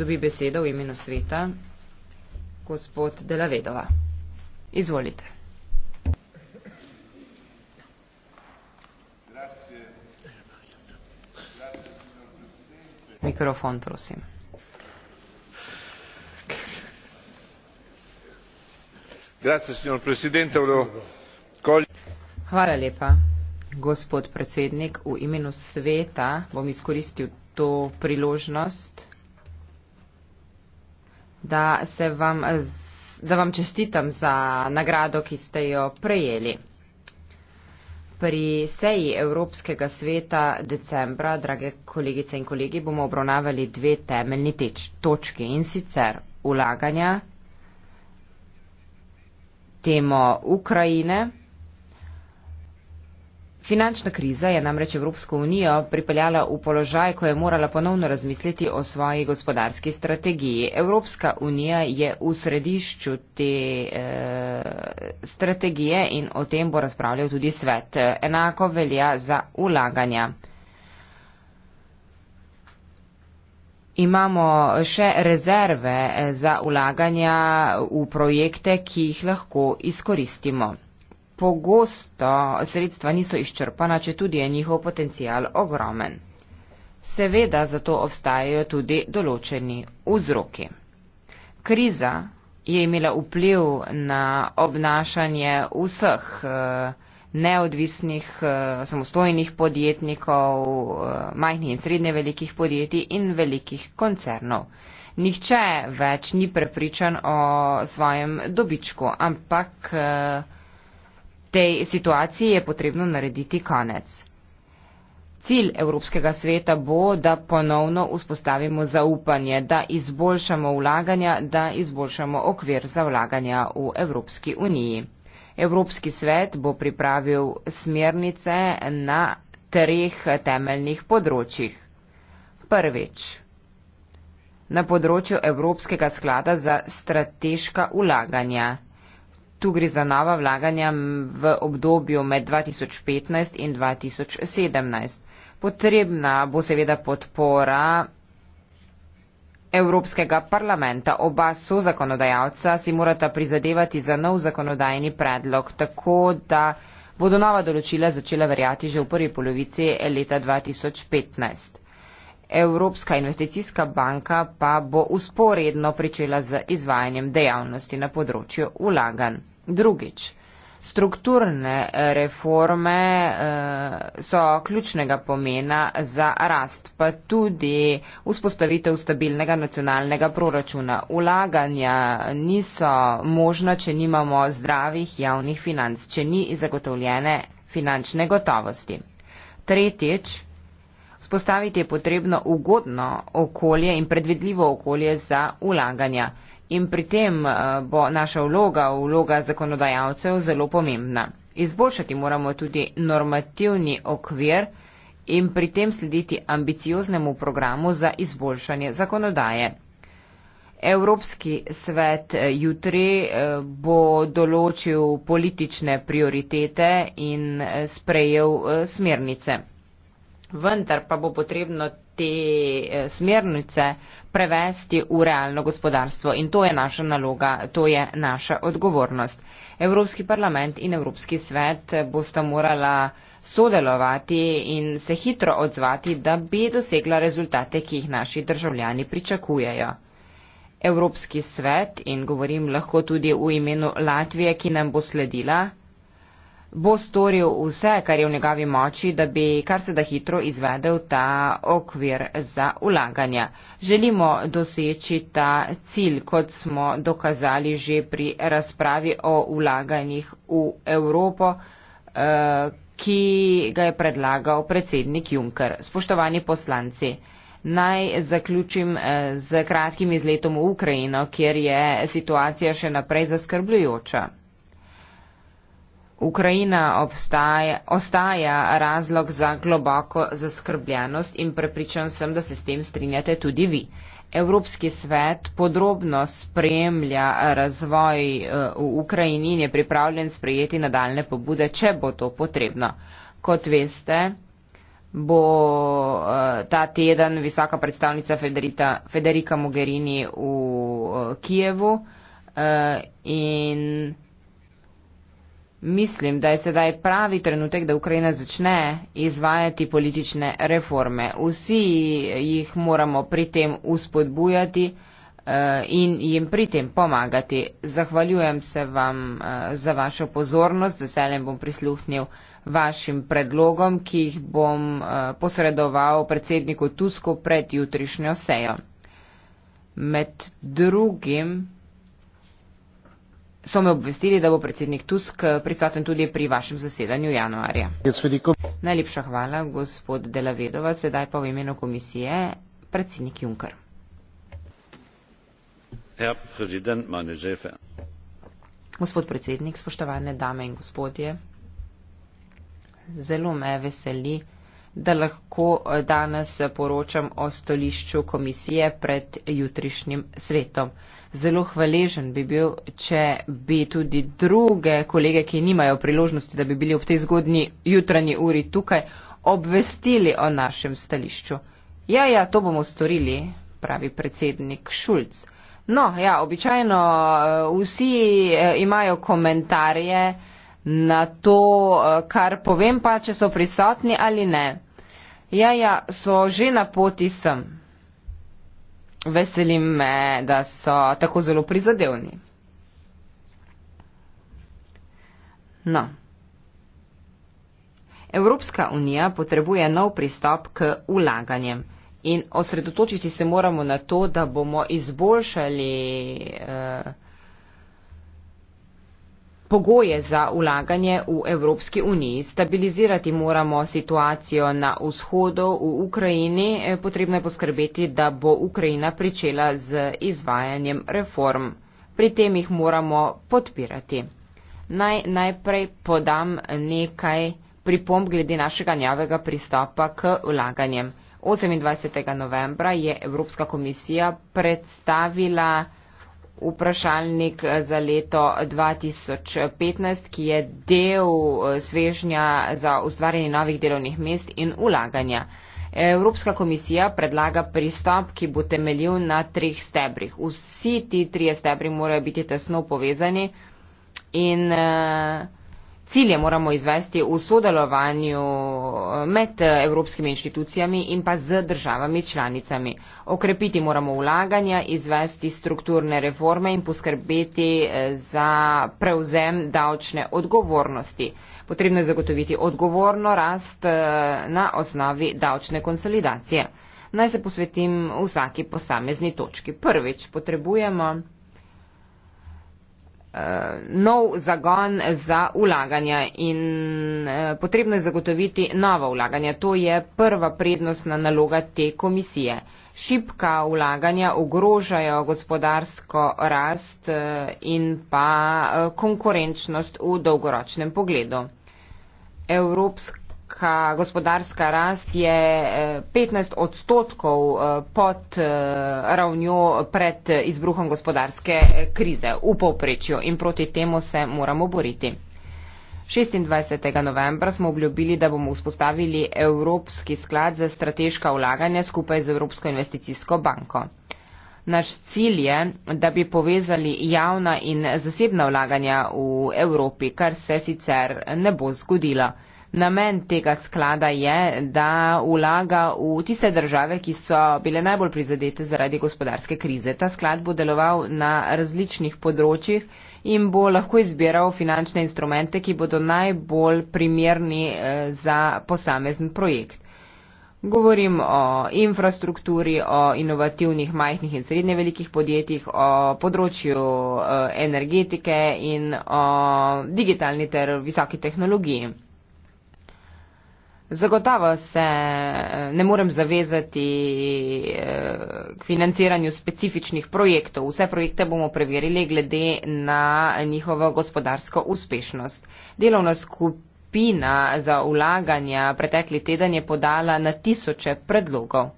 dobi besedo v imenu sveta, gospod Delavedova. Izvolite. Mikrofon, prosim. Grazie, signor presidente. Hvala lepa, gospod predsednik. V imenu sveta bom izkoristil to priložnost da, vam, da vam čestitam za nagrado, ki ste jo prejeli. Pri seji Evropskega sveta decembra, drage kolegice in kolegi, bomo obravnavali dve temeljni teč, točke in sicer ulaganja, temo Ukrajine, Finančna kriza je namreč Evropsko unijo pripeljala v položaj, ko je morala ponovno razmisliti o svoji gospodarski strategiji. Evropska unija je v središču te e, strategije in o tem bo razpravljal tudi svet. Enako velja za ulaganja. Imamo še rezerve eh, za ulaganja v projekte, ki jih lahko izkoristimo pogosto sredstva niso izčrpana, če tudi je njihov potencial ogromen. Seveda zato obstajajo tudi določeni vzroki. Kriza je imela vpliv na obnašanje vseh eh, neodvisnih, eh, samostojnih podjetnikov, eh, majhnih in srednje velikih podjetij in velikih koncernov. Nihče več ni prepričan o svojem dobičku, ampak tej situaciji je potrebno narediti konec. Cilj Evropskega sveta bo, da ponovno vzpostavimo zaupanje, da izboljšamo vlaganja, da izboljšamo okvir za vlaganja v Evropski uniji. Evropski svet bo pripravil smernice na treh temeljnih področjih. Prvič. Na področju Evropskega sklada za strateška vlaganja. Tu gre za nova vlaganja v obdobju med 2015 in 2017. Potrebna bo seveda podpora Evropskega parlamenta. Oba so zakonodajalca, si morata prizadevati za nov zakonodajni predlog, tako da bodo nova določila začela verjati že v prvi polovici leta 2015. Evropska investicijska banka pa bo usporedno pričela z izvajanjem dejavnosti na področju ulaganj. Drugič, strukturne eh, reforme eh, so ključnega pomena za rast, pa tudi vzpostavitev stabilnega nacionalnega proračuna. Ulaganja niso možna, če nimamo zdravih javnih financ, če ni zagotovljene finančne gotovosti. Tretjič, vzpostaviti je potrebno ugodno okolje in predvidljivo okolje za ulaganja in pri tem eh, bo naša vloga, vloga zakonodajalcev, zelo pomembna. Izboljšati moramo tudi normativni okvir in pri tem slediti ambicioznemu programu za izboljšanje zakonodaje. Evropski svet eh, jutri eh, bo določil politične prioritete in sprejel smernice. Vendar pa bo potrebno te eh, smernice prevesti v realno gospodarstvo in to je naša naloga, to je naša odgovornost. Evropski parlament in Evropski svet eh, bosta morala sodelovati in se hitro odzvati, da bi dosegla rezultate, ki jih naši državljani pričakujejo. Evropski svet in govorim lahko tudi v imenu Latvije, ki nam bo sledila, bo storil vse, kar je v njegovi moči, da bi kar se da hitro izvedel ta okvir za ulaganja. Želimo doseči ta cilj, kot smo dokazali že pri razpravi o ulaganjih v Evropo, eh, ki ga je predlagal predsednik Juncker. Spoštovani poslanci, naj zaključim z eh, kratkim izletom v Ukrajino, kjer je situacija še naprej zaskrbljujoča. Ukrajina obstaja, ostaja razlog za globoko zaskrbljenost in prepričan sem, da se s tem strinjate tudi vi. Evropski svet podrobno spremlja razvoj eh, v Ukrajini in je pripravljen sprejeti nadaljne pobude, če bo to potrebno. Kot veste, bo eh, ta teden visoka predstavnica Federita, Federica Mogherini v eh, Kijevu in. Mislim, da je sedaj pravi trenutek, da Ukrajina začne izvajati politične reforme. Vsi jih moramo pri tem uspodbujati eh, in jim pri tem pomagati. Zahvaljujem se vam eh, za vašo pozornost, z veseljem bom prisluhnil vašim predlogom, ki jih bom eh, posredoval predsedniku Tusku pred jutrišnjo sejo. Med drugim so me obvestili, da bo predsednik Tusk eh, prisoten tudi pri vašem zasedanju januarja. Najlepša hvala, gospod Delavedova. Sedaj pa v imenu komisije predsednik Juncker. Gospod predsednik, spoštovane dame in gospodje, zelo me veseli, da lahko eh, danes poročam o stolišču komisije pred jutrišnjim svetom. Zelo hvaležen bi bil, če bi tudi druge kolege, ki nimajo priložnosti, da bi bili ob tej zgodnji jutranji uri tukaj, obvestili o našem stališču. Ja, ja, to bomo storili, pravi predsednik Šulc. No, ja, običajno eh, vsi eh, imajo komentarje, na to, eh, kar povem, pa če so prisotni ali ne. Ja, ja, so že na poti sem. Veselim me, da so tako zelo prizadevni. No. Evropska unija potrebuje nov pristop k ulaganjem in osredotočiti se moramo na to, da bomo izboljšali eh, pogoje za ulaganje v Evropski uniji. Stabilizirati moramo situacijo na vzhodu v Ukrajini, e, potrebno je poskrbeti, da bo Ukrajina pričela z izvajanjem reform. Pri tem jih moramo podpirati. Naj najprej podam nekaj pripomb glede našega njavega pristopa k vlaganjem. 28. novembra je Evropska komisija predstavila vprašalnik za leto 2015, ki je del eh, svežnja za ustvarjanje novih delovnih mest in ulaganja. Evropska komisija predlaga pristop, ki bo temeljil na treh stebrih. Vsi ti trije stebri morajo biti tesno povezani in uh, cilje moramo izvesti v sodelovanju eh, med eh, evropskimi inštitucijami in pa z državami članicami. Okrepiti moramo vlaganja, izvesti strukturne reforme in poskrbeti eh, za prevzem davčne odgovornosti. Potrebno je zagotoviti odgovorno rast na osnovi davčne konsolidacije. Naj se posvetim vsaki posamezni točki. Prvič, potrebujemo Eh, nov zagon za ulaganja in eh, potrebno je zagotoviti nova ulaganja. To je prva prednostna naloga te komisije. Šipka ulaganja ogrožajo gospodarsko rast eh, in pa konkurenčnost v dolgoročnem pogledu. Evropska visoka gospodarska rast je 15 eh, odstotkov eh, pod eh, ravnjo pred izbruhom gospodarske krize v povprečju in proti temu se moramo boriti. 26. novembra smo obljubili, da bomo vzpostavili Evropski sklad za strateška vlaganja skupaj z Evropsko investicijsko banko. Naš cilj je, da bi povezali javna in zasebna vlaganja v Evropi, kar se sicer ne bo zgodilo. Namen tega sklada je, da vlaga v tiste države, ki so bile najbolj prizadete zaradi gospodarske krize. Ta sklad bo deloval na različnih področjih in bo lahko izbiral finančne instrumente, ki bodo najbolj primerni eh, za posamezen projekt. Govorim o infrastrukturi, o inovativnih majhnih in srednje velikih podjetjih, o področju eh, energetike in o digitalni ter visoki tehnologiji. Zagotovo se eh, ne morem zavezati eh, k financiranju specifičnih projektov. Vse projekte bomo preverili glede na njihovo gospodarsko uspešnost. Delovna skupina za ulaganja pretekli teden je podala na tisoče predlogov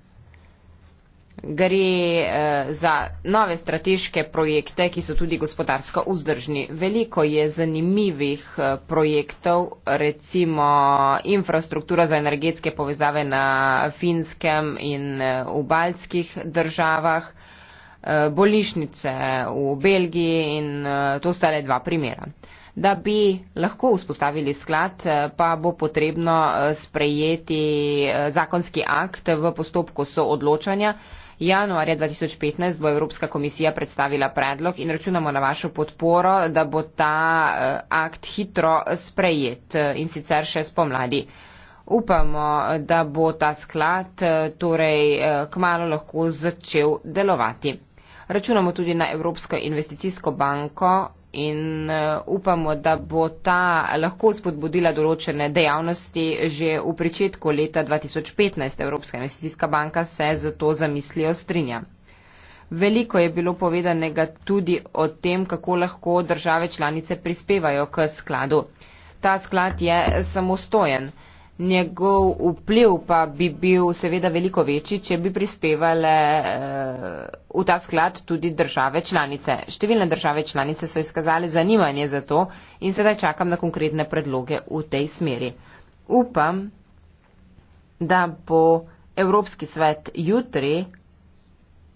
gre eh, za nove strateške projekte, ki so tudi gospodarsko vzdržni. Veliko je zanimivih eh, projektov, recimo infrastruktura za energetske povezave na finskem in eh, v baltskih državah, bolišnice v Belgiji in to sta le dva primera. Da bi lahko vzpostavili sklad, pa bo potrebno sprejeti zakonski akt v postopku soodločanja, Januarja 2015 bo Evropska komisija predstavila predlog in računamo na vašo podporo, da bo ta eh, akt hitro sprejet eh, in sicer še spomladi. Upamo, da bo ta sklad eh, torej kmalo lahko začel delovati. Računamo tudi na Evropsko investicijsko banko in eh, upamo, da bo ta lahko spodbudila določene dejavnosti že v pričetku leta 2015. Evropska investicijska banka se za to zamislijo strinja. Veliko je bilo povedanega tudi o tem, kako lahko države članice prispevajo k skladu. Ta sklad je samostojen njegov vpliv pa bi bil seveda veliko večji, če bi prispevale eh, v ta sklad tudi države članice. Številne države članice so izkazali zanimanje za to in sedaj čakam na konkretne predloge v tej smeri. Upam, da bo Evropski svet jutri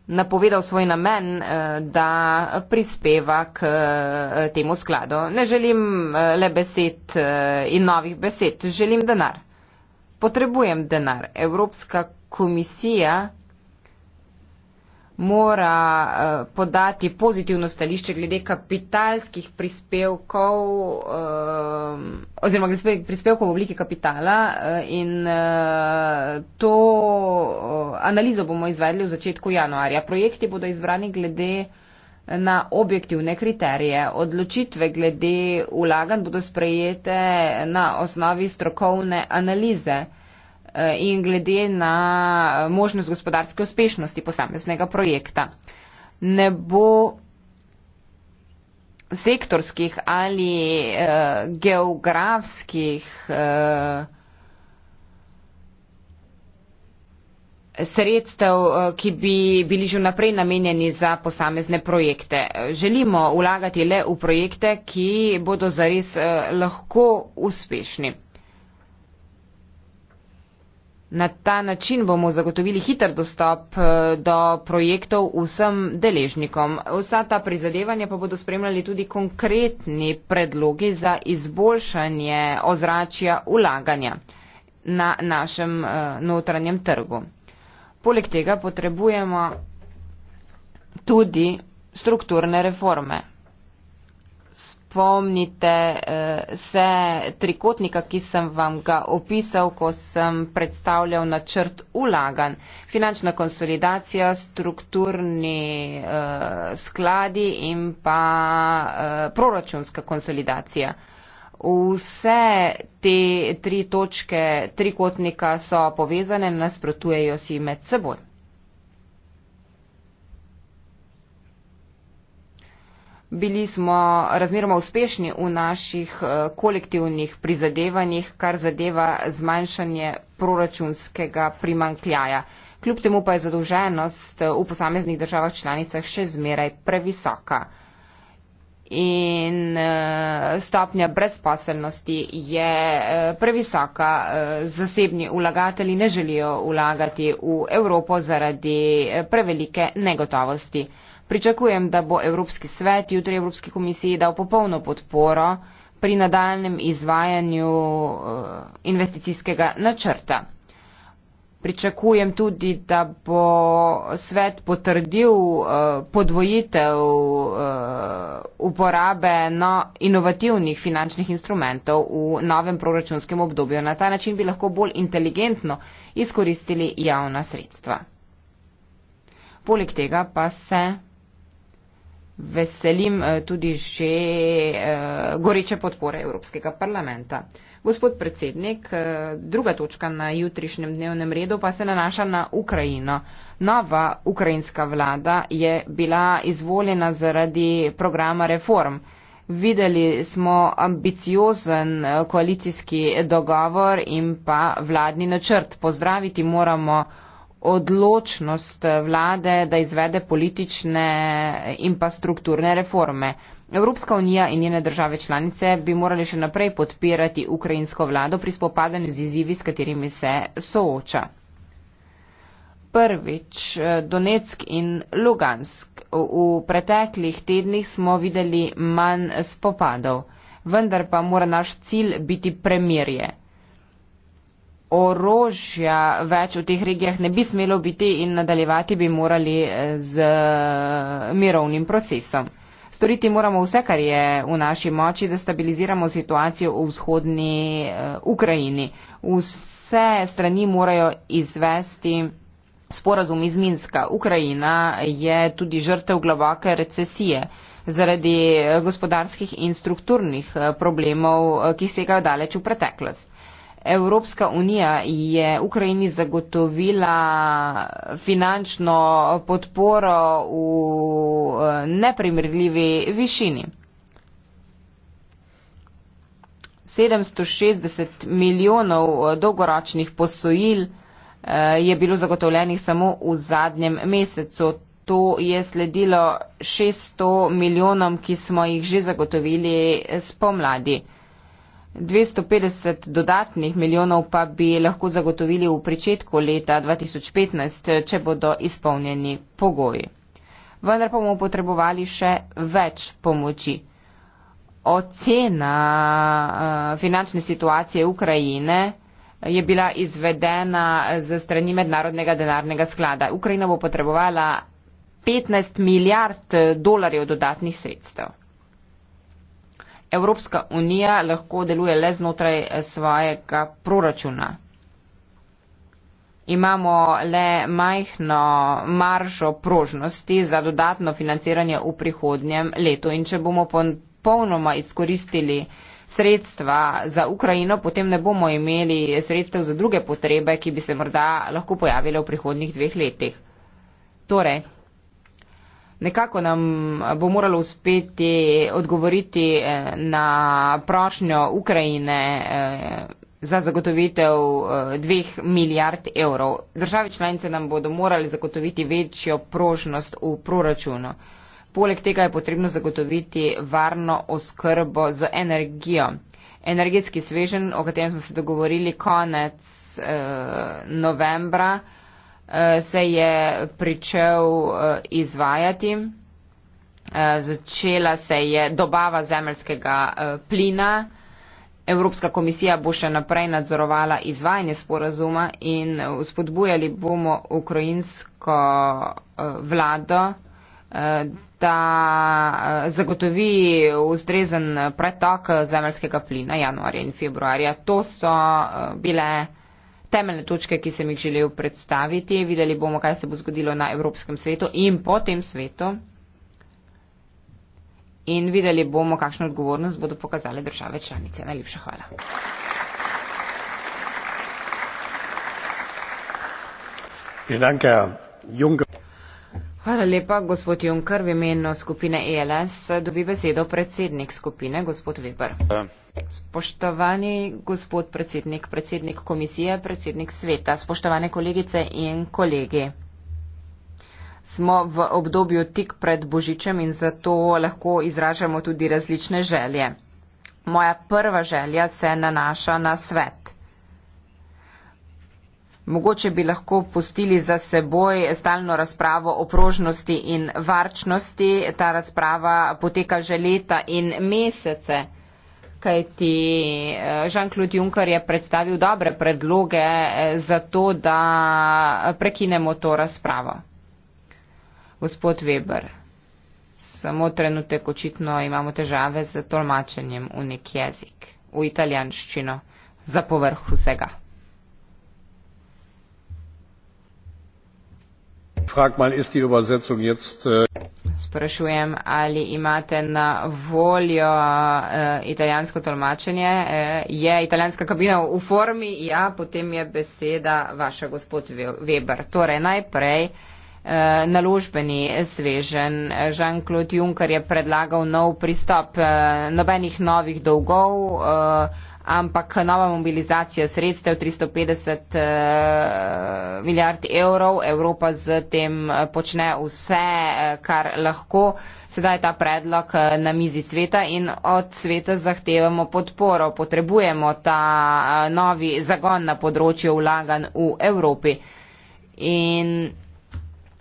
napovedal svoj namen, eh, da prispeva k eh, temu skladu. Ne želim le besed in novih besed, želim denar potrebujem denar. Evropska komisija mora eh, podati pozitivno stališče glede kapitalskih prispevkov eh, oziroma prispevkov v obliki kapitala eh, in eh, to eh, analizo bomo izvedli v začetku januarja. Projekti bodo izbrani glede eh, na objektivne kriterije. Odločitve glede ulaganj bodo sprejete na osnovi strokovne analize eh, in glede na možnost gospodarske uspešnosti posameznega projekta. Ne bo sektorskih ali eh, geografskih eh, sredstev, eh, ki bi bili že naprej namenjeni za posamezne projekte. Želimo vlagati le v projekte, ki bodo zares eh, lahko uspešni. Na ta način bomo zagotovili hiter dostop eh, do projektov vsem deležnikom. Vsa ta prizadevanja pa bodo spremljali tudi konkretni predlogi za izboljšanje ozračja vlaganja na našem notranjem trgu. Poleg tega potrebujemo tudi strukturne reforme. Spomnite eh, se trikotnika, ki sem vam ga opisal, ko sem predstavljal načrt ulagan. Finančna konsolidacija, strukturni eh, skladi in pa eh, proračunska konsolidacija vse te tri točke trikotnika so povezane, nasprotujejo si med seboj. Bili smo razmeroma uspešni v naših eh, kolektivnih prizadevanjih, kar zadeva zmanjšanje proračunskega primankljaja. Kljub temu pa je zadolženost eh, v posameznih državah članicah še zmeraj previsoka in eh, stopnja brezposelnosti je eh, previsoka. Eh, zasebni vlagatelji ne želijo vlagati v Evropo zaradi prevelike negotovosti. Pričakujem, da bo Evropski svet jutri Evropski komisiji dal popolno podporo pri nadaljem izvajanju investicijskega načrta. Pričakujem tudi, da bo svet potrdil eh, podvojitev eh, uporabe no, inovativnih finančnih instrumentov v novem proračunskem obdobju. Na ta način bi lahko bolj inteligentno izkoristili javna sredstva. Poleg tega pa se veselim eh, tudi že goreče podpore Evropskega parlamenta. Gospod predsednik, eh, druga točka na jutrišnjem dnevnem redu pa se nanaša na Ukrajino. Nova ukrajinska vlada je bila izvoljena zaradi programa reform. Videli smo ambiciozen eh, koalicijski dogovor in pa vladni načrt. Pozdraviti moramo odločnost eh, vlade, da izvede politične in pa strukturne reforme. Evropska unija in njene države članice bi morali še naprej podpirati ukrajinsko vlado pri spopadanju z izzivi, s katerimi se sooča. Prvič, eh, Donetsk in Lugansk. V preteklih tednih smo videli manj spopadov, vendar pa mora naš cilj biti premirje. Orožja več v teh regijah ne bi smelo biti in nadaljevati bi morali eh, z mirovnim procesom. Storiti moramo vse, kar je v naši moči, da stabiliziramo situacijo v vzhodni eh, Ukrajini. Vse strani morajo izvesti sporazum iz Minska. Ukrajina je tudi žrtev globake recesije zaradi eh, gospodarskih in strukturnih eh, problemov, ki segajo daleč v preteklost. Evropska unija je Ukrajini zagotovila finančno podporo v eh, neprimerljivi višini. 760 milijonov eh, dolgoročnih posojil eh, je bilo zagotovljenih samo v zadnjem mesecu. To je sledilo 600 milijonom, ki smo jih že zagotovili spomladi. 250 dodatnih milijonov pa bi lahko zagotovili v pričetku leta 2015, če bodo izpolnjeni pogoji. Vendar pa bomo potrebovali še več pomoči. Ocena eh, finančne situacije Ukrajine je bila izvedena z strani Mednarodnega denarnega sklada. Ukrajina bo potrebovala 15 milijard dolarjev dodatnih sredstev. Evropska unija lahko deluje le znotraj eh, svojega proračuna. Imamo le majhno maržo prožnosti za dodatno financiranje v prihodnjem letu in če bomo popolnoma izkoristili sredstva za Ukrajino, potem ne bomo imeli sredstev za druge potrebe, ki bi se morda lahko pojavile v prihodnjih dveh letih. Torej, Nekako nam bo moralo uspeti odgovoriti eh, na prošnjo Ukrajine eh, za zagotovitev eh, dveh milijard evrov. Države članice nam bodo morali zagotoviti večjo prožnost v proračunu. Poleg tega je potrebno zagotoviti varno oskrbo z energijo. Energetski svežen, o katerem smo se dogovorili konec eh, novembra, eh, Eh, se je pričel eh, izvajati. Eh, začela se je dobava zemljskega plina. Evropska komisija bo še naprej nadzorovala izvajanje sporazuma in spodbujali bomo ukrajinsko vlado, da zagotovi ustrezen pretok zemljskega plina januarja in februarja. To so bile temeljne točke, ki sem jih želel predstaviti. Videli bomo, kaj se bo zgodilo na Evropskem svetu in po tem svetu. In videli bomo, kakšno odgovornost bodo pokazali države članice. Najlepša hvala. Hvala lepa, gospod Juncker. V imenu skupine ELS dobi besedo predsednik skupine, gospod Weber. Uh. Spoštovani gospod predsednik, predsednik komisije, predsednik sveta, spoštovane kolegice in kolegi. Smo v obdobju tik pred Božičem in zato lahko izražamo tudi različne želje. Moja prva želja se nanaša na svet. Mogoče bi lahko pustili za seboj stalno razpravo o prožnosti in varčnosti. Ta razprava poteka že leta in mesece kajti eh, Jean-Claude Juncker je predstavil dobre predloge eh, za to, da prekinemo to razpravo. Gospod Weber, samo trenutek očitno imamo težave z tolmačenjem v nek jezik, v italijanščino, za povrh vsega. Frag mal, ist die Übersetzung jetzt, äh sprašujem, ali imate na voljo uh, italijansko tolmačenje. Uh, je italijanska kabina v formi? Ja, potem je beseda vaša, gospod Weber. Torej, najprej uh, naložbeni svežen. Jean-Claude Juncker je predlagal nov pristop, uh, nobenih novih dolgov. Uh, ampak nova mobilizacija sredstev 350 eh, milijard evrov. Evropa z tem eh, počne vse, eh, kar lahko. Sedaj je ta predlog na mizi sveta in od sveta zahtevamo podporo. Potrebujemo ta novi zagon na področju vlagan v Evropi. In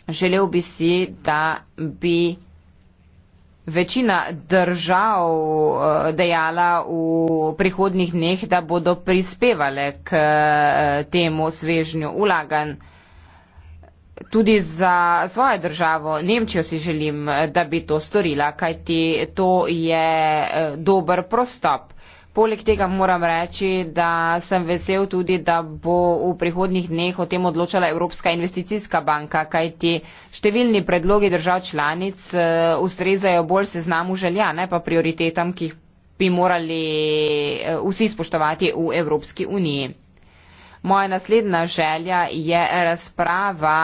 želel bi si, da bi večina držav eh, dejala v prihodnih dneh, da bodo prispevale k eh, temu svežnju ulagan. Tudi za svojo državo, Nemčijo, si želim, da bi to storila, kajti to je eh, dober prostop Poleg tega moram reči, da sem vesel tudi, da bo v prihodnih dneh o tem odločala Evropska investicijska banka, kajti številni predlogi držav članic eh, ustrezajo bolj seznamu želja, ne pa prioritetam, ki jih bi morali eh, vsi spoštovati v Evropski uniji. Moja naslednja želja je razprava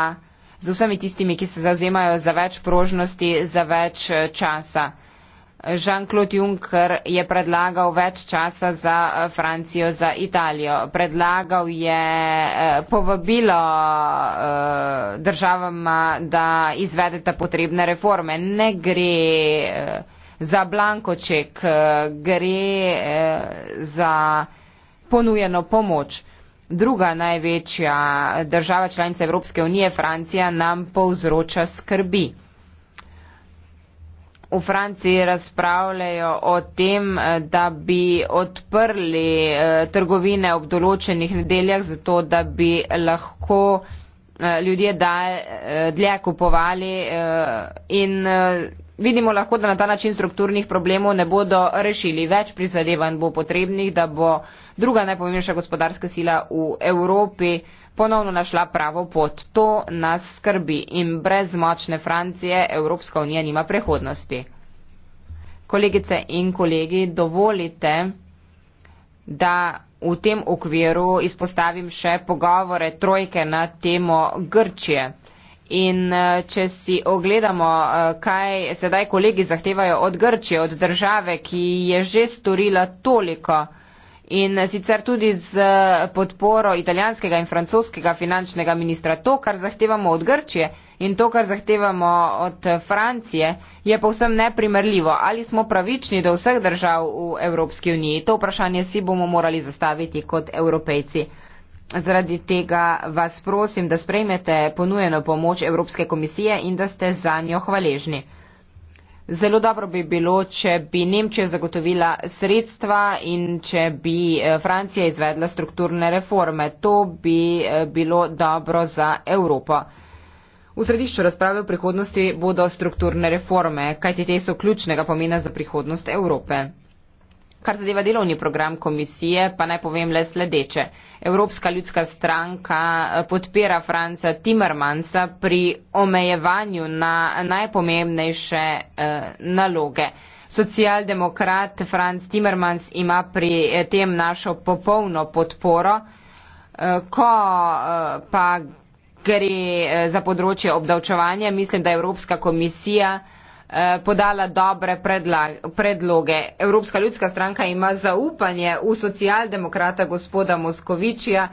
z vsemi tistimi, ki se zauzemajo za več prožnosti, za več eh, časa. Jean Claude Juncker je predlagal več časa za eh, Francijo, za Italijo. Predlagal je eh, povabilo eh, državama, da izvedete potrebne reforme. Ne gre za blankoček, gre za ponujeno pomoč. Druga največja država članica Evropske unije, Francija, nam povzroča skrbi v Franciji razpravljajo o tem, eh, da bi odprli eh, trgovine ob določenih nedeljah, zato da bi lahko eh, ljudje dlje kupovali in vidimo lahko, da na ta način strukturnih problemov ne bodo rešili. Več prizadevanj bo potrebnih, da bo druga najpomembnejša gospodarska sila v Evropi ponovno našla pravo pot. To nas skrbi in brez močne Francije Evropska unija nima prihodnosti. Kolegice in kolegi, dovolite, da v tem okviru izpostavim še pogovore trojke na temo Grčije. In eh, če si ogledamo, eh, kaj sedaj kolegi zahtevajo od Grčije, od države, ki je že storila toliko, in sicer tudi z podporo italijanskega in francoskega finančnega ministra. To, kar zahtevamo od Grčije in to, kar zahtevamo od Francije, je povsem neprimerljivo. Ali smo pravični do vseh držav v Evropski uniji? To vprašanje si bomo morali zastaviti kot evropejci. Zaradi tega vas prosim, da sprejmete ponujeno pomoč Evropske komisije in da ste za njo hvaležni. Zelo dobro bi bilo, če bi Nemčija zagotovila sredstva in če bi eh, Francija izvedla strukturne reforme. To bi eh, bilo dobro za Evropo. V središču razprave o prihodnosti bodo strukturne reforme, kajti te so ključnega pomena za prihodnost Evrope. Kar zadeva delovni program komisije, pa naj povem le sledeče. Evropska ljudska stranka eh, podpira Franca Timmermansa pri omejevanju na najpomembnejše eh, naloge. Socialdemokrat Franc Timmermans ima pri eh, tem našo popolno podporo, eh, ko eh, pa gre eh, za področje obdavčevanja, mislim, da Evropska komisija eh, Eh, podala dobre predloge. Evropska ljudska stranka ima zaupanje v socialdemokrata gospoda Moskovičija.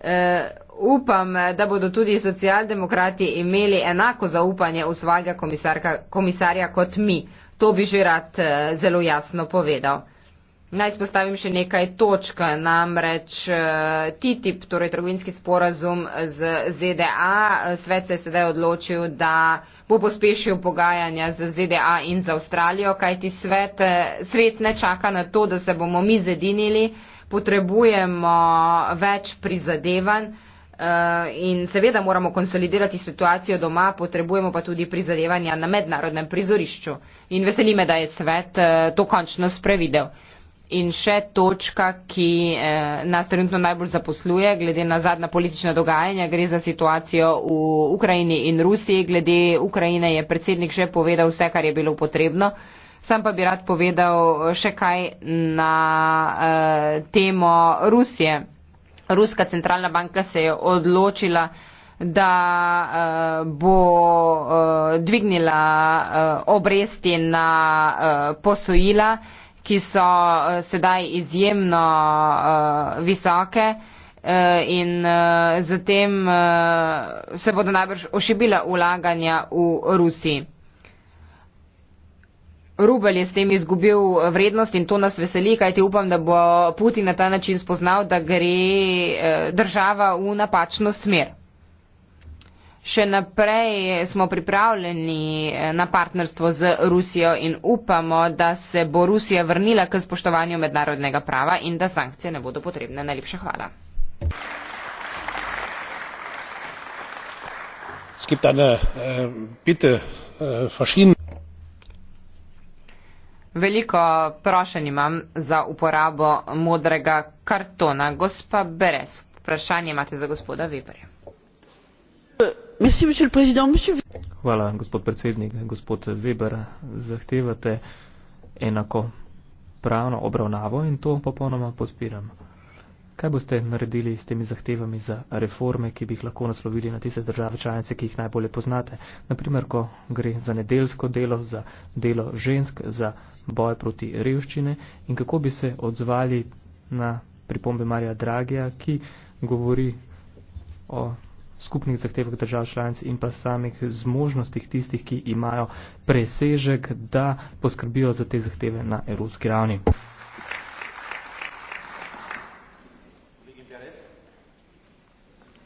Eh, upam, da bodo tudi socialdemokrati imeli enako zaupanje v svojega komisarja kot mi. To bi že rad eh, zelo jasno povedal. Naj spostavim še nekaj točk, namreč eh, TTIP, torej trgovinski sporazum z ZDA, eh, svet se je sedaj odločil, da bo pospešil pogajanja z ZDA in z Avstralijo, kajti svet, eh, svet ne čaka na to, da se bomo mi zedinili, potrebujemo več prizadevanj. In seveda moramo konsolidirati situacijo doma, potrebujemo pa tudi prizadevanja na mednarodnem prizorišču. In veseli me, da je svet to končno sprevidel in še točka, ki eh, nas trenutno najbolj zaposluje, glede na zadnja politična dogajanja, gre za situacijo v Ukrajini in Rusiji. Glede Ukrajine je predsednik že povedal vse, kar je bilo potrebno. Sam pa bi rad povedal eh, še kaj na eh, temo Rusije. Ruska centralna banka se je odločila, da bo dvignila obresti na posojila ki so eh, sedaj izjemno eh, visoke eh, in zatem se bodo najbrž ošibila ulaganja v Rusiji. Rubel je s tem izgubil vrednost in to nas veseli, kajti upam, da bo Putin na ta način spoznal, da gre država v napačno smer še naprej smo pripravljeni eh, na partnerstvo z Rusijo in upamo, da se bo Rusija vrnila k spoštovanju mednarodnega prava in da sankcije ne bodo potrebne. Najlepša hvala. Äh, äh, Veliko prošen imam za uporabo modrega kartona. Gospa Beres, vprašanje imate za gospoda Weberja. Hvala, gospod predsednik. Gospod Weber, zahtevate enako pravno obravnavo in to popolnoma podpiram. Kaj boste naredili s temi zahtevami za reforme, ki bi jih lahko naslovili na tiste države članice, ki jih najbolje poznate? Naprimer, ko gre za nedelsko delo, za delo žensk, za boj proti revščine in kako bi se odzvali na pripombe Marija Dragija, ki govori o skupnih zahtevah držav članic in pa samih zmožnostih tistih, ki imajo presežek, da poskrbijo za te zahteve na evropski ravni.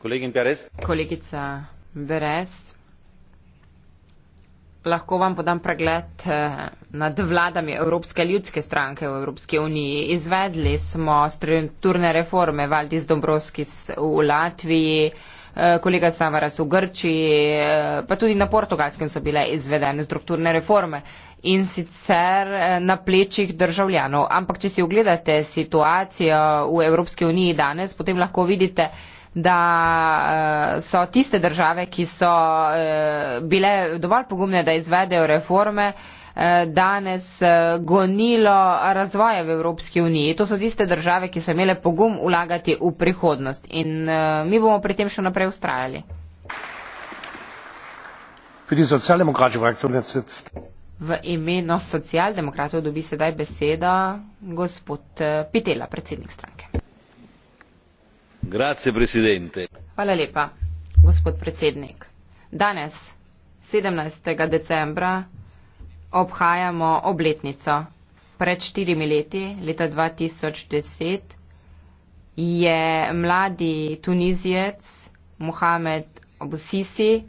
Kolegin Beres. Kolegica Beres, lahko vam podam pregled eh, nad vladami Evropske ljudske stranke v Evropske uniji. Izvedli smo strukturne reforme Valdis Dombrovskis v Latviji. Eh, kolega Samaras v Grčiji, eh, pa tudi na portugalskem so bile izvedene strukturne reforme in sicer eh, na plečih državljanov. Ampak, če si ogledate situacijo v Evropski uniji danes, potem lahko vidite, da so tiste države, ki so bile dovolj pogumne, da izvedejo reforme, Eh, danes eh, gonilo razvoja v Evropski uniji. To so tiste države, ki so imele pogum ulagati v prihodnost in eh, mi bomo pri tem še naprej ustrajali. V imenu socialdemokratov dobi sedaj beseda gospod Pitela, predsednik stranke. Hvala lepa, gospod predsednik. Danes, 17. decembra obhajamo obletnico. Pred štirimi leti, leta 2010, je mladi tunizijec Mohamed Obusisi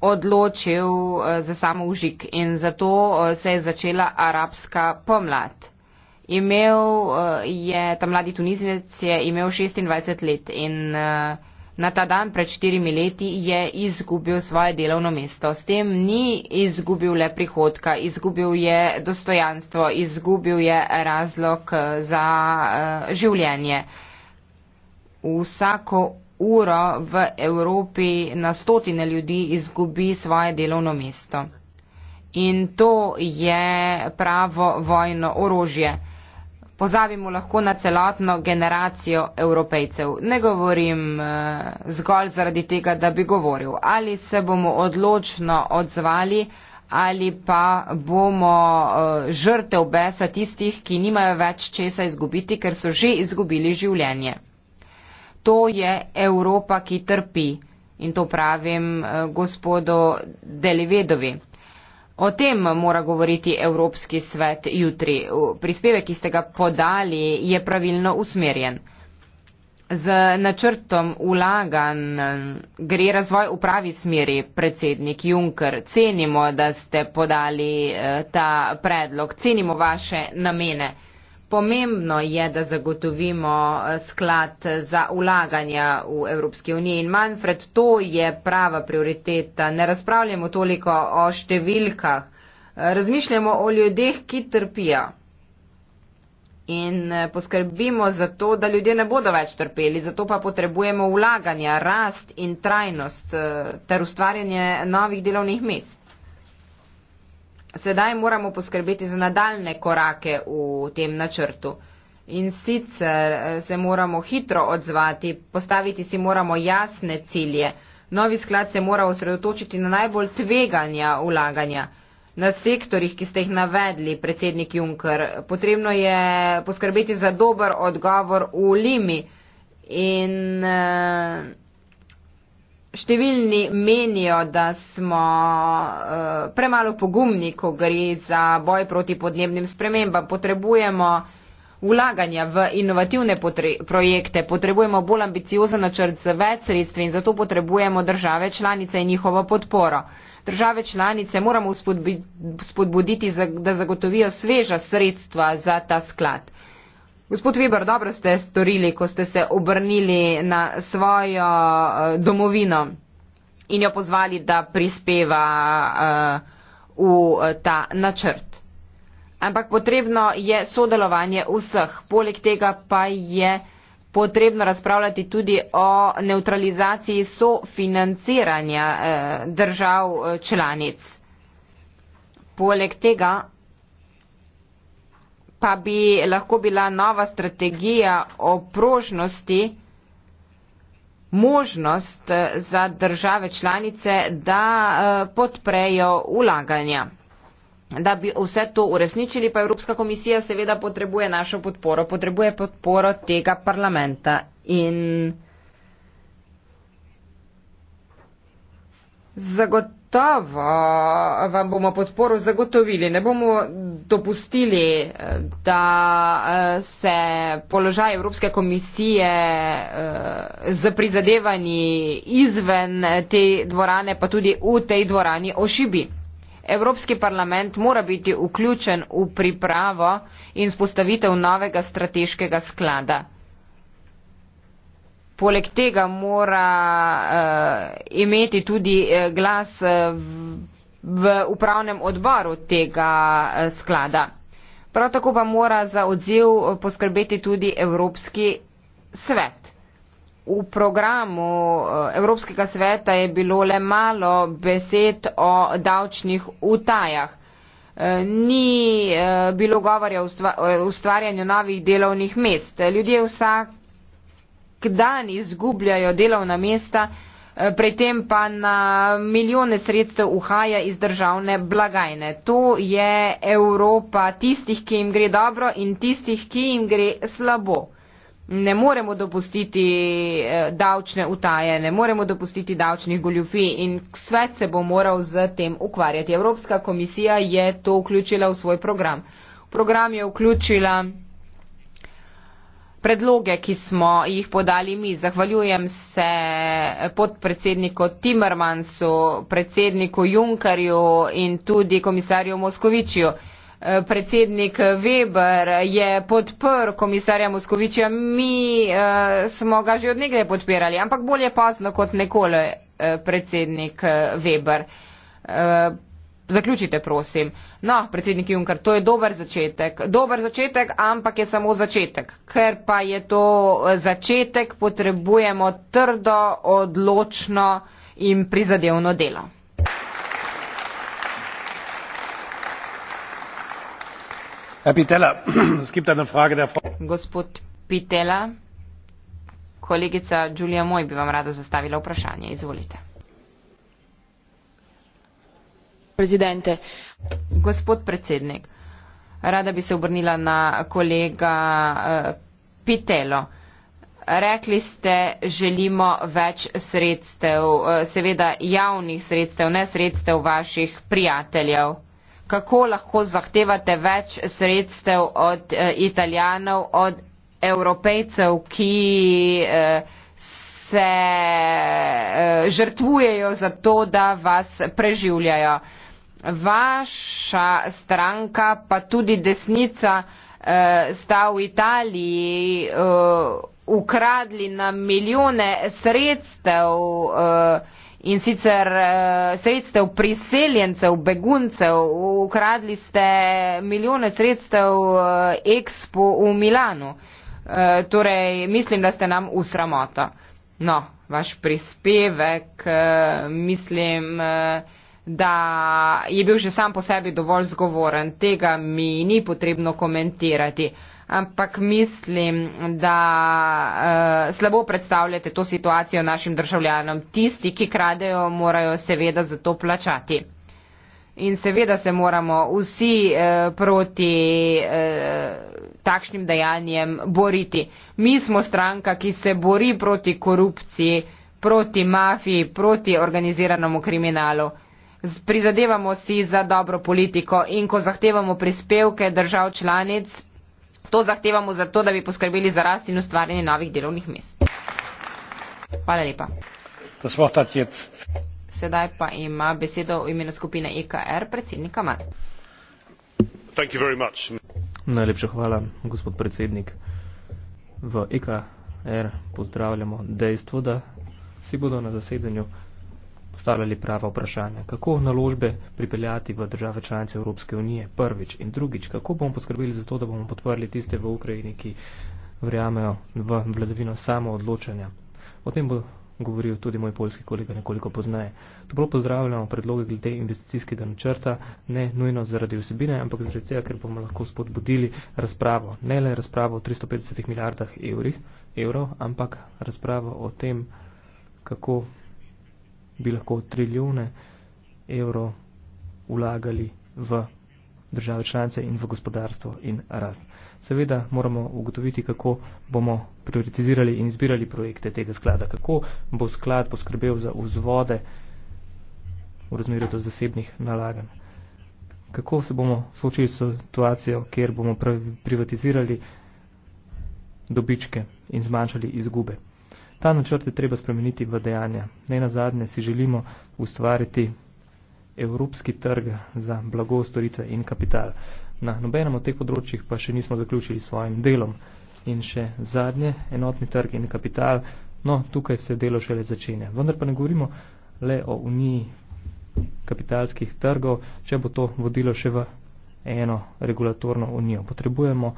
odločil eh, za samo užik in zato eh, se je začela arabska pomlad. Imel eh, je, ta mladi tunizijec je imel 26 let in uh, Na ta dan pred štirimi leti je izgubil svoje delovno mesto. S tem ni izgubil le prihodka, izgubil je dostojanstvo, izgubil je razlog eh, za uh, življenje. Vsako uro v Evropi na stotine ljudi izgubi svoje delovno mesto. In to je pravo vojno orožje pozabimo lahko na celotno generacijo evropejcev. Ne govorim eh, zgolj zaradi tega, da bi govoril, ali se bomo odločno odzvali ali pa bomo eh, žrtev besa tistih, ki nimajo več česa izgubiti, ker so že izgubili življenje. To je Evropa, ki trpi. In to pravim eh, gospodu Delivedovi. O tem mora govoriti Evropski svet jutri. Prispevek, ki ste ga podali, je pravilno usmerjen. Z načrtom ulagan gre razvoj v pravi smeri, predsednik Juncker. Cenimo, da ste podali eh, ta predlog, cenimo vaše namene pomembno je, da zagotovimo eh, sklad eh, za ulaganja v Evropski uniji in Manfred, to je prava prioriteta. Ne razpravljamo toliko o številkah, eh, razmišljamo o ljudeh, ki trpijo. In poskrbimo za to, da ljudje ne bodo več trpeli, zato pa potrebujemo ulaganja, rast in trajnost ter ustvarjanje novih delovnih mest sedaj moramo poskrbeti za nadaljne korake v tem načrtu. In sicer eh, se moramo hitro odzvati, postaviti si moramo jasne cilje. Novi sklad se mora osredotočiti na najbolj tveganja ulaganja. Na sektorjih, ki ste jih navedli, predsednik Juncker, potrebno je poskrbeti za dober odgovor v Limi. In, uh, Številni menijo, da smo uh, premalo pogumni, ko gre za boj proti podnebnim spremembam. Potrebujemo vlaganja v inovativne projekte, potrebujemo bolj ambiciozen načrt z več sredstvi in zato potrebujemo države članice in njihovo podporo. Države članice moramo spodbuditi, da zagotovijo sveža sredstva za ta sklad. Gospod Weber, dobro ste storili, ko ste se obrnili na svojo eh, domovino in jo pozvali, da prispeva eh, v eh, ta načrt. Ampak potrebno je sodelovanje vseh. Poleg tega pa je potrebno razpravljati tudi o neutralizaciji sofinanciranja držav članic. Poleg tega pa bi lahko bila nova strategija oprožnosti možnost eh, za države članice, da eh, podprejo ulaganja. Da bi vse to uresničili, pa Evropska komisija seveda potrebuje našo podporo, potrebuje podporo tega parlamenta. In zagotovo. Gotovo vam bomo podporo zagotovili. Ne bomo dopustili, eh, da eh, se položaj Evropske komisije z eh, prizadevanji izven te dvorane, pa tudi v tej dvorani ošibi. Evropski parlament mora biti vključen v pripravo in spostavitev novega strateškega sklada poleg tega mora uh, imeti tudi uh, glas uh, v upravnem odboru tega uh, sklada. Prav tako pa mora za odziv poskrbeti tudi Evropski svet. V programu Evropskega sveta je bilo le malo besed o davčnih utajah. Ni bilo govorja o ustvarjanju novih delovnih mest. Ljudje vsak vsak dan izgubljajo delovna mesta, eh, pri tem pa na milijone sredstev uhaja iz državne blagajne. To je Evropa tistih, ki jim gre dobro in tistih, ki jim gre slabo. Ne moremo dopustiti eh, davčne utaje, ne moremo dopustiti davčnih goljufij in svet se bo moral z tem ukvarjati. Evropska komisija je to vključila v svoj program. Program je vključila predloge, ki smo jih podali mi. Zahvaljujem se podpredsedniku Timmermansu, predsedniku Junkarju in tudi komisarju Moskovičju. Predsednik Weber je podpr komisarja Moskovičja, mi eh, smo ga že odnegde podpirali, ampak bolje pasno kot nekole eh, predsednik eh, Weber. Eh, Zaključite, prosim. No, predsednik Juncker, to je dober začetek. Dober začetek, ampak je samo začetek. Ker pa je to eh, začetek, potrebujemo trdo, odločno in prizadevno delo. Pitella, Gospod Pitela, kolegica Julija Moj bi vam rada zastavila vprašanje. Izvolite. gospod predsednik rada bi se obrnila na kolega uh, pitelo rekli ste želimo več sredstev uh, seveda javnih sredstev ne sredstev vaših prijateljev kako lahko zahtevate več sredstev od uh, italijanov od evropejcev ki uh, se žrtvujejo za to, da vas preživljajo vaša stranka, pa tudi desnica, eh, sta v Italiji eh, ukradli na milijone sredstev eh, in sicer eh, sredstev priseljencev, beguncev, ukradli ste milijone sredstev eh, Expo v Milanu. Eh, torej, mislim, da ste nam usramota. No, vaš prispevek, eh, mislim. Eh, da je bil že sam po sebi dovolj zgovoren. Tega mi ni potrebno komentirati. Ampak mislim, da uh, slabo predstavljate to situacijo našim državljanom. Tisti, ki kradejo, morajo seveda za to plačati. In seveda se moramo vsi eh, proti eh, takšnim dejanjem boriti. Mi smo stranka, ki se bori proti korupciji, proti mafiji, proti organiziranemu kriminalu prizadevamo si za dobro politiko in ko zahtevamo prispevke držav članic, to zahtevamo zato, da bi poskrbeli za rast in ustvarjanje novih delovnih mest. Hvala lepa. Sedaj pa ima besedo v imenu skupine EKR predsednika Mar. Najlepša hvala, gospod predsednik. V EKR pozdravljamo dejstvo, da si bodo na zasedanju postavljali prava vprašanja. Kako naložbe pripeljati v države članice Evropske unije prvič in drugič? Kako bomo poskrbeli za to, da bomo podprli tiste v Ukrajini, ki verjamejo v vladavino samo odločanja? O tem bo govoril tudi moj poljski kolega nekoliko poznaje. Dobro pozdravljamo predloge glede investicijskega načrta, ne nujno zaradi vsebine, ampak zaradi tega, ker bomo lahko spodbudili razpravo. Ne le razpravo o 350 milijardah evrih, evrov, ampak razpravo o tem, kako bi lahko trilijone evrov vlagali v države članice in v gospodarstvo in rast. Seveda moramo ugotoviti, kako bomo prioritizirali in izbirali projekte tega sklada, kako bo sklad poskrbel za vzvode v razmerju do zasebnih nalagan. Kako se bomo soočili s situacijo, kjer bomo privatizirali dobičke in zmanjšali izgube. Ta načrt je treba spremeniti v dejanja. Naj na zadnje si želimo ustvariti evropski trg za blago, storitve in kapital. Na nobenem od teh področjih pa še nismo zaključili svojim delom. In še zadnje, enotni trg in kapital, no tukaj se delo šele začenja. Vendar pa ne govorimo le o uniji kapitalskih trgov, če bo to vodilo še v eno regulatorno unijo. Potrebujemo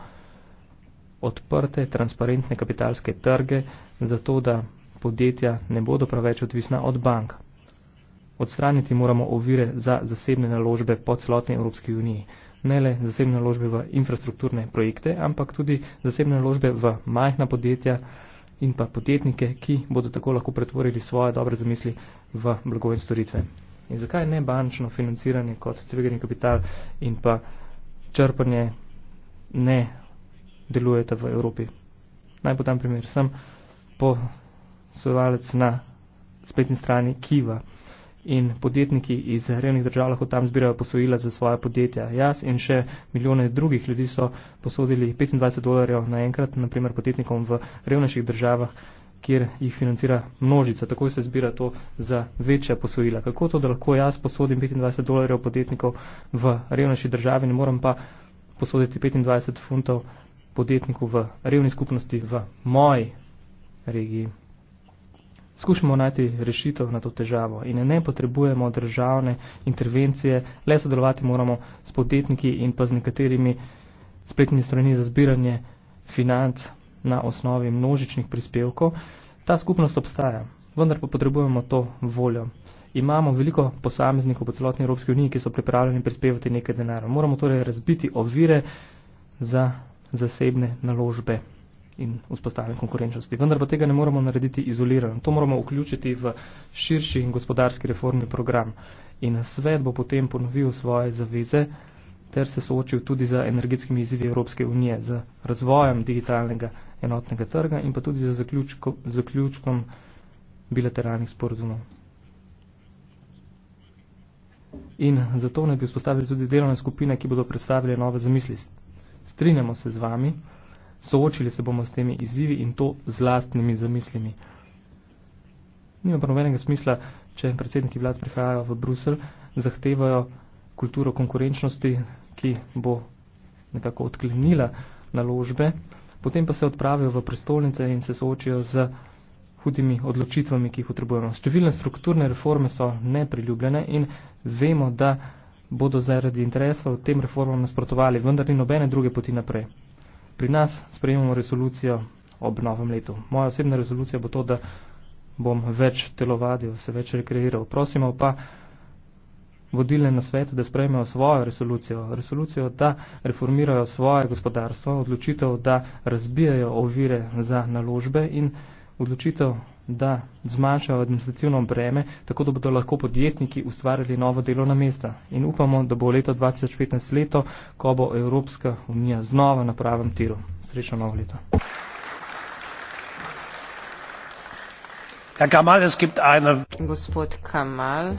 odprte, transparentne kapitalske trge, zato da podjetja ne bodo preveč odvisna od bank. Odstraniti moramo ovire za zasebne naložbe po celotni Evropski uniji. Ne le zasebne naložbe v infrastrukturne projekte, ampak tudi zasebne naložbe v majhna podjetja in pa podjetnike, ki bodo tako lahko pretvorili svoje dobre zamisli v blago in storitve. In zakaj ne bančno financiranje kot tvegani kapital in pa črpanje ne delujete v Evropi. Naj podam primer. Sem poslovalec na spletni strani Kiva in podjetniki iz revnih držav lahko tam zbirajo posojila za svoje podjetja. Jaz in še milijone drugih ljudi so posodili 25 dolarjev naenkrat, naprimer podjetnikom v revnejših državah, kjer jih financira množica. Tako se zbira to za večja posojila. Kako to, da lahko jaz posodim 25 dolarjev podjetnikov v revnejši državi, ne morem pa posoditi 25 funtov podjetniku v revni skupnosti v moji regiji. Skušamo najti rešitev na to težavo in ne potrebujemo državne intervencije, le sodelovati moramo s podjetniki in pa z nekaterimi spletnimi strani za zbiranje financ na osnovi množičnih prispevkov. Ta skupnost obstaja, vendar pa potrebujemo to voljo. Imamo veliko posameznikov po celotni Evropski uniji, ki so pripravljeni prispevati nekaj denarja. Moramo torej razbiti ovire za zasebne naložbe in vzpostavljanje konkurenčnosti. Vendar pa tega ne moramo narediti izolirano. To moramo vključiti v širši gospodarski reformni program. In svet bo potem ponovil svoje zaveze ter se soočil tudi za energetskimi izzivi Evropske unije, za razvojem digitalnega enotnega trga in pa tudi za zaključko, zaključkom bilateralnih sporozumov. In zato naj bi vzpostavili tudi delovne skupine, ki bodo predstavili nove zamisli strinjamo se z vami, soočili se bomo s temi izzivi in to z lastnimi zamislimi. Nima pa nobenega smisla, če predsedniki vlad prihajajo v Brusel, zahtevajo kulturo konkurenčnosti, ki bo nekako odklenila naložbe, potem pa se odpravijo v prestolnice in se soočijo z hudimi odločitvami, ki jih potrebujemo. Številne strukturne reforme so nepriljubljene in vemo, da bodo zaradi interesa v tem reformam nasprotovali, vendar ni nobene druge poti naprej. Pri nas sprejemamo resolucijo ob novem letu. Moja osebna resolucija bo to, da bom več telovadil, se več rekreiral. Prosimo pa vodilne na svet, da sprejmejo svojo resolucijo. Resolucijo, da reformirajo svoje gospodarstvo, odločitev, da razbijajo ovire za naložbe in odločitev, da zmanjšajo administrativno breme, tako da bodo lahko podjetniki ustvarjali novo delovna mesta. In upamo, da bo leto 2015 leto, ko bo Evropska unija znova na pravem tiru. Srečno novo leto. Herr Kamal, es gibt eine. Gospod Kamal,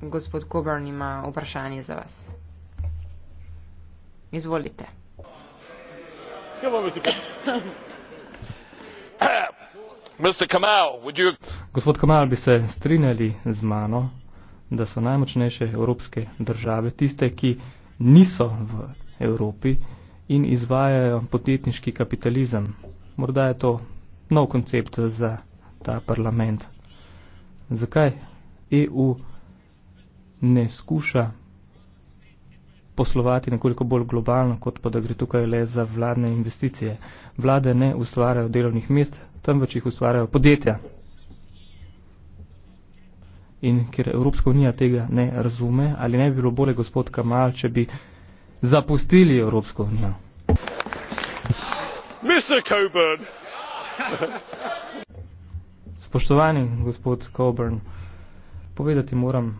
gospod Coburn ima vprašanje za vas. Izvolite. Ja, bo, Gospod Kamal, bi se strinjali z mano, da so najmočnejše evropske države tiste, ki niso v Evropi in izvajajo podjetniški kapitalizem. Morda je to nov koncept za ta parlament. Zakaj EU ne skuša poslovati nekoliko bolj globalno, kot pa da gre tukaj le za vladne investicije. Vlade ne ustvarjajo delovnih mest, temveč jih ustvarjajo podjetja. In ker Evropska unija tega ne razume, ali ne bi bilo bolje, gospod Kamal, če bi zapustili Evropsko unijo? Spoštovani gospod Coburn, povedati moram,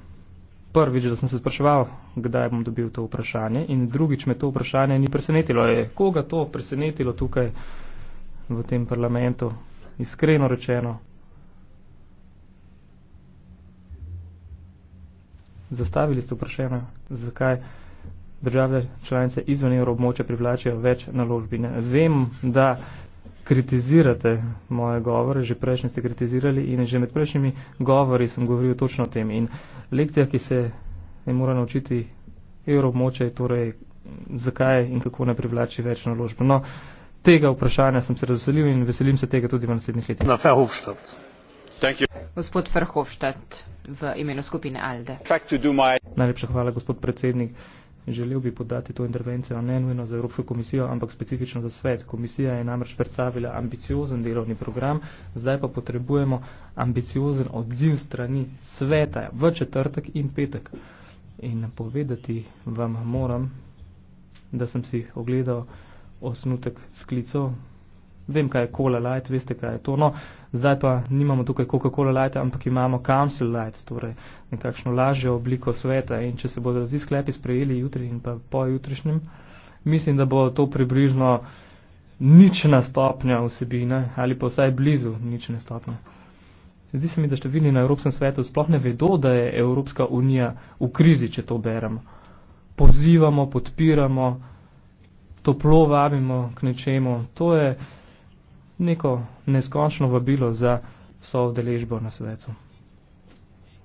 prvič, da sem se spraševal, kdaj bom dobil to vprašanje in drugič me to vprašanje ni presenetilo. Je, koga to presenetilo tukaj v tem parlamentu, iskreno rečeno? Zastavili ste vprašanje, zakaj države članice izven evroobmoče privlačijo več naložbine. Vem, da kritizirate moje govore, že prejšnji ste kritizirali in že med prejšnjimi govori sem govoril točno o tem. In lekcija, ki se je mora naučiti evroobmoče, je torej zakaj in kako ne privlači več naložb. No, tega vprašanja sem se razveselil in veselim se tega tudi v naslednjih letih. Na Ferhofstadt. Gospod Ferhofstadt v imenu skupine Alde. Najlepša hvala, gospod predsednik želel bi podati to intervencijo ne nujno za Evropsko komisijo, ampak specifično za svet. Komisija je namreč predstavila ambiciozen delovni program, zdaj pa potrebujemo ambiciozen odziv strani sveta v četrtek in petek. In povedati vam moram, da sem si ogledal osnutek sklicov vem, kaj je Cola Light, veste, kaj je to. No, zdaj pa nimamo tukaj Coca-Cola Light, ampak imamo Council Light, torej nekakšno lažjo obliko sveta in če se bodo ti sklepi sprejeli jutri in pa pojutrišnjem, mislim, da bo to približno nična stopnja vsebine ali pa vsaj blizu nične stopnje. Zdi se mi, da številni na Evropskem svetu sploh ne vedo, da je Evropska unija v krizi, če to beremo. Pozivamo, podpiramo, toplo vabimo k nečemu. To je neko neskončno vabilo za vso vdeležbo na svetu.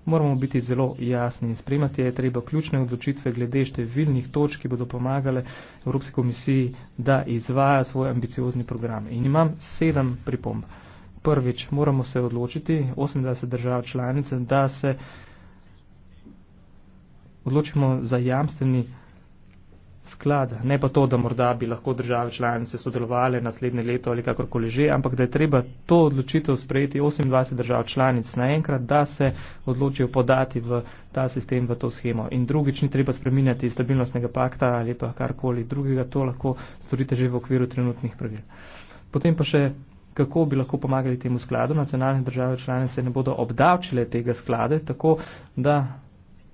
Moramo biti zelo jasni in spremati je treba ključne odločitve glede številnih točk, ki bodo pomagale Evropski komisiji, da izvaja svoj ambiciozni program. In imam sedem pripomb. Prvič, moramo se odločiti, 28 držav članice, da se odločimo za jamstveni program sklad, ne pa to, da morda bi lahko države članice sodelovali naslednje leto ali kakorkoli že, ampak da je treba to odločitev sprejeti 28 držav članic naenkrat, da se odločijo podati v ta sistem, v to schemo. In drugič, ni treba spreminjati stabilnostnega pakta ali pa karkoli drugega, to lahko storite že v okviru trenutnih pravil. Potem pa še, kako bi lahko pomagali temu skladu. Nacionalne države članice ne bodo obdavčile tega sklade, tako da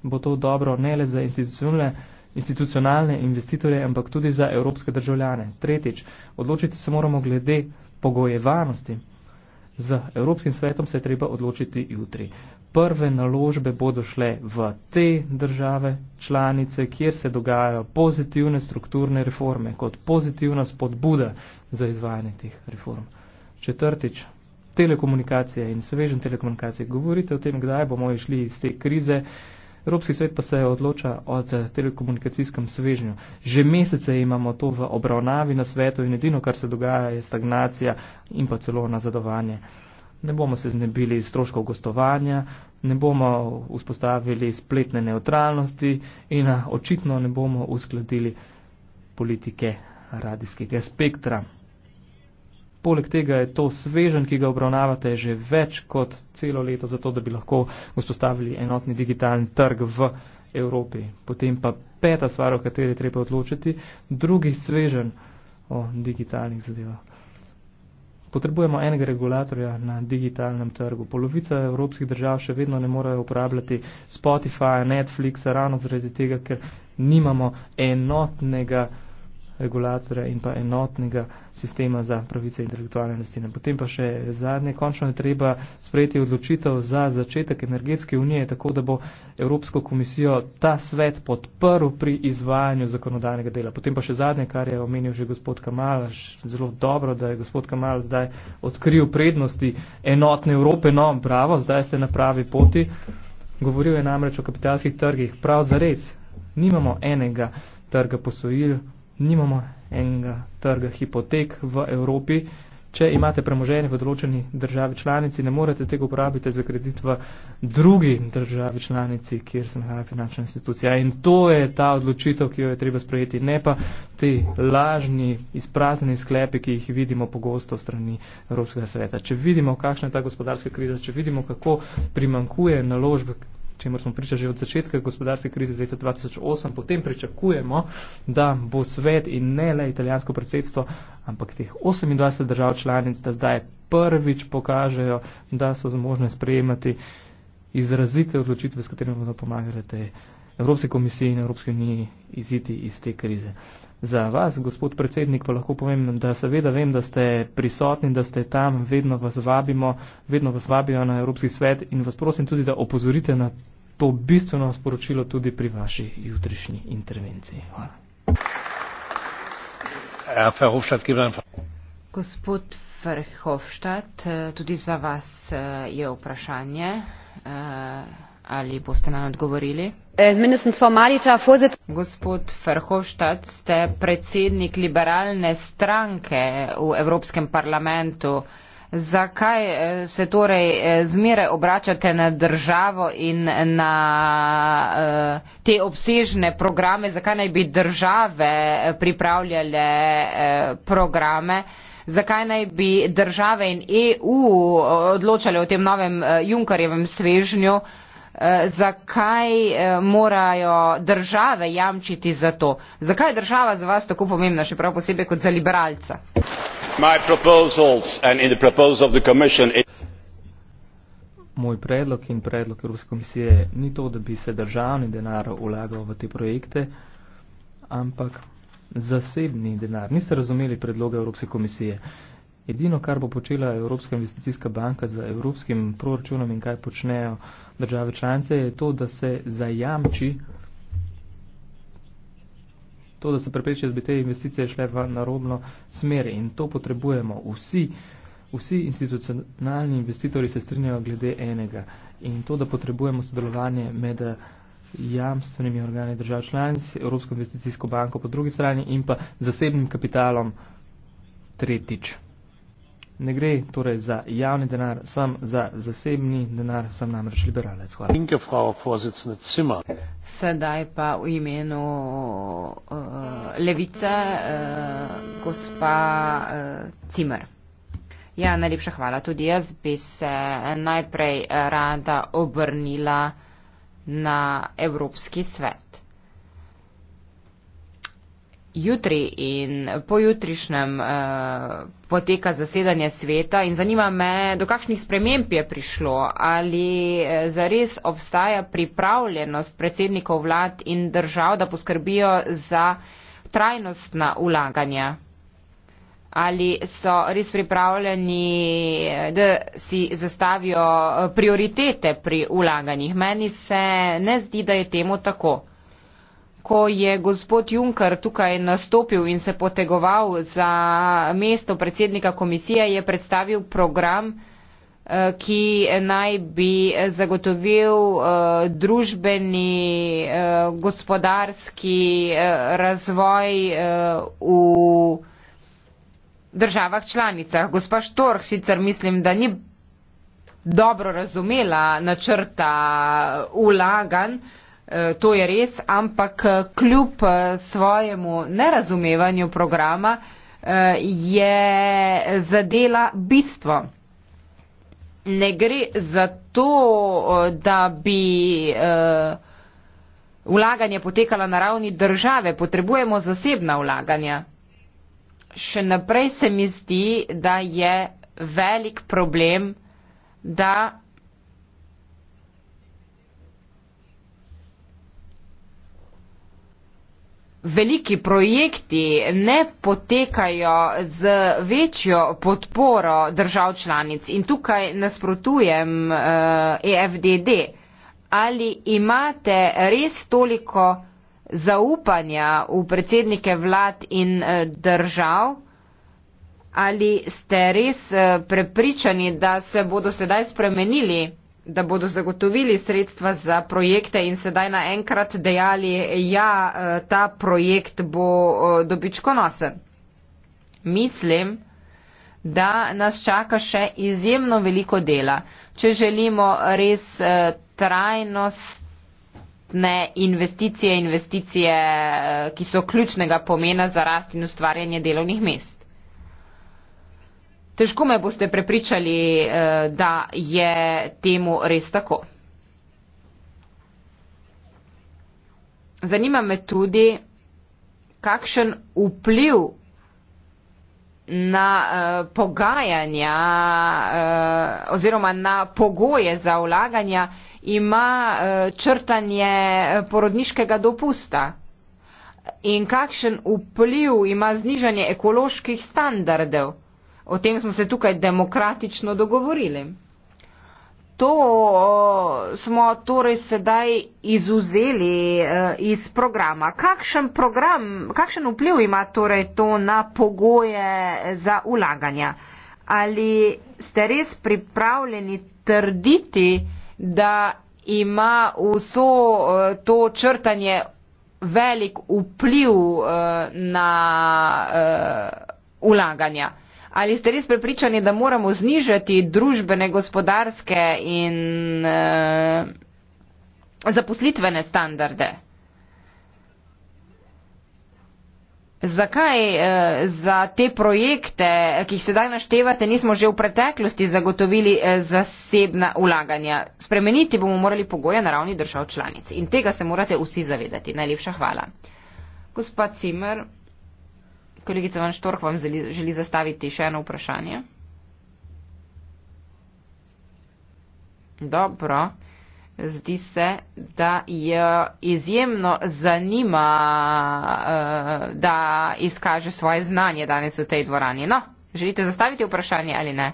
bo to dobro ne le za institucionalne institucionalne investitorje, ampak tudi za evropske državljane. Tretjič, odločiti se moramo glede pogojevanosti. Z Evropskim svetom se je treba odločiti jutri. Prve naložbe bodo šle v te države, članice, kjer se dogajajo pozitivne strukturne reforme kot pozitivna spodbuda za izvajanje teh reform. Četrtič, telekomunikacije in svežen telekomunikacije. Govorite o tem, kdaj bomo išli iz te krize. Uh, Evropski svet pa se odloča od telekomunikacijskem svežnju. Že mesece imamo to v obravnavi na svetu in edino, kar se dogaja, je stagnacija in pa celo nazadovanje. Ne bomo se znebili stroškov gostovanja, ne bomo vzpostavili spletne neutralnosti in očitno ne bomo uskladili politike radijskega spektra. Poleg tega je to svežen, ki ga obravnavate že več kot celo leto, zato da bi lahko vzpostavili enotni digitalni trg v Evropi. Potem pa peta stvar, o kateri treba odločiti, drugi svežen o digitalnih zadevah. Potrebujemo enega regulatorja na digitalnem trgu. Polovica evropskih držav še vedno ne morejo uporabljati Spotify, Netflixa, ravno zaradi tega, ker nimamo enotnega regulatorja regulatorja in pa enotnega sistema za pravice intelektualne lastine. Potem pa še zadnje, končno je treba sprejeti odločitev za začetek energetske unije, tako da bo Evropsko komisijo ta svet podprl pri izvajanju zakonodajnega dela. Potem pa še zadnje, kar je omenil že gospod Kamal, zelo dobro, da je gospod Kamal zdaj odkril prednosti enotne Evrope, no, bravo, zdaj ste na pravi poti. Govoril je namreč o kapitalskih trgih, prav zares, nimamo enega trga posojil, nimamo enega trga hipotek v Evropi. Če imate premoženje v določeni državi članici, ne morete tega uporabiti za kredit v drugi državi članici, kjer se nahaja finančna institucija. In to je ta odločitev, ki jo je treba sprejeti, ne pa te lažni, izprazneni sklepi, ki jih vidimo pogosto strani Evropskega sveta. Če vidimo, kakšna je ta gospodarska kriza, če vidimo, kako primankuje naložb čemer smo priča že od začetka gospodarske krize leta 2008, potem pričakujemo, da bo svet in ne le italijansko predsedstvo, ampak teh 28 držav članic, da zdaj prvič pokažejo, da so zmožne sprejemati izrazite odločitve, s katerimi bodo pomagali tej Evropske komisije in Evropske unije iziti iz te krize. Za vas, gospod predsednik, pa lahko povem, da seveda vem, da ste prisotni, da ste tam, vedno vas vabimo, vedno vas vabijo na Evropski svet in vas prosim tudi, da opozorite na to bistveno sporočilo tudi pri vaši jutrišnji intervenciji. Hvala. Gospod Verhofstadt, tudi za vas eh, je vprašanje. Eh, ali boste nam odgovorili? Eh, Gospod Verhofstadt, ste predsednik liberalne stranke v Evropskem parlamentu. Zakaj eh, se torej eh, zmeraj obračate na državo in na te obsežne programe, zakaj naj bi države pripravljale programe? Zakaj naj bi države in EU odločali o tem novem Junkarjevem svežnju, Eh, zakaj eh, morajo države jamčiti za to? Zakaj je država za vas tako pomembna, še prav posebej kot za liberalca? Moj predlog in predlog Evropske komisije ni to, da bi se državni denar ulagal v te projekte, ampak zasebni denar. Niste razumeli predloga Evropske komisije. Uh, Edino, kar bo počela Evropska investicijska banka za evropskim proračunom in kaj počnejo države članice, je to, da se zajamči, to, da se prepreči, da bi te investicije šle v narobno smer in to potrebujemo vsi. Vsi institucionalni investitorji se strinjajo glede enega in to, da potrebujemo sodelovanje med jamstvenimi organi držav članic, Evropsko investicijsko banko po drugi strani in pa zasebnim kapitalom tretjič. Ne gre torej za javni denar, sam za zasebni denar, sem namreč liberalec. Hvala. Sedaj pa v imenu uh, levice, uh, gospa uh, Cimer. Ja, najlepša hvala. Tudi jaz bi se najprej rada obrnila na Evropski svet. Jutri in pojutrišnjem uh, poteka zasedanje sveta in zanima me, do kakšnih sprememb je prišlo, ali eh, zares obstaja pripravljenost predsednikov vlad in držav, da poskrbijo za trajnostna ulaganja. Ali so res pripravljeni, eh, da si zastavijo prioritete pri ulaganjih. Meni se ne zdi, da je temu tako ko je gospod Juncker tukaj nastopil in se potegoval za mesto predsednika komisije, je predstavil program, eh, ki naj bi zagotovil eh, družbeni, eh, gospodarski razvoj v državah članicah. Gospa Štorh sicer mislim, da ni dobro razumela načrta ulagan, Eh, to je res, ampak eh, kljub eh, svojemu nerazumevanju programa je zadela bistvo. Ne gre za to, da bi vlaganje potekalo na ravni države, potrebujemo zasebna vlaganja. Še naprej se mi zdi, da je velik problem, da veliki projekti ne potekajo z večjo podporo držav članic in tukaj nasprotujem EFDD. Eh, e Ali imate res toliko zaupanja v predsednike vlad in eh, držav? Ali ste res eh, prepričani, da se bodo sedaj spremenili? da bodo zagotovili sredstva za projekte in sedaj naenkrat dejali, ja, eh, ta projekt bo eh, dobičkonosen. Mislim, da nas čaka še izjemno veliko dela, če želimo res eh, trajnostne investicije, investicije, ki so ključnega pomena za rast in ustvarjanje delovnih mest. Težko me boste prepričali, eh, da je temu res tako. Zanima me tudi, kakšen vpliv na uh, pogajanja uh, oziroma na pogoje za vlaganja ima uh, črtanje porodniškega dopusta in kakšen vpliv ima znižanje ekoloških standardov. O tem smo se tukaj demokratično dogovorili. To smo torej sedaj izuzeli e, iz programa. Kakšen, program, kakšen vpliv ima torej to na pogoje za ulaganja? Ali ste res pripravljeni trditi, da ima vso e, to črtanje velik vpliv e, na ulaganja? Uh, ali ste res prepričani, da moramo znižati družbene, gospodarske in uh, zaposlitvene standarde? Zakaj eh, za te projekte, ki jih sedaj naštevate, nismo že v preteklosti zagotovili eh, zasebna ulaganja? Spremeniti bomo morali pogoje na ravni držav članic in tega se morate vsi zavedati. Najlepša hvala. Gospod Cimer. Kolegica Van Štork vam želi zastaviti še eno vprašanje. Dobro. Zdi se, da jo izjemno zanima, eh, da izkaže svoje znanje danes v tej dvorani. No, želite zastaviti vprašanje ali ne?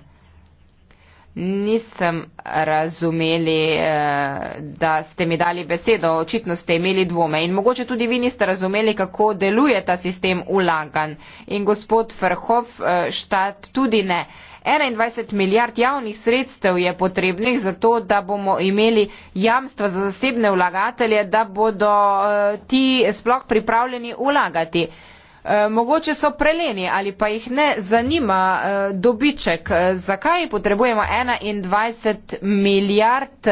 Nisem razumeli, eh, da ste mi dali besedo, očitno ste imeli dvome in mogoče tudi vi niste razumeli, kako deluje ta sistem ulagan. In gospod Ferhov, eh, štat tudi ne. 21 milijard javnih sredstev je potrebnih za to, da bomo imeli jamstva za zasebne vlagatelje, da bodo eh, ti sploh pripravljeni ulagati. Eh, mogoče so preleni ali pa jih ne zanima eh, dobiček. Eh, zakaj potrebujemo 21 milijard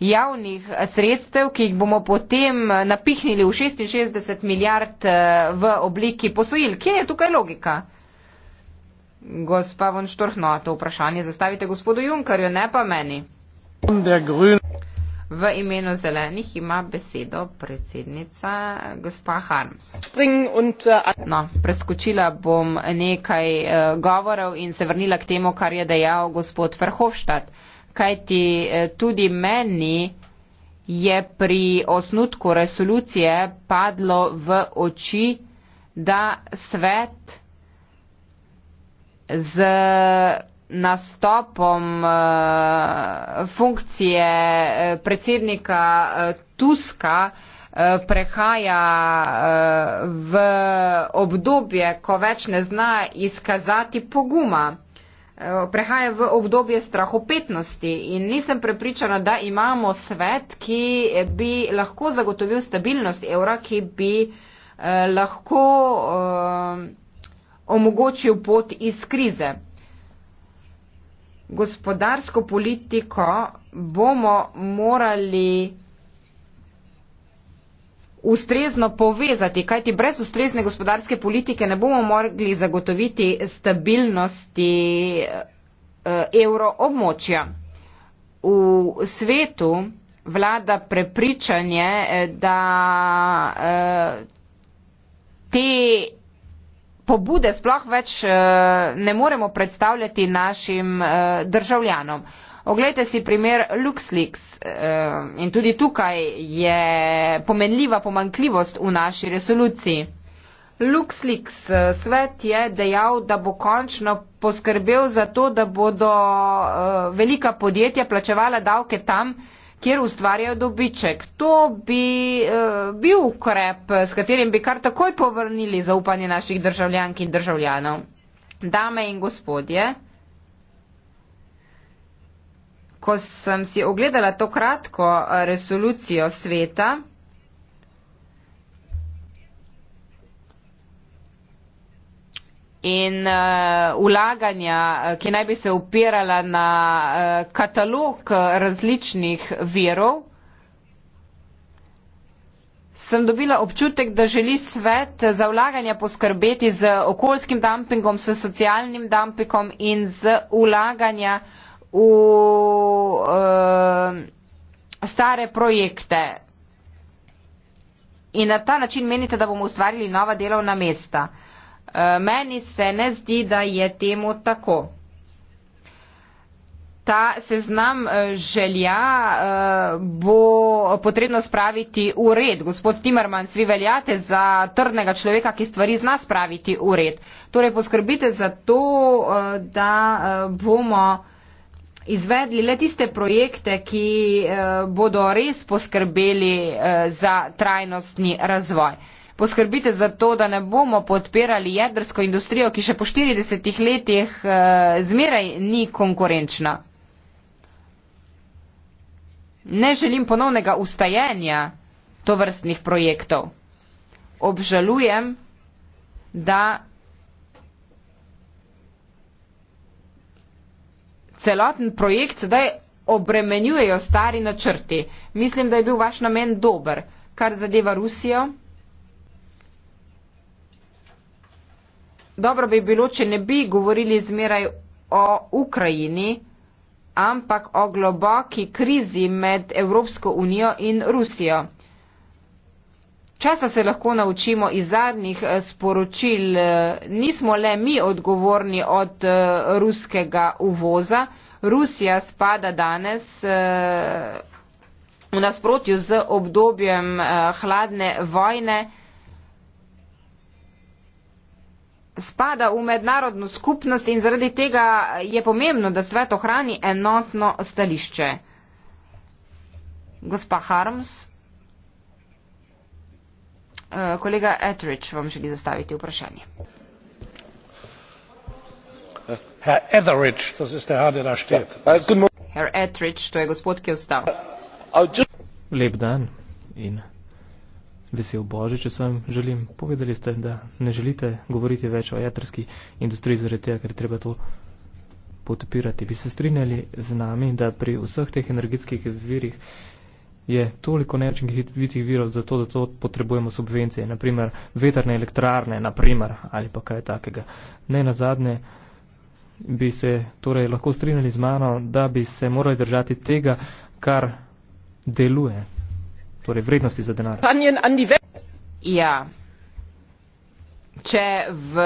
javnih sredstev, ki jih bomo potem napihnili v 66 milijard v obliki posojil? Kje je tukaj logika? Gospa von Štorhno, to vprašanje zastavite gospodu Junkarju, ne pa meni. V imenu zelenih ima besedo predsednica gospa Harms. Äh, no, preskočila bom nekaj uh, govorov in se vrnila k temu, kar je dejal gospod Verhofstadt. Kajti uh, tudi meni je pri osnutku resolucije padlo v oči, da svet z. Uh, nastopom uh, funkcije eh, predsednika eh, Tuska prehaja v obdobje, ko več ne zna izkazati poguma, prehaja v obdobje strahopetnosti in nisem prepričana, da imamo svet, ki bi lahko zagotovil stabilnost evra, ki bi lahko omogočil pot iz krize gospodarsko politiko bomo morali ustrezno povezati, kajti brez ustrezne gospodarske politike ne bomo mogli zagotoviti stabilnosti eh, evroobmočja. V svetu vlada prepričanje, eh, da eh, te pobude sploh več eh, ne moremo predstavljati našim eh, državljanom. Oglejte si primer LuxLeaks eh, in tudi tukaj je pomenljiva pomankljivost v naši resoluciji. LuxLeaks svet je dejal, da bo končno poskrbel za to, da bodo velika podjetja plačevala davke tam, kjer ustvarjajo dobiček. To bi e, bil ukrep, s katerim bi kar takoj povrnili zaupanje naših državljank in državljanov. Dame in gospodje, ko sem si ogledala to kratko eh, resolucijo sveta, in uh, vlaganja, uh, ki naj bi se upirala na uh, katalog uh, različnih verov, sem dobila občutek, da želi svet za vlaganja poskrbeti z okoljskim dumpingom, s socialnim dumpingom in z vlaganja v uh, stare projekte. In na ta način menite, da bomo ustvarili nova delovna mesta. Uh, Eh, meni se ne zdi, da je temu tako. Ta seznam eh, želja eh, bo potrebno spraviti v red. Gospod Timmermans, vi veljate za trdnega človeka, ki stvari zna spraviti v red. Torej poskrbite za to, da bomo izvedli le tiste projekte, ki bodo res poskrbeli za trajnostni razvoj poskrbite za to, da ne bomo podpirali jedrsko industrijo, ki še po 40 letih eh, zmeraj ni konkurenčna. Ne želim ponovnega ustajenja tovrstnih projektov. Obžalujem, da celoten projekt sedaj obremenjujejo stari načrti. Mislim, da je bil vaš namen dober, kar zadeva Rusijo. dobro bi bilo, če ne bi govorili zmeraj o Ukrajini, ampak o globoki krizi med Evropsko unijo in Rusijo. Časa se lahko naučimo iz zadnjih eh, sporočil. Eh, nismo le mi odgovorni od eh, ruskega uvoza. Rusija spada danes v nasprotju z obdobjem hladne vojne. spada v mednarodno skupnost in zaradi tega je pomembno, da svet ohrani enotno stališče. Gospa Harms, e, kolega Etrich vam želi zastaviti vprašanje. Herr Etrich, ja, äh, to je gospod, ki je vstal. Äh, Lep dan in vesel Božič, če sem želim. Povedali ste, da ne želite govoriti več o jedrski industriji zaradi tega, ker treba to potopirati. Bi se strinjali z nami, da pri vseh teh energetskih virih je toliko neučinkovitih virov zato, da to potrebujemo subvencije, naprimer veterne elektrarne, naprimer ali pa kaj takega. Ne na zadnje bi se torej lahko strinjali z mano, da bi se morali držati tega, kar deluje, torej vrednosti za denar. Ja. Če, v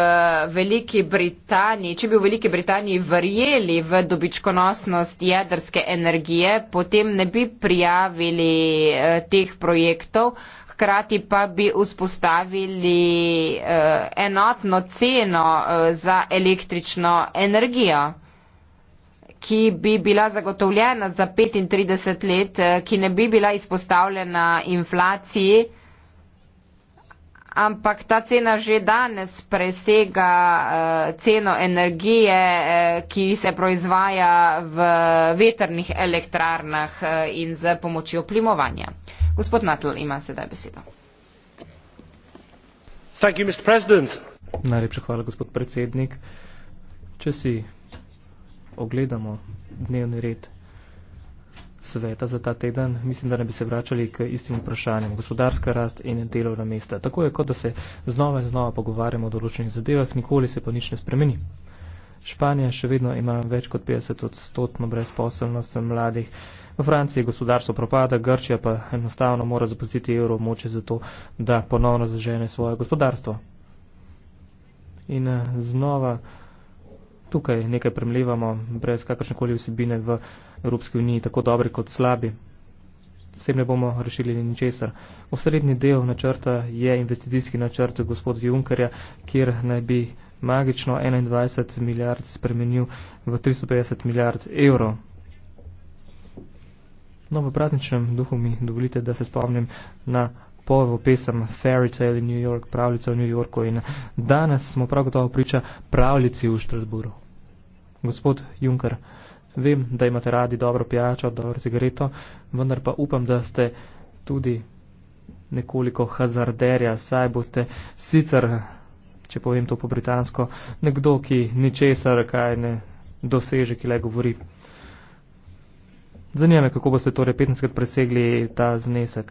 če bi v Veliki Britaniji verjeli v dobičkonosnost jedrske energije, potem ne bi prijavili eh, teh projektov, hkrati pa bi vzpostavili eh, enotno ceno eh, za električno energijo ki bi bila zagotovljena za 35 let, eh, ki ne bi bila izpostavljena inflaciji, ampak ta cena že danes presega eh, ceno energije, eh, ki se proizvaja v veternih elektrarnah in z pomočjo plimovanja. Gospod Natl ima sedaj besedo. Najlepša hvala, gospod predsednik. Če si ogledamo dnevni red sveta za ta teden, mislim, da ne bi se vračali k istim vprašanjem. Gospodarska rast in delovna mesta. Tako je, kot da se znova in znova pogovarjamo o določenih zadevah, nikoli se pa nič ne spremeni. Španija še vedno ima več kot 50 odstotno brezposelnost mladih. V Franciji gospodarstvo propada, Grčija pa enostavno mora zapustiti evro moče zato, da ponovno zažene svoje gospodarstvo. In eh, znova tukaj nekaj premljivamo, brez kakršnekoli vsebine v Evropski uniji, tako dobri kot slabi. Vsem ne bomo rešili ničesar. Osrednji del načrta je investicijski načrt gospod Junkerja, kjer naj bi magično 21 milijard spremenil v 350 milijard evrov. No, v prazničnem duhu mi dovolite, da se spomnim na povevo pesem Fairy Tale in New York, pravljica v New Yorku in danes smo prav gotovo priča pravljici v Štrasburu. Gospod Juncker, vem, da imate radi dobro pijačo, dobro cigareto, vendar pa upam, da ste tudi nekoliko hazarderja, saj boste sicer, če povem to po britansko, nekdo, ki ničesar kaj ne doseže, ki le govori. Zanima me, kako boste torej 15-krat presegli ta znesek.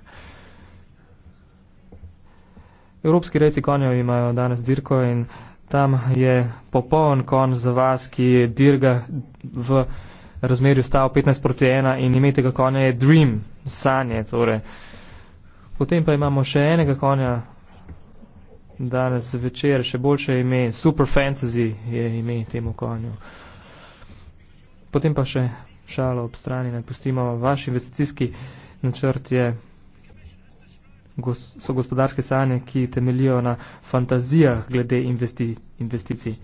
Evropski reci konjev imajo danes dirko in uh, tam je popoln konc za vas, ki je dirga v razmerju stav 15 proti 1 in imetega konja je dream, sanje. Torej. Potem pa imamo še enega konja, danes večer, še boljše ime, super fantasy je ime temu konju. Potem pa še šalo ob strani, ne pustimo, vaš investicijski načrt je so gospodarske sanje, ki temelijo na fantazijah glede investi investicij.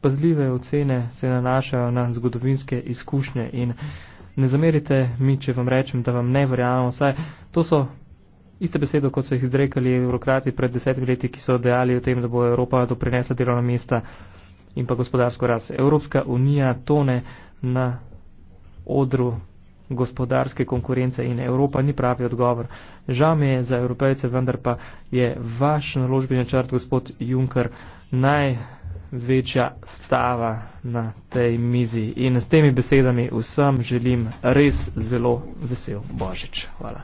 Pazljive ocene se nanašajo na zgodovinske izkušnje in ne zamerite mi, če vam rečem, da vam ne verjamemo. To so iste besede, kot so jih izrekali evrokrati pred desetimi leti, ki so dejali o tem, da bo Evropa doprinesla delovna mesta in pa gospodarsko rast. Evropska unija tone na odru gospodarske konkurence in Evropa ni pravi odgovor. Žal mi je za evropejce, vendar pa je vaš naložbeni načrt, gospod Juncker, največja stava na tej mizi. In s temi besedami vsem želim res zelo vesel Božič. Hvala.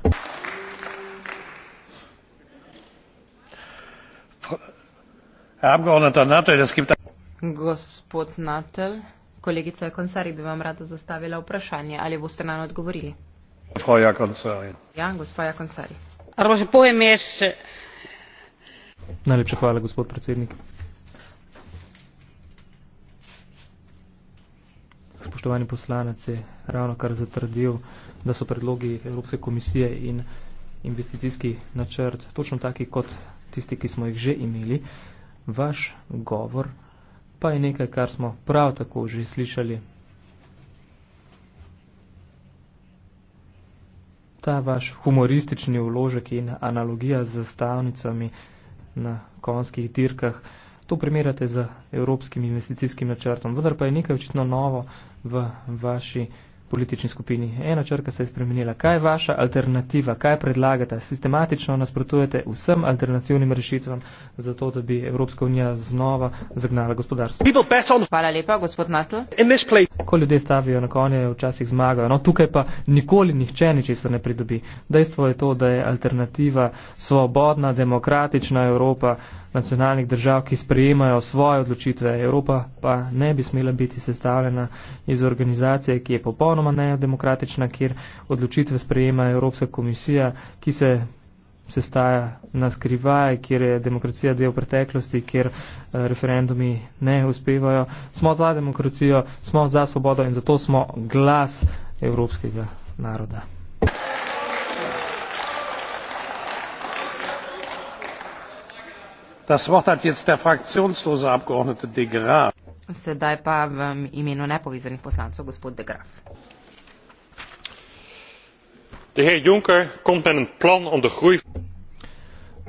Gospod Natel. Kolegica Konsari bi vam rada zastavila vprašanje, ali boste nam odgovorili. Gospoja Konsari. Ja, gospoja Konsari. Arbože, povem jaz. Najlepša hvala, gospod predsednik. Spoštovani poslanec je ravno kar zatrdil, da so predlogi Evropske komisije in investicijski načrt točno taki kot tisti, ki smo jih že imeli. Vaš govor pa je nekaj, kar smo prav tako že slišali. Ta vaš humoristični uložek in analogija z zastavnicami na konskih dirkah, to primerjate z Evropskim investicijskim načrtom, vendar pa je nekaj očitno novo v vaši politični skupini. Ena črka se je spremenila. Kaj je vaša alternativa? Kaj predlagate? Sistematično nasprotujete vsem alternativnim rešitvam za to, da bi Evropska unija znova zagnala gospodarstvo. Hvala lepa, gospod Natl. Ko ljudje stavijo na konje, včasih zmagajo. No, tukaj pa nikoli nihče ničesar ne pridobi. Dejstvo je to, da je alternativa svobodna, demokratična Evropa nacionalnih držav, ki sprejemajo svoje odločitve. Evropa pa ne bi smela biti sestavljena iz organizacije, ki je popolnoma neodemokratična, kjer odločitve sprejema Evropska komisija, ki se sestaja na skrivaj, kjer je demokracija del preteklosti, kjer eh, referendumi ne uspevajo. Smo za demokracijo, smo za svobodo in zato smo glas evropskega naroda. sedaj pa v imenu nepovezanih poslancev gospod de graaf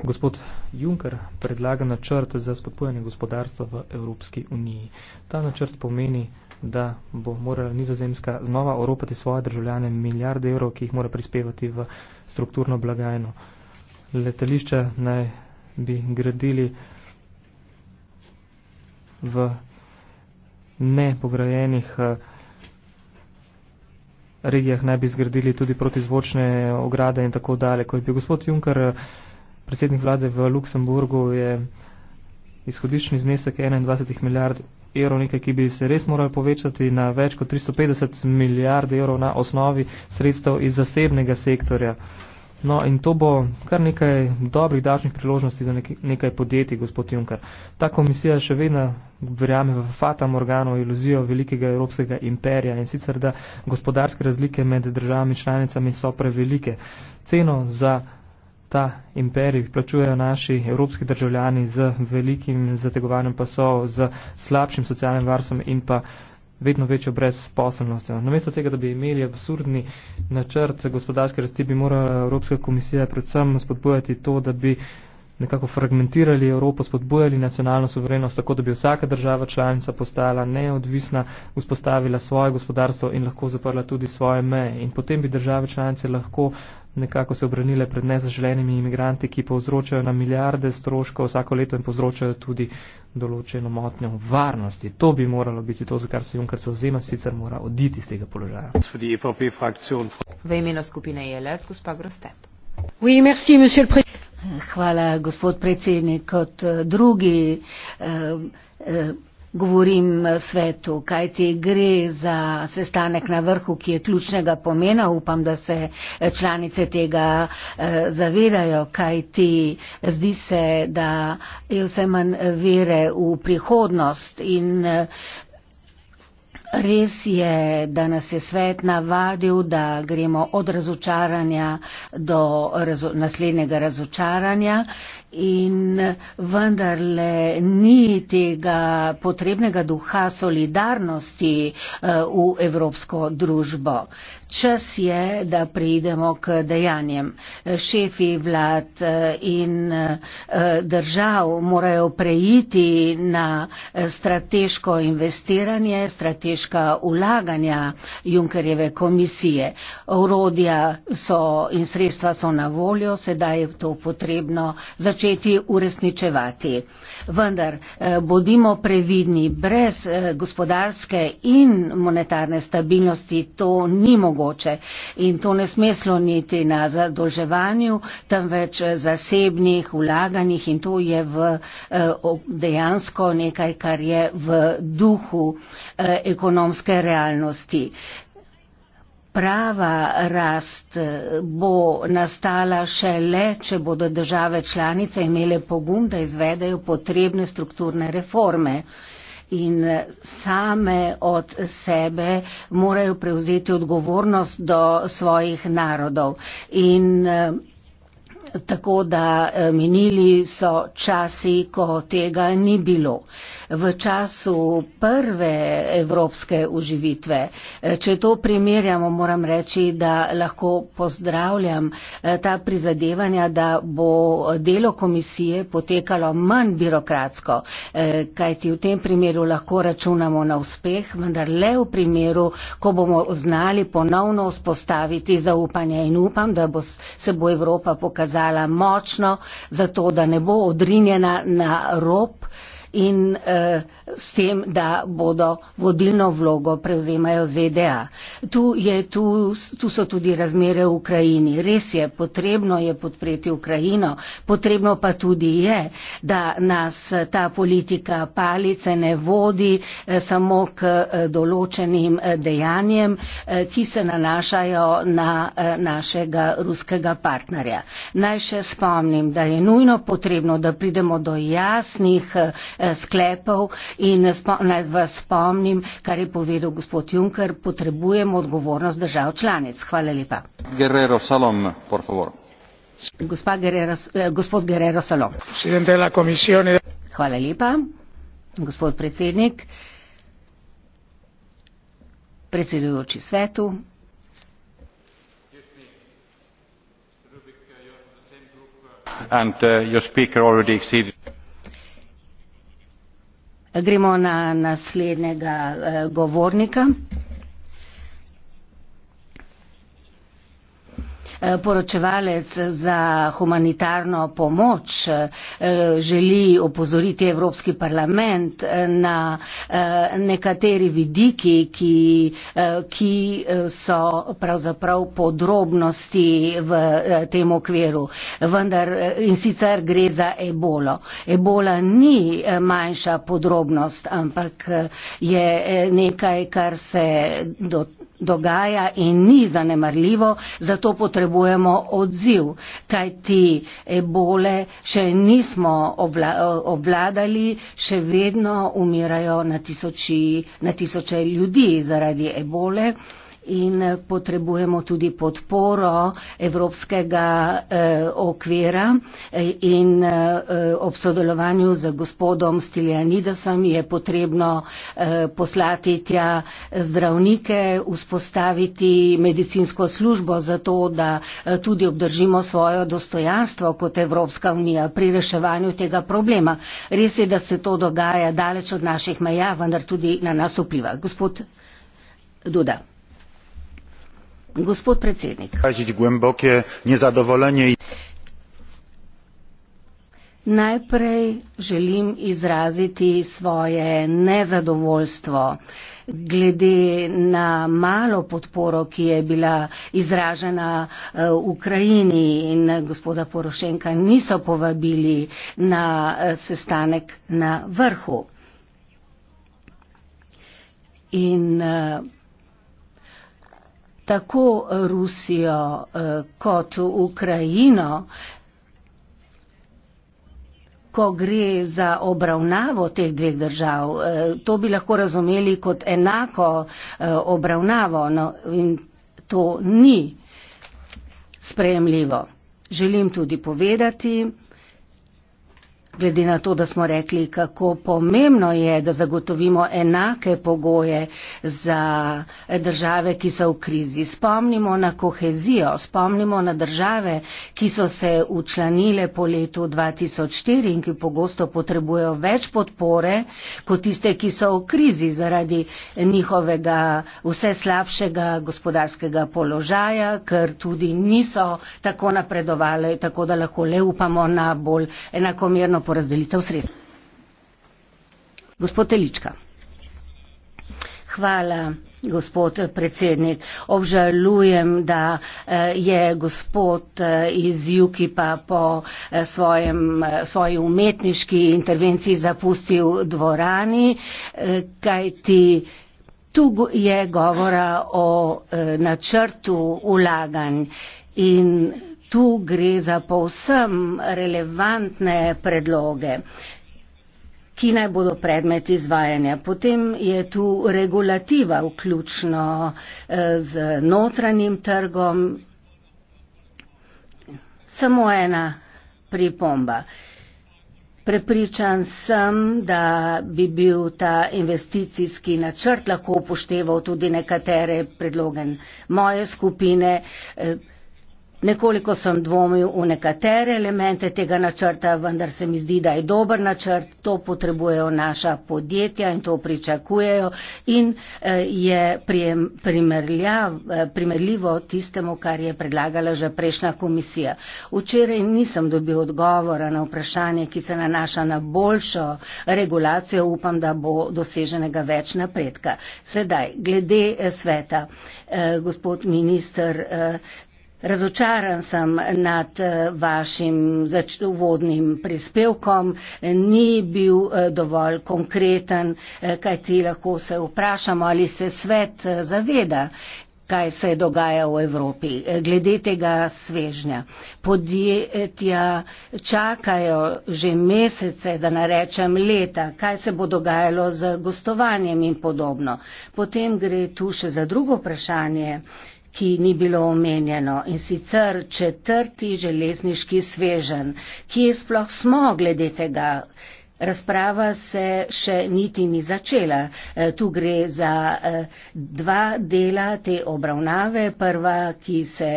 gospod juncker predlaga načrt za spodbujanje gospodarstva v evropski uniji ta načrt pomeni da bo morala nizozemska znova oropati svoje državljane milijarde evrov ki jih mora prispevati v strukturno blagajno letališča naj bi gradili v nepograjenih eh, regijah, naj bi zgradili tudi protizvočne ograde in tako dalje. Ko je bil gospod Juncker, eh, predsednik vlade v Luksemburgu, je izhodiščni znesek 21 milijard evrov, nekaj, ki bi se res morali povečati na več kot 350 milijard evrov na osnovi sredstev iz zasebnega sektorja. No, in to bo kar nekaj dobrih davčnih priložnosti za nekaj, nekaj podjetij, gospod Junker. Ta komisija še vedno verjame v fata morgano iluzijo velikega evropskega imperija in sicer, da gospodarske razlike med državami članicami so prevelike. Ceno za ta imperij plačujejo naši evropski državljani z velikim zategovanjem pasov, z slabšim socialnim varstvom in pa vedno večjo brezposobnostjo. Namesto tega, da bi imeli absurdni načrt gospodarske rasti, bi morala Evropska komisija predvsem spodbujati to, da bi nekako fragmentirali Evropo, spodbujali nacionalno soverenost, tako da bi vsaka država članica postala neodvisna, vzpostavila svoje gospodarstvo in lahko zaprla tudi svoje meje. In potem bi države članice lahko nekako se obranile pred nezaželenimi imigranti, ki povzročajo na milijarde stroškov vsako leto in povzročajo tudi določeno motnjo varnosti. To bi moralo biti to, za kar se Junker zauzema, sicer mora oditi iz tega položaja. E v imenu skupine ELS, gospod Grostep. Oui, merci, Hvala, gospod predsednik. Kot eh, drugi eh, eh, govorim eh, svetu, kaj ti gre za sestanek na vrhu, ki je ključnega pomena. Upam, da se eh, članice tega eh, zavedajo, kaj ti zdi se, da je vse manj vere v prihodnost. In res je, da nas je svet navadil, da gremo od razočaranja do razo naslednjega razočaranja in vendarle ni tega potrebnega duha solidarnosti eh, v evropsko družbo. Čas je, da preidemo k dejanjem. Šefi vlad eh, in eh, držav morajo preiti na strateško investiranje, strateška ulaganja Junkerjeve komisije. Orodja so in sredstva so na voljo, sedaj je to potrebno začeti začeti uresničevati. Vendar eh, bodimo previdni, brez eh, gospodarske in monetarne stabilnosti to ni mogoče in to ne sme sloniti na zadolževanju, temveč eh, zasebnih vlaganjih in to je v, dejansko nekaj, kar je v duhu ekonomske realnosti. Prava rast eh, bo nastala šele, če bodo države članice imele pogum, da izvedejo potrebne strukturne reforme in eh, same od sebe morajo prevzeti odgovornost do svojih narodov. In eh, tako da minili so časi, ko tega ni bilo v času prve evropske uživitve. Eh, če to primerjamo, moram reči, da lahko pozdravljam eh, ta prizadevanja, da bo delo komisije potekalo manj birokratsko, eh, kajti v tem primeru lahko računamo na uspeh, vendar le v primeru, ko bomo znali ponovno vzpostaviti zaupanje in upam, da bo se bo Evropa pokazala močno, zato da ne bo odrinjena na rob in eh, s tem, da bodo vodilno vlogo prevzemajo ZDA. Tu, je, tu, tu so tudi razmere v Ukrajini. Res je, potrebno je podpreti Ukrajino, potrebno pa tudi je, da nas eh, ta politika palice ne vodi eh, samo k eh, določenim eh, dejanjem, eh, ki se nanašajo na eh, našega ruskega partnerja. Naj še spomnim, da je nujno potrebno, da pridemo do jasnih eh, sklepov in naj vas spomnim, kar je povedal gospod Juncker, potrebujemo odgovornost držav članic. Hvala lepa. Guerrero, Salom, por favor. Guerrero, eh, gospod Guerrero Salom. Hvala lepa, gospod predsednik, predsedujoči svetu. And uh, your speaker already exceeded. Gremo na naslednjega eh, govornika. Eh, poročevalec za humanitarno pomoč eh, želi opozoriti Evropski parlament eh, na nekateri vidiki, ki, ki so pravzaprav podrobnosti v tem okviru. Vendar in sicer gre za ebolo. Ebola ni manjša podrobnost, ampak je nekaj, kar se do dogaja in ni zanemarljivo, zato potrebujemo odziv, kaj ti ebole še nismo obla, obladali, še vedno umirajo na, tisoči, na tisoče ljudi zaradi ebole in eh, potrebujemo tudi podporo evropskega eh, okvira eh, in eh, ob sodelovanju z gospodom Stiljanidosom je potrebno eh, poslati tja zdravnike, vzpostaviti medicinsko službo za to, da eh, tudi obdržimo svojo dostojanstvo kot Evropska unija pri reševanju tega problema. Res je, da se to dogaja daleč od naših meja, vendar tudi na nas vpliva. Gospod Duda gospod predsednik najprej želim izraziti svoje nezadovoljstvo glede na malo podporo, ki je bila izražena eh, Ukrajini in gospoda Porošenka niso povabili na eh, sestanek na vrhu. In eh, tako Rusijo eh, kot Ukrajino, ko gre za obravnavo teh dveh držav. Eh, to bi lahko razumeli kot enako eh, obravnavo no, in to ni sprejemljivo. Želim tudi povedati, Glede na to, da smo rekli, kako pomembno je, da zagotovimo enake pogoje za države, ki so v krizi. Spomnimo na kohezijo, spomnimo na države, ki so se učlanile po letu 2004 in ki pogosto potrebujejo več podpore kot tiste, ki so v krizi zaradi njihovega vse slabšega gospodarskega položaja, ker tudi niso tako napredovali, tako da lahko le upamo na bolj enakomerno porazdelitev sredstva. Gospod Telička. Hvala, gospod predsednik. Obžalujem, da eh, je gospod eh, iz Jukipa po eh, svojem, svoji umetniški intervenciji zapustil dvorani, kajti tu je govora o načrtu ulaganj in tu gre za povsem relevantne predloge ki naj bodo predmet izvajanja. Potem je tu regulativa, vključno eh, z notranjim trgom. Samo ena pripomba. Prepričan sem, da bi bil ta investicijski načrt lahko upošteval tudi nekatere predloge moje skupine. Eh, Nekoliko sem dvomil v nekatere elemente tega načrta, vendar se mi zdi, da je dober načrt, to potrebujejo naša podjetja in to pričakujejo in eh, je eh, primerljivo tistemu, kar je predlagala že prejšnja komisija. Včeraj nisem dobil odgovora na vprašanje, ki se nanaša na boljšo regulacijo, upam, da bo doseženega več napredka. Sedaj, glede eh, sveta, gospod minister, Razočaran sem nad eh, vašim uvodnim prispevkom, ni bil eh, dovolj konkreten, eh, kaj ti lahko se vprašamo, ali se svet zaveda kaj se je dogaja v Evropi. Glede tega svežnja. Podjetja čakajo že mesece, da narečem leta, kaj se bo dogajalo z gostovanjem in podobno. Potem gre tu še za drugo vprašanje. Eh, ki ni bilo omenjeno in sicer četrti železniški svežen, ki je sploh smo glede tega. Razprava se še niti ni začela. E, tu gre za e, dva dela te obravnave. Prva, ki se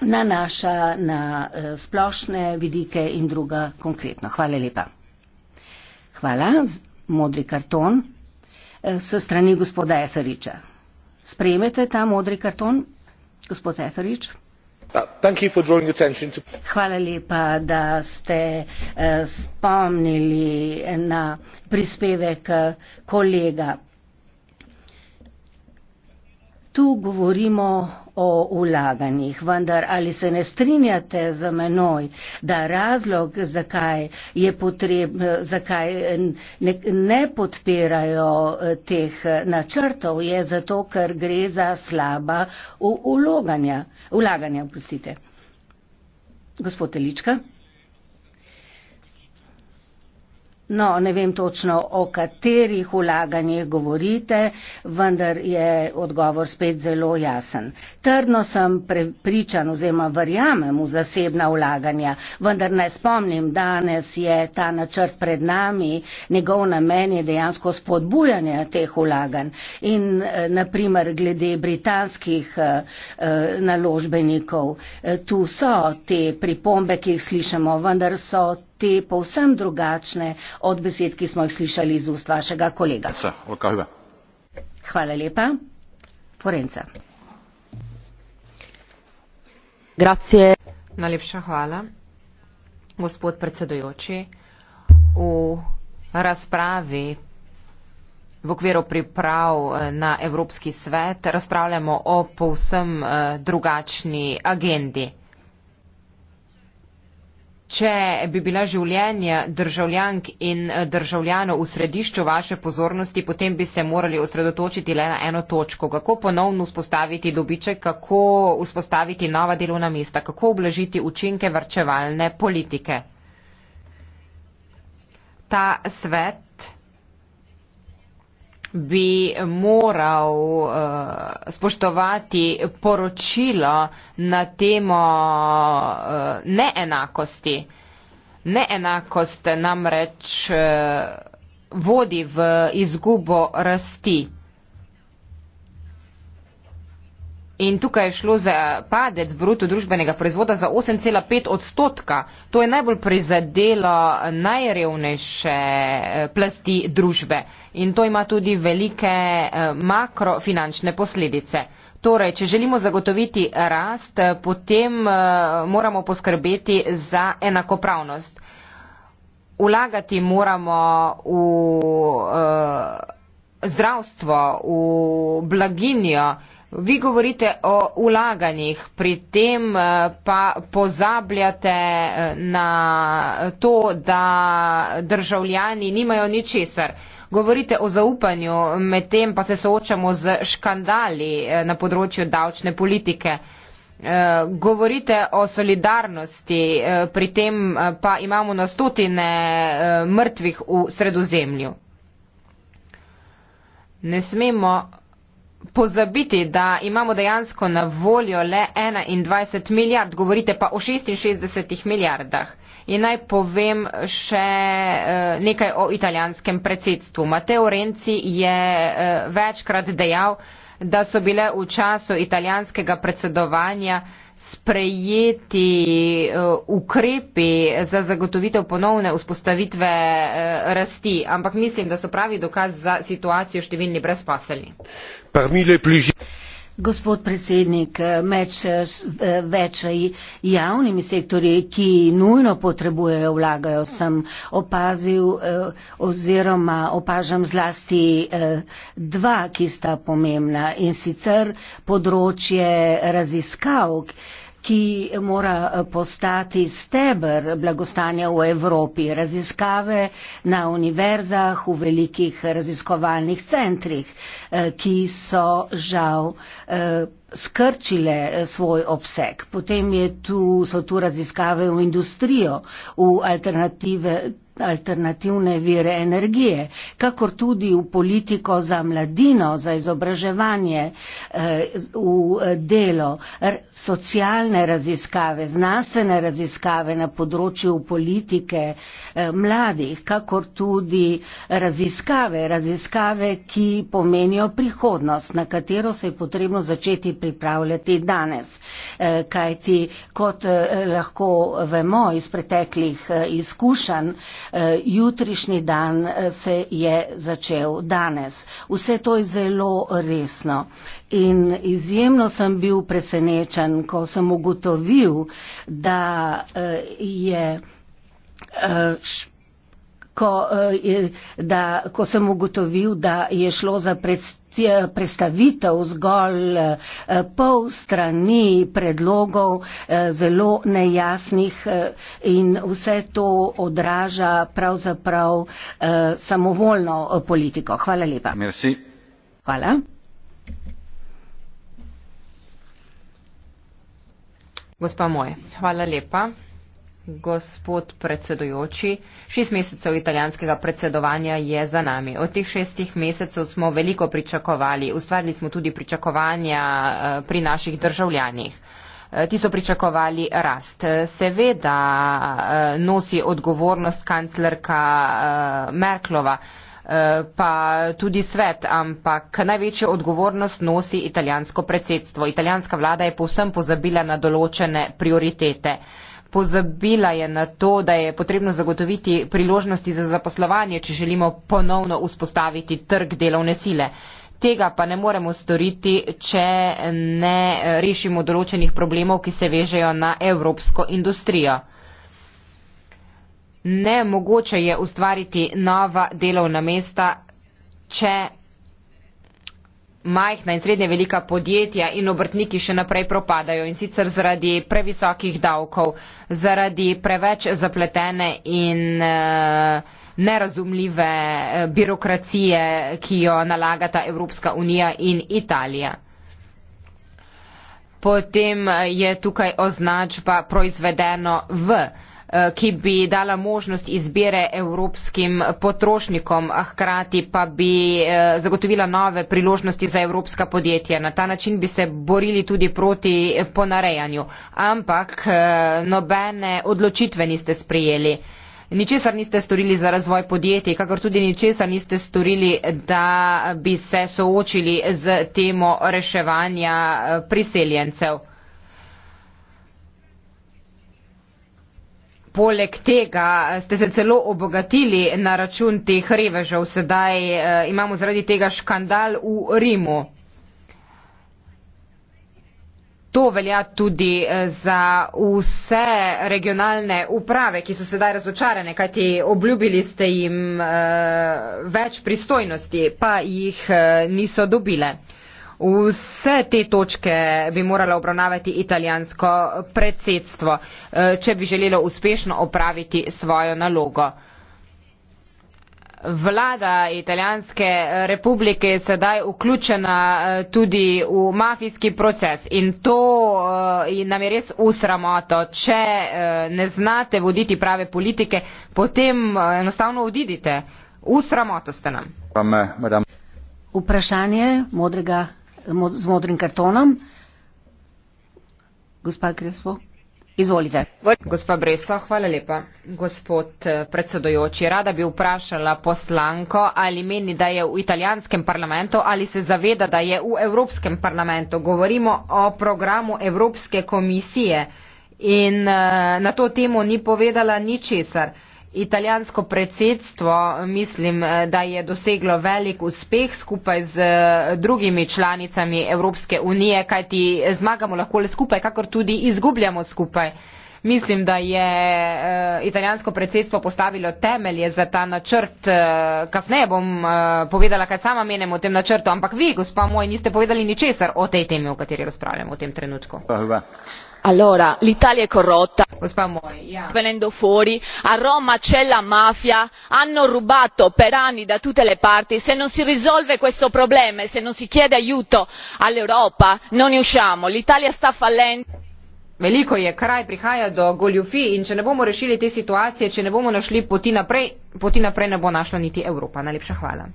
nanaša na e, splošne vidike in druga konkretno. Hvala lepa. Hvala. Modri karton. S strani gospoda Eferiča sprejmete ta modri karton, gospod Etherič? Uh, Hvala lepa, da ste uh, spomnili na prispevek uh, kolega tu govorimo o ulaganjih, vendar ali se ne strinjate za menoj, da razlog, zakaj, potreb, zakaj ne, ne podpirajo eh, teh eh, načrtov, je zato, ker gre za slaba uloganja, ulaganja. Prostite. Gospod Telička. No, ne vem točno, o katerih vlaganjih govorite, vendar je odgovor spet zelo jasen. Trdno sem prepričan oziroma verjamem v zasebna vlaganja, vendar ne spomnim, danes je ta načrt pred nami, njegov namen je dejansko spodbujanje teh vlaganj. In eh, naprimer glede britanskih eh, eh, naložbenikov, tu so te pripombe, ki jih slišamo, vendar so te povsem drugačne od besed, ki smo jih slišali iz ust vašega kolega. Hvala lepa. Forenca. Grazie. Najlepša hvala, gospod predsedujoči. V razpravi v okviru priprav eh, na Evropski svet razpravljamo o povsem eh, drugačni agendi. Če bi bila življenja državljank in eh, državljanov v središču vaše pozornosti, potem bi se morali osredotočiti le na eno točko. Kako ponovno vzpostaviti dobiček, kako vzpostaviti nova delovna mesta, kako oblažiti učinke vrčevalne politike. Ta svet bi moral uh, spoštovati poročilo na temo uh, neenakosti. Neenakost namreč uh, vodi v izgubo rasti. In tukaj je šlo za padec bruto družbenega proizvoda za 8,5 odstotka. To je najbolj prizadelo najrevnejše plasti družbe in to ima tudi velike eh, makrofinančne posledice. Torej, če želimo zagotoviti rast, eh, potem eh, moramo poskrbeti za enakopravnost. Ulagati moramo v zdravstvo, v blaginjo. Vi govorite o ulaganjih, pri tem pa pozabljate na to, da državljani nimajo ničesar. Govorite o zaupanju, medtem pa se soočamo z škandali eh, na področju davčne politike. Eh, govorite o solidarnosti, eh, pri tem pa imamo na stotine mrtvih v sredozemlju. Ne smemo pozabiti, da imamo dejansko na voljo le 21 milijard, govorite pa o 66 milijardah. In naj povem še eh, nekaj o italijanskem predsedstvu. Mateo Renzi je eh, večkrat dejal, da so bile v času italijanskega predsedovanja sprejeti eh, ukrepi za zagotovitev ponovne vzpostavitve rasti, ampak mislim, da so pravi dokaz za situacijo številni brezpaselji. Gospod predsednik, med več javnimi sektorji, ki nujno potrebujejo vlagajo, sem opazil eh, oziroma opažam zlasti eh, dva, ki sta pomembna in sicer področje raziskav ki mora eh, postati stebr blagostanja v Evropi, raziskave na univerzah, v velikih raziskovalnih centrih, eh, ki so žal eh, skrčile svoj obseg. Potem tu, so tu raziskave v industrijo, v alternative alternativne vire energije, kakor tudi v politiko za mladino, za izobraževanje, eh, v eh, delo, socialne raziskave, znanstvene raziskave na področju politike eh, mladih, kakor tudi raziskave, raziskave, ki pomenijo prihodnost, na katero se je potrebno začeti pripravljati danes. Kajti, kot lahko vemo iz preteklih izkušenj, Eh, jutrišnji dan eh, se je začel danes. Vse to je zelo resno. In izjemno sem bil presenečen, ko sem ugotovil, da eh, je ko, eh, da, ko sem ugotovil, da je šlo za predstavitev zgolj eh, pol strani predlogov, eh, zelo nejasnih in vse to odraža pravzaprav samovoljno politiko. Hvala lepa. Merci. Hvala. Gospa moja, hvala lepa. Gospod predsedujoči, šest mesecev italijanskega predsedovanja je za nami. Od teh šestih mesecev smo veliko pričakovali, ustvarili smo tudi pričakovanja eh, pri naših državljanih. Eh, ti so pričakovali rast. Seveda eh, nosi odgovornost kanclerka Merklova, pa tudi svet, ampak največjo odgovornost nosi italijansko predsedstvo. Italijanska vlada je povsem pozabila na določene prioritete. Pozabila je na to, da je potrebno zagotoviti priložnosti za zaposlovanje, če želimo ponovno vzpostaviti trg delovne sile. Tega pa ne moremo storiti, če ne rešimo določenih problemov, ki se vežejo na evropsko industrijo. Ne mogoče je ustvariti nova delovna mesta, če majhna in srednje velika podjetja in obrtniki še naprej propadajo in sicer zaradi previsokih davkov, zaradi preveč zapletene in eh, nerazumljive eh, birokracije, ki jo nalagata Evropska unija in Italija. Potem eh, je tukaj označba proizvedeno v. Eh, ki bi dala možnost izbire evropskim potrošnikom, a hkrati pa bi eh, zagotovila nove priložnosti za evropska podjetja. Na ta način bi se borili tudi proti ponarejanju. Ampak eh, nobene odločitve niste sprijeli. Ničesar niste storili za razvoj podjetij, kakor tudi ničesar niste storili, da bi se soočili z temo reševanja priseljencev. Poleg tega ste se celo obogatili na račun teh revežev, sedaj eh, imamo zaradi tega škandal v Rimu. To velja tudi eh, za vse regionalne uprave, ki so sedaj razočarane, kajti obljubili ste jim eh, več pristojnosti, pa jih eh, niso dobile. Vse te točke bi morala obravnavati italijansko predsedstvo, e, če bi želelo uspešno opraviti svojo nalogo. Vlada Italijanske republike je sedaj vključena e, tudi v mafijski proces in to e, nam je res usramoto. Če ne znate voditi prave politike, potem enostavno odidite. Usramoto ste nam. Vprašanje modrega z modrim kartonom. Gospa Krespo, izvolite. Gospa Breso, hvala lepa. Gospod eh, predsedojoči, rada bi vprašala poslanko, ali meni, da je v italijanskem parlamentu ali se zaveda, da je v Evropskem parlamentu. Govorimo o programu Evropske komisije in eh, na to temo ni povedala ničesar italijansko predsedstvo mislim, eh, da je doseglo velik uspeh skupaj z eh, drugimi članicami Evropske unije, kajti zmagamo lahko le skupaj, kakor tudi izgubljamo skupaj. Mislim, da je eh, italijansko predsedstvo postavilo temelje za ta načrt. Kasneje bom povedala, kaj sama menim o tem načrtu, ampak vi, gospa moj, niste povedali ničesar o tej temi, o kateri razpravljamo v tem trenutku. Hvala allora l'italia è corrotta venendo fuori a roma c'è la mafia hanno rubato per anni da tutte le parti se non si risolve questo problema e se non si chiede aiuto all'europa non ne usciamo l'italia sta fallendo veliko je kraj prihaja do goljufij in če ne bomo rešili te situacije če ne bomo našli poti naprej poti naprej ne bo našla niti evropa najlepša hvala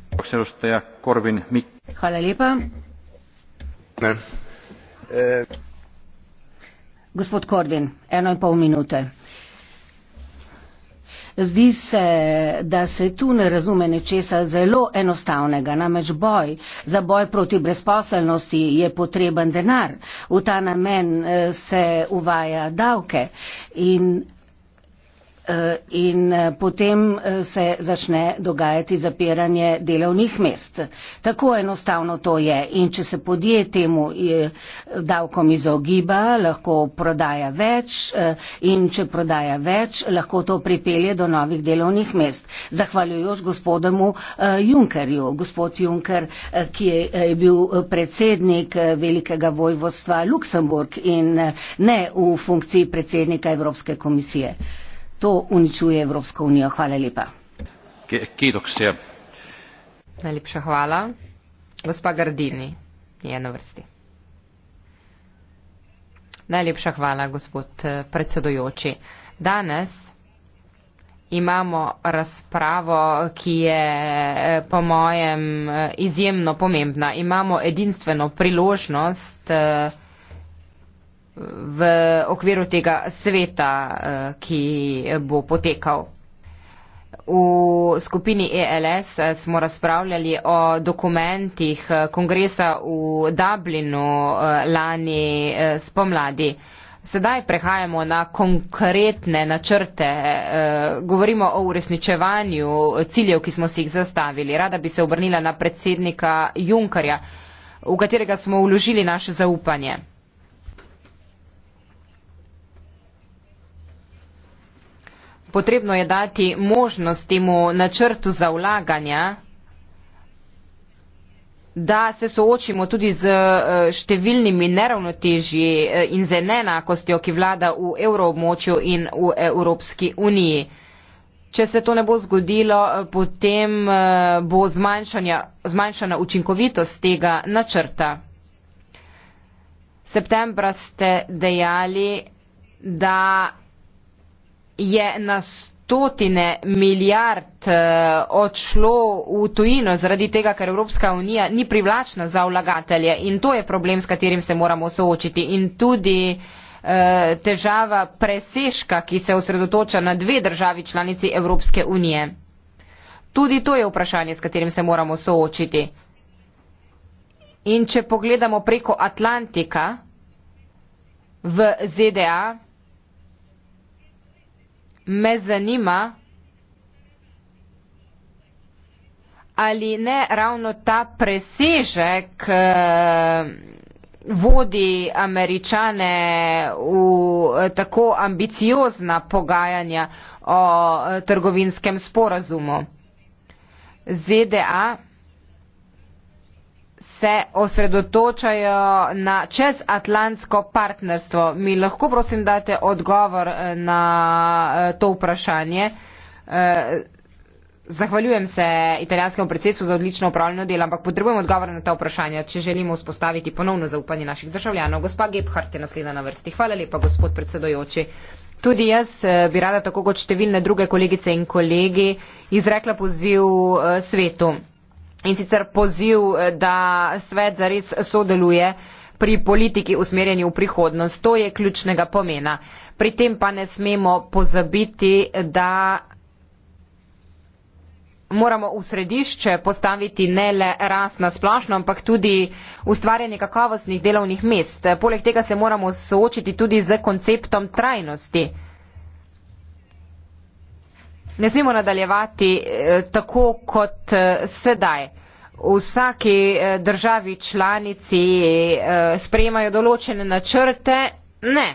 hvala lepa Gospod Korvin, eno in pol minute. Zdi se, da se tu ne razume nečesa zelo enostavnega, namreč boj. Za boj proti brezposelnosti je potreben denar. V ta namen eh, se uvaja davke in Eh, in eh, potem eh, se začne dogajati zapiranje delovnih mest. Tako enostavno to je in če se podje temu davkom izogiba, lahko prodaja več in če prodaja več, lahko to pripelje do novih delovnih mest. Zahvaljujoč gospodemu Junkerju, gospod Junker, ki je bil predsednik velikega vojvodstva Luksemburg in ne v funkciji predsednika Evropske komisije to uničuje Evropsko unijo. Hvala lepa. Kedoksija. Najlepša hvala. Gospa Gardini je na vrsti. Najlepša hvala, gospod eh, predsedojoči. Danes imamo razpravo, ki je eh, po mojem eh, izjemno pomembna. Imamo edinstveno priložnost v okviru tega sveta, eh, ki bo potekal. V skupini ELS eh, smo razpravljali o dokumentih eh, kongresa v Dublinu lani spomladi. Sedaj prehajamo na konkretne načrte, govorimo o uresničevanju ciljev, ki smo si jih zastavili. Rada bi se obrnila na predsednika Junkarja, v katerega smo vložili naše zaupanje. potrebno je dati možnost temu načrtu za vlaganja, da se soočimo tudi z eh, številnimi neravnotežji eh, in z enakostjo, ki vlada v evroobmočju in v Evropski uniji. Če se to ne bo zgodilo, eh, potem bo zmanjšana učinkovitost tega načrta. Septembra ste dejali, da je na stotine milijard eh, odšlo v tujino zaradi tega, ker Evropska unija ni privlačna za vlagatelje in to je problem, s katerim se moramo soočiti. In tudi eh, težava preseška, ki se osredotoča na dve državi članici Evropske unije. Tudi to je vprašanje, s katerim se moramo soočiti. In če pogledamo preko Atlantika v ZDA, me zanima, ali ne ravno ta presežek eh, vodi američane v eh, tako ambiciozna pogajanja o eh, trgovinskem sporazumu. ZDA e se osredotočajo na čezatlantsko partnerstvo. Mi lahko prosim date odgovor eh, na eh, to vprašanje. Eh, zahvaljujem se italijanskemu predsedstvu za odlično upravljeno delo, ampak potrebujem odgovor na ta vprašanja, če želimo vzpostaviti ponovno zaupanje naših državljanov. Gospa Gebhardt je naslednja na vrsti. Hvala lepa, gospod predsedojoči. Tudi jaz bi rada, tako kot številne druge kolegice in kolegi, izrekla poziv svetu in sicer poziv, eh, da svet zares sodeluje pri politiki usmerjeni v prihodnost. To je ključnega pomena. Pri tem pa ne smemo pozabiti, da moramo v središče postaviti ne le rast na splošno, ampak tudi ustvarjanje kakovostnih delovnih mest. Poleg tega se moramo soočiti tudi z konceptom trajnosti ne smemo nadaljevati eh, tako kot eh, sedaj. V vsaki eh, državi članici eh, sprejemajo določene načrte. Ne,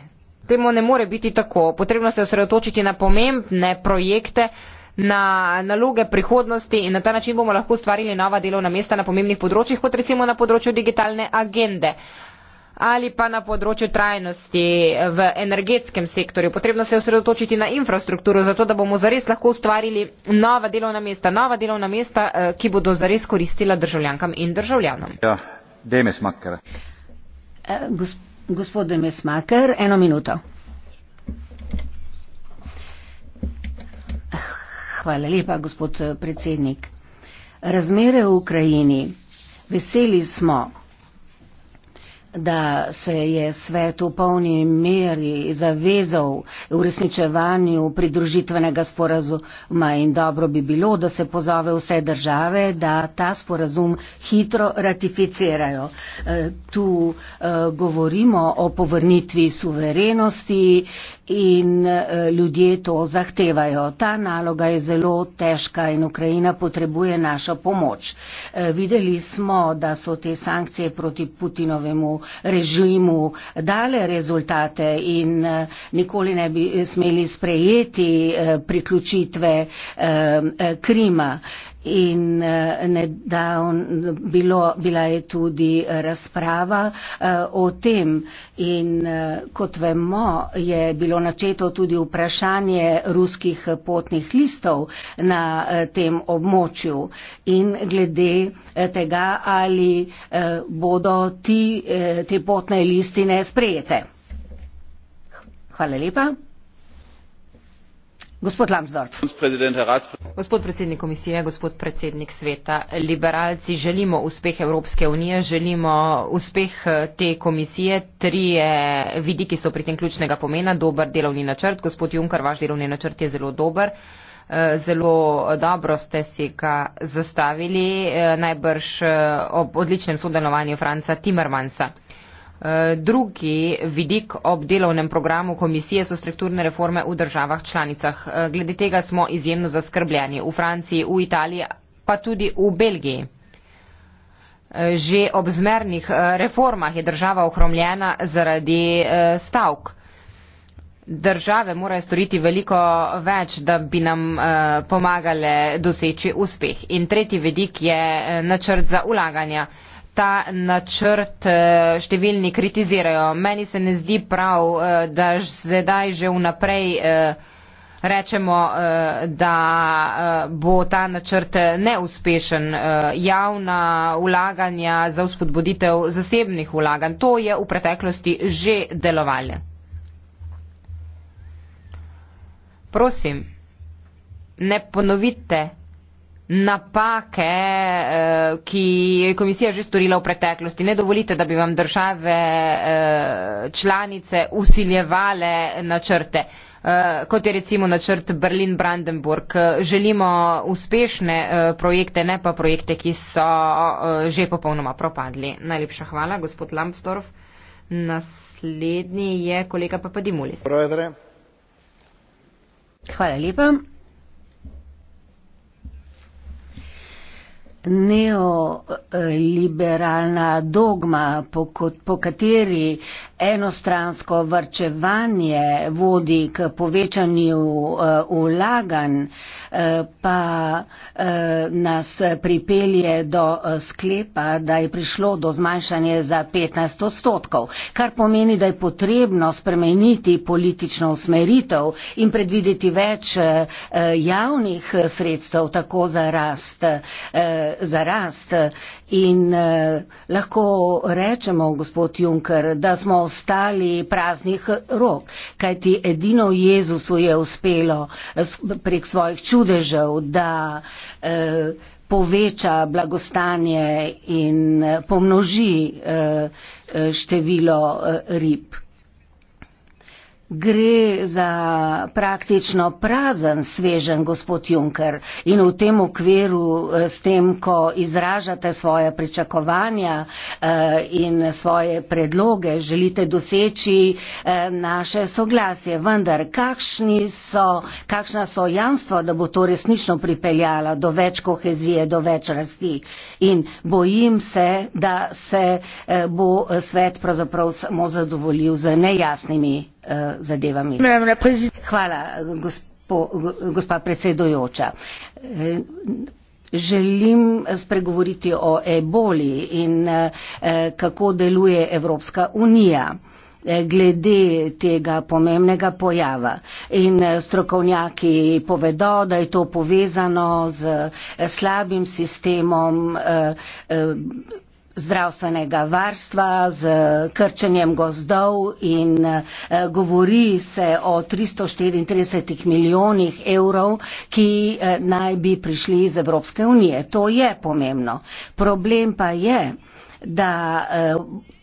temu ne more biti tako. Potrebno se osredotočiti na pomembne projekte, na naloge prihodnosti in na ta način bomo lahko ustvarili nova delovna mesta na pomembnih področjih, kot recimo na področju digitalne agende. Eh, ali pa na področju trajnosti v energetskem sektorju. Potrebno se je osredotočiti na infrastrukturo, zato da bomo zares lahko ustvarili nova delovna mesta, nova delovna mesta, eh, ki bodo zares koristila državljankam in državljanom. Ja, Demes Makar. Eh, gospod Demes Makar, eno minuto. Eh, hvala lepa, gospod eh, predsednik. Razmere v Ukrajini. Veseli smo, da se je svet v polni meri zavezal v resničevanju pridružitvenega sporazuma in dobro bi bilo, da se pozove vse države, da ta sporazum hitro ratificirajo. Eh, tu eh, govorimo o povrnitvi suverenosti, in eh, ljudje to zahtevajo. Ta naloga je zelo težka in Ukrajina potrebuje našo pomoč. Eh, videli smo, da so te sankcije proti Putinovemu režimu dale rezultate in eh, nikoli ne bi smeli sprejeti priključitve Krima in eh, nedavn bilo, bila je tudi razprava eh, o tem. In eh, kot vemo, je bilo načeto tudi vprašanje ruskih potnih listov na tem območju in glede tega, ali bodo ti, te potne listine sprejete. Hvala lepa. Gospod Lambsdorff, gospod predsednik komisije, gospod predsednik sveta, liberalci želimo uspeh Evropske unije, želimo uspeh eh, te komisije. Trije vidiki so pri tem ključnega pomena. Dober delovni načrt, gospod Juncker, vaš delovni načrt je zelo dober. Eh, zelo dobro ste si ga zastavili, eh, najbrž ob odličnem sodelovanju Franca Timmermansa. Eh, drugi vidik ob delovnem programu komisije so strukturne reforme v državah članicah. Eh, glede tega smo izjemno zaskrbljeni v Franciji, v Italiji, pa tudi v Belgiji. Eh, že ob zmernih reformah je država ohromljena zaradi stavk. Države morajo storiti veliko več, da bi nam pomagale doseči uspeh. In tretji vidik je načrt za ulaganja ta načrt eh, številni kritizirajo. Meni se ne zdi prav, eh, da zdaj že vnaprej eh, rečemo, da bo ta načrt neuspešen. Javna ulaganja za uspodboditev zasebnih ulaganj, to je v preteklosti že delovalo. Prosim, ne ponovite napake, eh, ki je komisija že storila v preteklosti. Ne dovolite, da bi vam države eh, članice usiljevale načrte, eh, kot je recimo načrt Berlin-Brandenburg. Želimo uspešne projekte, ne pa projekte, ki so že popolnoma propadli. Najlepša hvala, gospod Lambstorf. Naslednji je kolega Papadimulis. Hvala lepa. neoliberalna dogma, po, po kateri enostransko vrčevanje vodi k povečanju eh, vlaganj uh, pa eh, nas pripelje do eh, sklepa, da je prišlo do zmanjšanja za 15 odstotkov, kar pomeni, da je potrebno spremeniti politično usmeritev in predvideti več eh, javnih sredstev tako za rast. Za rast. In lahko rečemo, gospod Juncker, da smo ostali praznih rok, kajti edino Jezusu je uspelo prek svojih čustv čudežev, da eh, poveča blagostanje in pomnoži eh, eh število eh, rib. Gre za praktično prazen svežen, gospod Juncker, in v tem okviru, eh, s tem, ko izražate svoje pričakovanja eh, in svoje predloge, želite doseči eh, naše soglasje. Vendar, so, kakšna so jamstva, da bo to resnično pripeljala do več kohezije, do več rasti? In bojim se, da se bo svet pravzaprav samo zadovoljil z nejasnimi uh, zadevami. Hvala, gospo, gospa predsedujoča. Želim spregovoriti o eboli in kako deluje Evropska unija glede tega pomembnega pojava. In strokovnjaki povedo, da je to povezano z slabim sistemom. Uh, uh, zdravstvenega varstva, z krčenjem gozdov in eh, govori se o 334 milijonih evrov, ki eh, naj bi prišli iz Evropske unije. To je pomembno. Problem pa je, da eh,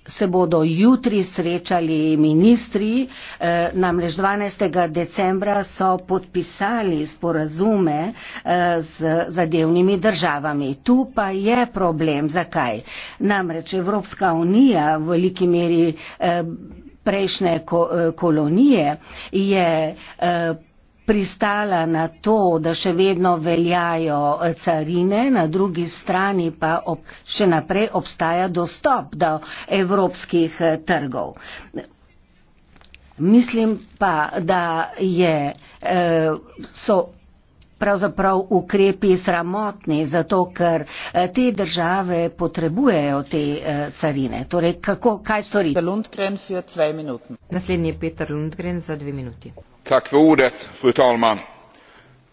se bodo jutri srečali ministri, eh, namreč 12. decembra so podpisali sporazume eh, z zadevnimi državami. Tu pa je problem, zakaj? Namreč Evropska unija v veliki meri prejšnje kolonije je pristala na to, da še vedno veljajo carine, na drugi strani pa ob, še naprej obstaja dostop do evropskih eh, trgov. Mislim pa, da je, eh, so pravzaprav ukrepi sramotni, zato ker eh, te države potrebujejo te eh, carine. Torej, kako, kaj storiti? Lundgren für zwei Minuten. Naslednji je Peter Lundgren za dve minuti. Tak v uret, futalman.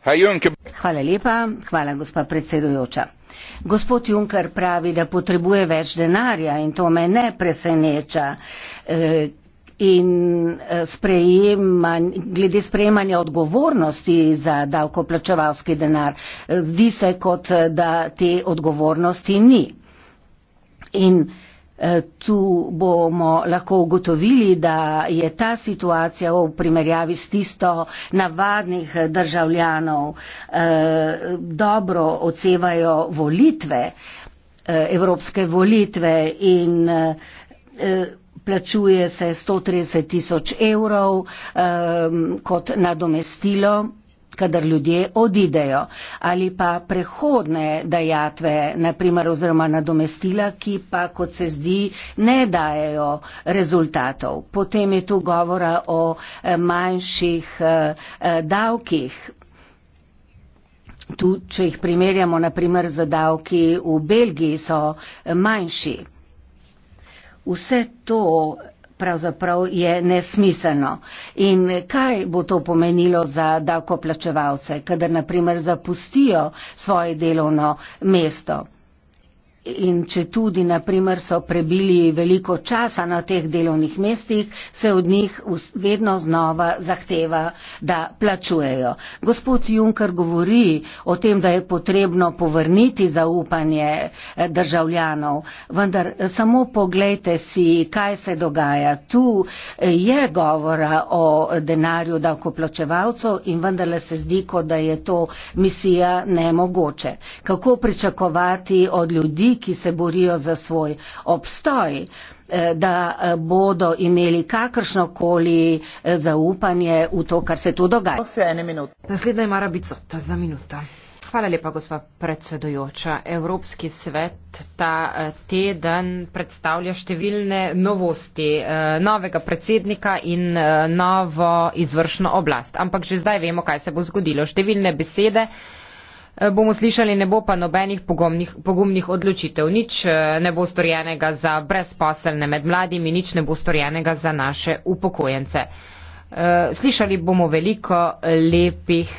Hvala lepa, hvala gospa predsedujoča. Gospod Juncker pravi, da potrebuje več denarja in to me ne preseneča. E, in eh, glede sprejemanja odgovornosti za davkoplačevalski denar, eh, zdi se, kot eh, da te odgovornosti ni. In tu bomo lahko ugotovili, da je ta situacija v primerjavi s tisto navadnih državljanov dobro odsevajo volitve, evropske volitve in plačuje se 130 tisoč evrov um, kot nadomestilo kadar ljudje odidejo ali pa prehodne dajatve, naprimer oziroma nadomestila, ki pa, kot se zdi, ne dajejo rezultatov. Potem je tu govora o eh, manjših eh, eh, davkih. Tu, če jih primerjamo, naprimer, z davki v Belgiji, so manjši vse to pravzaprav je nesmiselno. In kaj bo to pomenilo za davkoplačevalce, kadar naprimer zapustijo svoje delovno mesto? In če tudi, naprimer, so prebili veliko časa na teh delovnih mestih, se od njih vedno znova zahteva, da plačujejo. Gospod Juncker govori o tem, da je potrebno povrniti zaupanje eh, državljanov, vendar eh, samo pogledajte si, kaj se dogaja. Tu eh, je govora o denarju davkoplačevalcev in vendarle se zdi, kot da je to misija nemogoče. Kako pričakovati od ljudi, ki se borijo za svoj obstoj, eh, da eh, bodo imeli kakršno koli eh, zaupanje v to, kar se tu dogaja. Naslednja je Mara Bicota za minuto. Hvala lepa, gospa predsedujoča. Evropski svet ta teden predstavlja številne novosti novega predsednika in novo izvršno oblast. Ampak že zdaj vemo, kaj se bo zgodilo. Številne besede. Eh, bomo slišali, ne bo pa nobenih pogumnih, pogumnih odločitev. Nič eh, ne bo storjenega za brezposelne med mladimi, nič ne bo storjenega za naše upokojence. Eh, slišali bomo veliko lepih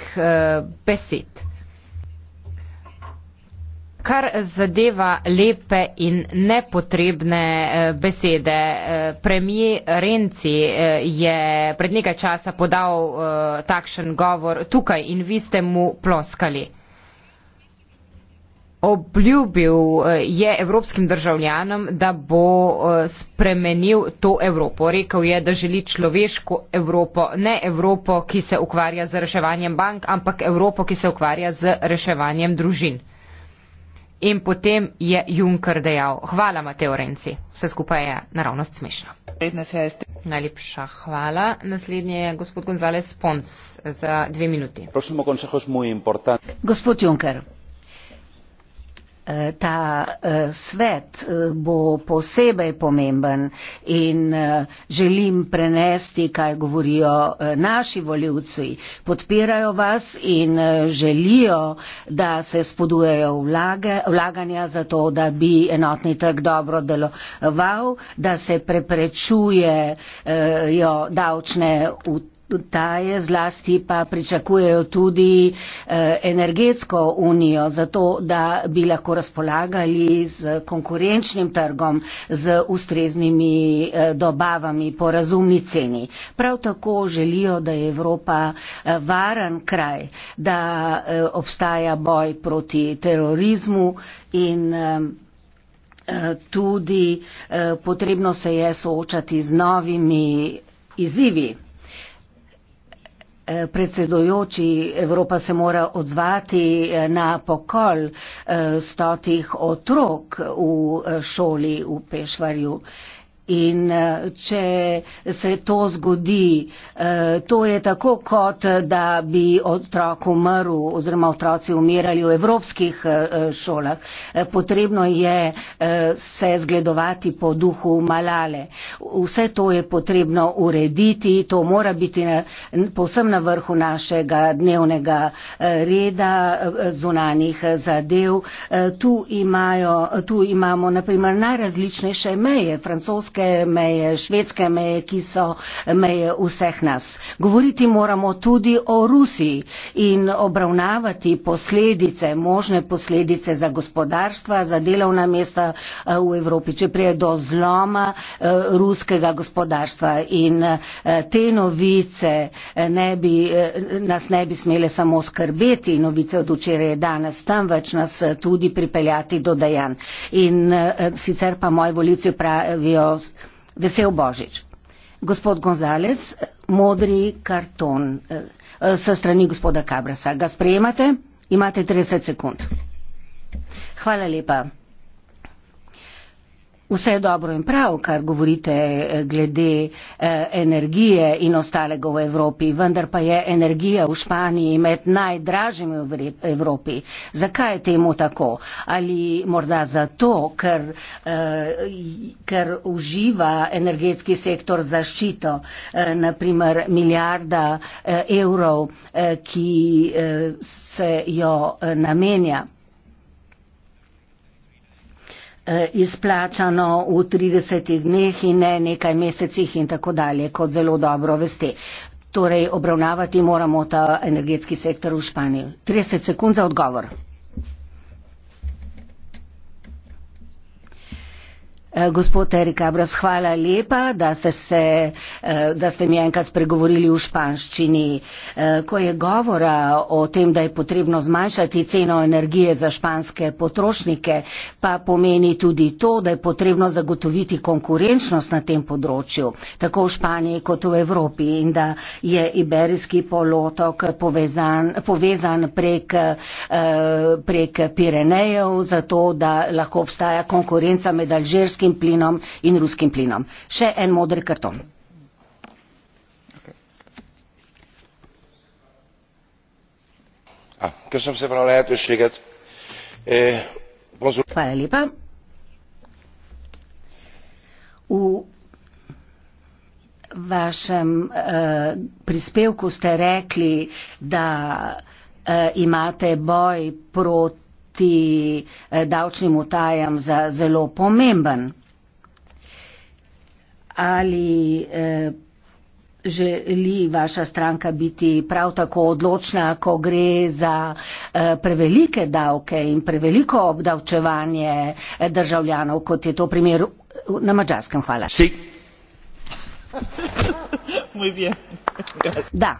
besed. Kar zadeva lepe in nepotrebne besede, premijer Renci je pred nekaj časa podal takšen govor tukaj in vi ste mu ploskali obljubil eh, je evropskim državljanom, da bo eh, spremenil to Evropo. Rekel je, da želi človeško Evropo, ne Evropo, ki se ukvarja z reševanjem bank, ampak Evropo, ki se ukvarja z reševanjem družin. In potem je Juncker dejal, hvala Mateo Renci, vse skupaj je naravnost smešno. Najlepša hvala. Naslednji je gospod Gonzales Pons za dve minuti. Gospod Juncker ta eh, svet eh, bo posebej pomemben in eh, želim prenesti, kaj govorijo naši voljivci. Podpirajo vas in želijo, da se spodujejo vlage, vlaganja za to, da bi enotni trg dobro deloval, da se preprečujejo davčne utrke Ta je zlasti pa pričakujejo tudi eh, energetsko unijo, zato da bi lahko razpolagali z konkurenčnim trgom, z ustreznimi eh, dobavami po razumni ceni. Prav tako želijo, da je Evropa eh, varen kraj, da eh, obstaja boj proti terorizmu in. Eh, eh Tudi eh, potrebno se je soočati z novimi izzivi predsedujoči, Evropa se mora odzvati eh, na pokol eh, stotih otrok v eh, šoli v Pešvarju. In eh, če se to zgodi, eh, to je tako, kot eh, da bi otrok umrl oziroma otroci umirali v evropskih šolah. Potrebno je se zgledovati po duhu malale. Vse to je potrebno urediti, to mora biti posebno na vrhu našega dnevnega reda zunanih zadev. Tu, imajo, tu imamo naprimer najrazličnejše meje. Francosko finske meje, švedske meje, ki so meje vseh nas. Govoriti moramo tudi o Rusiji in obravnavati posledice, možne posledice za gospodarstva, za delovna mesta eh, v Evropi, čeprav je do zloma eh, ruskega gospodarstva. In eh, te novice ne bi, nas ne bi smele samo skrbeti, novice od včeraj je danes, tam več nas tudi pripeljati do dejanj. In sicer pa moji volici pravijo Ramos. Vesel Božič. Gospod Gonzalec, modri karton eh, s strani gospoda Kabrasa. Ga sprejemate? Imate 30 sekund. Hvala lepa. Vse dobro in prav, kar govorite eh, glede eh, energije in ostalega v Evropi, vendar pa je energija v Španiji med najdražjimi v Evropi. Zakaj je temu tako? Ali morda zato, ker, eh, ker uživa energetski sektor zaščito, eh, naprimer milijarda eh, evrov, eh, ki eh, se jo eh, namenja? Eh, izplačano v 30 dneh in ne nekaj mesecih in tako dalje, kot zelo dobro veste. Torej, obravnavati moramo ta energetski sektor v Španiji. 30 sekund za odgovor. Eh, gospod Erik Abras, hvala lepa, da ste, se, eh, da ste mi enkrat spregovorili v španščini. Eh, ko je govora o tem, da je potrebno zmanjšati ceno energije za španske potrošnike, pa pomeni tudi to, da je potrebno zagotoviti konkurenčnost na tem področju, tako v Španiji kot v Evropi in da je Iberijski polotok povezan, povezan prek, prek Pirenejev, zato da lahko obstaja konkurenca med Alžirskim zemeljskim plinom in ruskim plinom. Še en modri karton. Ah, a, ker sem se pravila, da je še enkrat. Hvala lepa. V vašem eh, prispevku ste rekli, da eh, imate boj proti biti eh, davčnim utajam za zelo pomemben. Ali eh, želi vaša stranka biti prav tako odločna, ko gre za eh, prevelike davke in preveliko obdavčevanje državljanov, kot je to primer na mačarskem? Hvala. Si. Muy bien. Gracias. Da.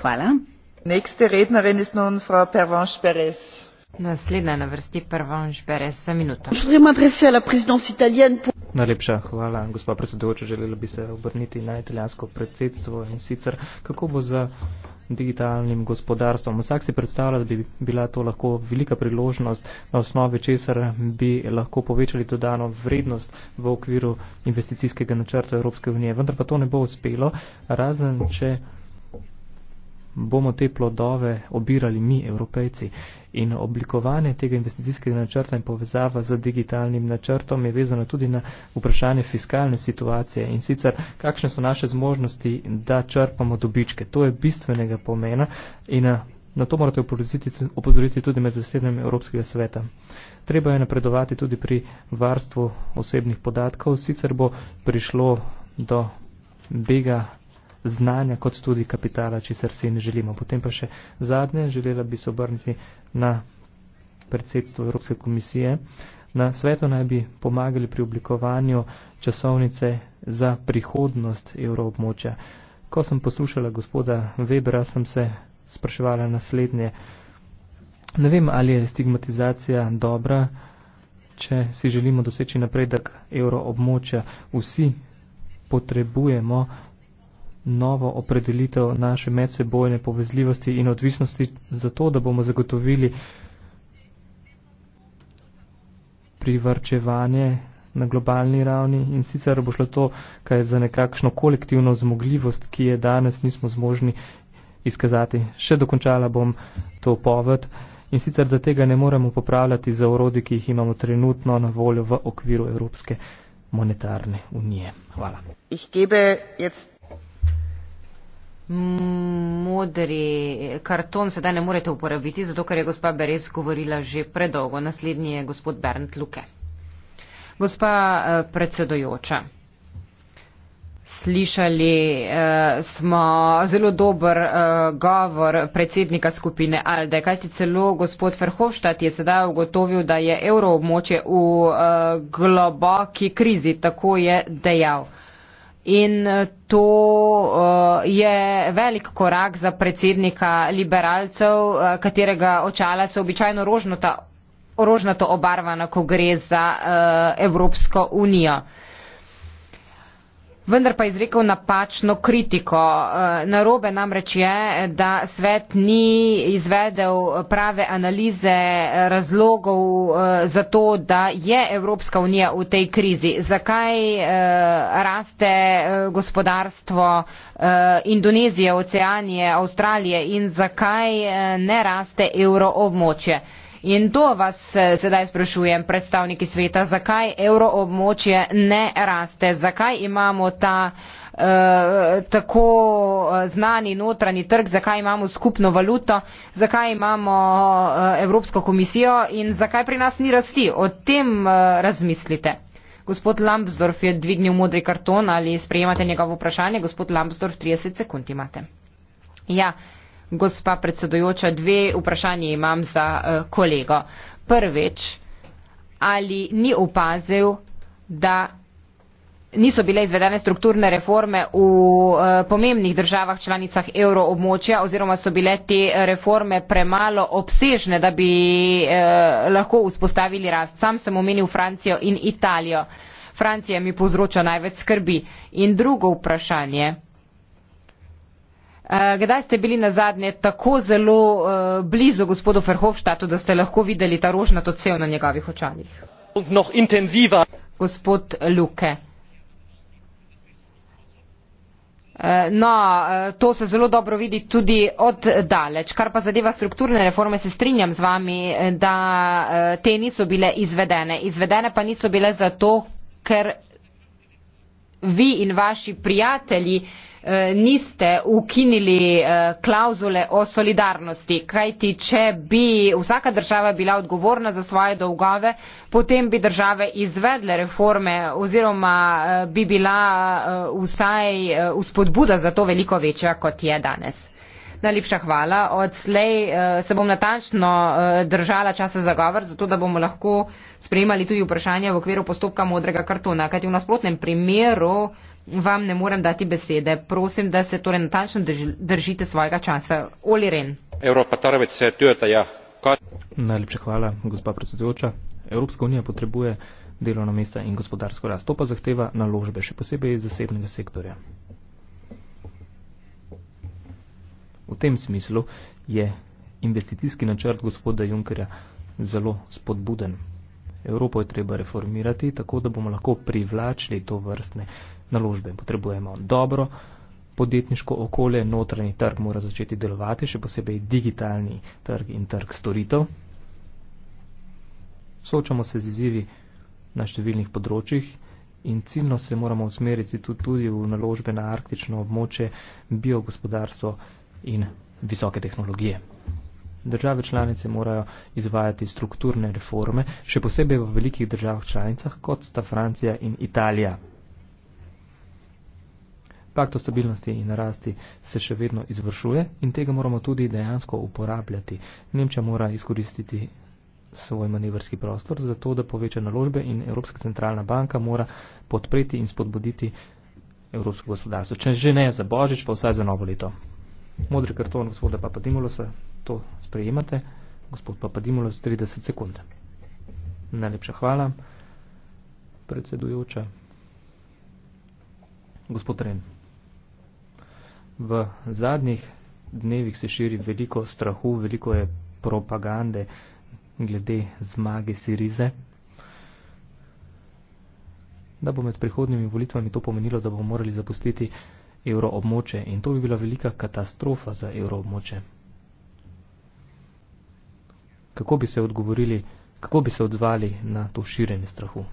Hvala želim adresirati na prezidence italijane. najlepša hvala gospa predsedujoča želela bi se obrniti na italijansko predsedstvo in sicer kako bo za digitalnim gospodarstvom. Vsak si predstavlja, da bi bila to lahko velika priložnost, na osnovi česar bi lahko povečali dodano vrednost v okviru investicijskega načrta Evropske unije. Vendar pa to ne bo uspelo, razen če bomo te plodove obirali mi, evropejci. In oblikovanje tega investicijskega načrta in povezava z digitalnim načrtom je vezano tudi na vprašanje fiskalne situacije in sicer kakšne so naše zmožnosti, da črpamo dobičke. To je bistvenega pomena in eh, na to morate opozoriti tudi med zasednjem Evropskega sveta. Treba je napredovati tudi pri varstvu osebnih podatkov, sicer bo prišlo do bega znanja kot tudi kapitala, če se vsi ne želimo. Potem pa še zadnje, želela bi se obrniti na predsedstvo Evropske komisije. Na svetu naj bi pomagali pri oblikovanju časovnice za prihodnost evroobmočja. Ko sem poslušala gospoda Webera, sem se spraševala naslednje. Ne vem, ali je stigmatizacija dobra, če si želimo doseči napredek evroobmočja. Vsi potrebujemo novo opredelitev naše medsebojne povezljivosti in odvisnosti, zato da bomo zagotovili privrčevanje na globalni ravni in sicer bo šlo to, kaj je za nekakšno kolektivno zmogljivost, ki je danes nismo zmožni izkazati. Še dokončala bom to poved in sicer, da tega ne moremo popravljati za urodi, ki jih imamo trenutno na voljo v okviru Evropske monetarne unije. Hvala. Ich gebe jetzt modri karton sedaj ne morete uporabiti, zato ker je gospa Beres govorila že predolgo. Naslednji je gospod Bernd Luke. Gospa eh, predsedojoča, slišali eh, smo zelo dober eh, govor predsednika skupine Alde, kajti celo gospod Verhofstadt je sedaj ugotovil, da je evroobmoče v eh, globoki krizi, tako je dejal. In eh, to eh, je velik korak za predsednika liberalcev, eh, katerega očala so običajno rožnata, rožnato obarvana, ko gre za Evropsko unijo vendar pa izrekel napačno kritiko. Eh, narobe namreč je, da svet ni izvedel prave analize razlogov eh, za to, da je Evropska unija v tej krizi. Zakaj eh, raste gospodarstvo Indonezije, Oceanije, Avstralije in zakaj ne raste evroobmočje? In to vas eh, sedaj sprašujem, predstavniki sveta, zakaj euroobmočje ne raste, zakaj imamo ta eh, tako eh, znani notranji trg, zakaj imamo skupno valuto, zakaj imamo Evropsko komisijo in zakaj pri nas ni rasti. O tem razmislite. Gospod Lambsdorf je dvignil modri karton ali sprejemate njegovo vprašanje. Gospod Lambsdorf, 30 sekund imate. Ja, Gospa predsedujoča, dve vprašanje imam za eh, kolego. Prvič, ali ni opazil, da niso bile izvedene strukturne reforme v eh, pomembnih državah članicah euroobmočja oziroma so bile te reforme premalo obsežne, da bi eh, lahko vzpostavili rast. Sam sem omenil Francijo in Italijo. Francija mi povzroča največ skrbi. In drugo vprašanje. Eh, kdaj ste bili nazadnje tako zelo eh, blizu gospodu Ferhofštatu, da ste lahko videli ta rožnato cev na njegovih očalih? Gospod Luke. Eh, no, to se zelo dobro vidi tudi od daleč. Kar pa zadeva strukturne reforme, se strinjam z vami, da te niso bile izvedene. Izvedene pa niso bile zato, ker vi in vaši prijatelji Eh, niste ukinili eh, klauzule o solidarnosti, kajti če bi vsaka država bila odgovorna za svoje dolgove, potem bi države izvedle reforme oziroma eh, bi bila vsaj uspodbuda za to veliko večja, kot je danes. Najlepša hvala. Odslej se bom natančno držala časa za govor, zato da bomo lahko sprejemali tudi vprašanja v okviru postopka modrega kartona, kajti v nasprotnem primeru vam ne morem dati besede. Prosim, da se torej natančno držite svojega časa. Oli Ren. Ja. Najlepša hvala, gospa predsedujoča. Evropska unija potrebuje delovna mesta in gospodarsko rast. To pa zahteva naložbe, še posebej iz zasebnega sektorja. V tem smislu je investicijski načrt gospoda Junckerja zelo spodbuden. Evropo je treba reformirati, tako da bomo lahko privlačili to vrstne naložbe. Potrebujemo dobro podjetniško okolje, notranji trg mora začeti delovati, še posebej digitalni trg in trg storitev. Soočamo se z izzivi na številnih področjih in ciljno se moramo usmeriti tudi v naložbe na arktično območje, biogospodarstvo in visoke tehnologije. Države članice morajo izvajati strukturne reforme, še posebej v velikih državah članicah, kot sta Francija in Italija. Pakt o stabilnosti in rasti se še vedno izvršuje in tega moramo tudi dejansko uporabljati. Nemčija mora izkoristiti svoj manevrski prostor za to, da poveča naložbe in Evropska centralna banka mora podpreti in spodbuditi evropsko gospodarstvo. Če že ne za božič, pa vsaj za novo leto. Modri karton gospoda Papadimulosa, to sprejemate. Gospod Papadimulos, 30 sekund. Najlepša hvala, predsedujoča. Gospod Ren v zadnjih dnevih se širi veliko strahu, veliko je propagande glede zmage Sirize. Da bo med prihodnjimi volitvami to pomenilo, da bomo morali zapustiti evroobmoče in to bi bila velika katastrofa za evroobmoče. Kako bi se odgovorili? kako bi se odzvali na to širjenje strahu.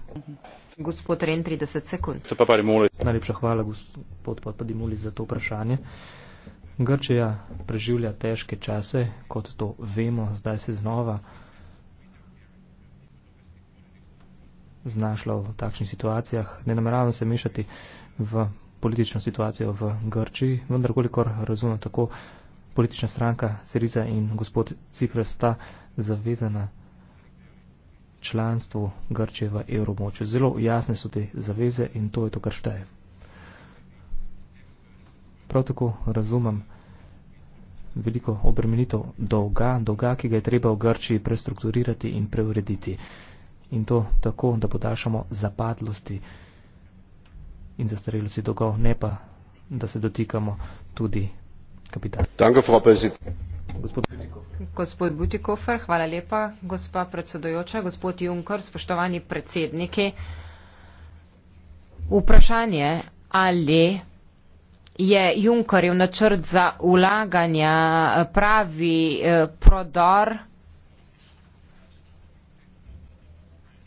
Gospod Ren, 30 sekund. Se pa pa Najlepša hvala, gospod Podimuli, za to vprašanje. Grčija preživlja težke čase, kot to vemo, zdaj se znova znašla v takšnih situacijah. Ne nameravam se mešati v politično situacijo v Grčiji, vendar kolikor razumem tako, politična stranka Siriza in gospod Cipras sta zavezana članstvu Grčije v evromočju. Zelo jasne so te zaveze in to je to, kar šteje. Prav tako razumem veliko obremenitev dolga, dolga, ki ga je treba v Grčiji prestrukturirati in preurediti. In to tako, da podašamo zapadlosti in zastarelosti dolgov, ne pa, da se dotikamo tudi kapitala gospod Butikofer. Gospod Butikofer, hvala lepa. Gospa predsedojoča, gospod Junker, spoštovani predsedniki. Vprašanje, ali je Junkerjev načrt za ulaganja pravi eh, prodor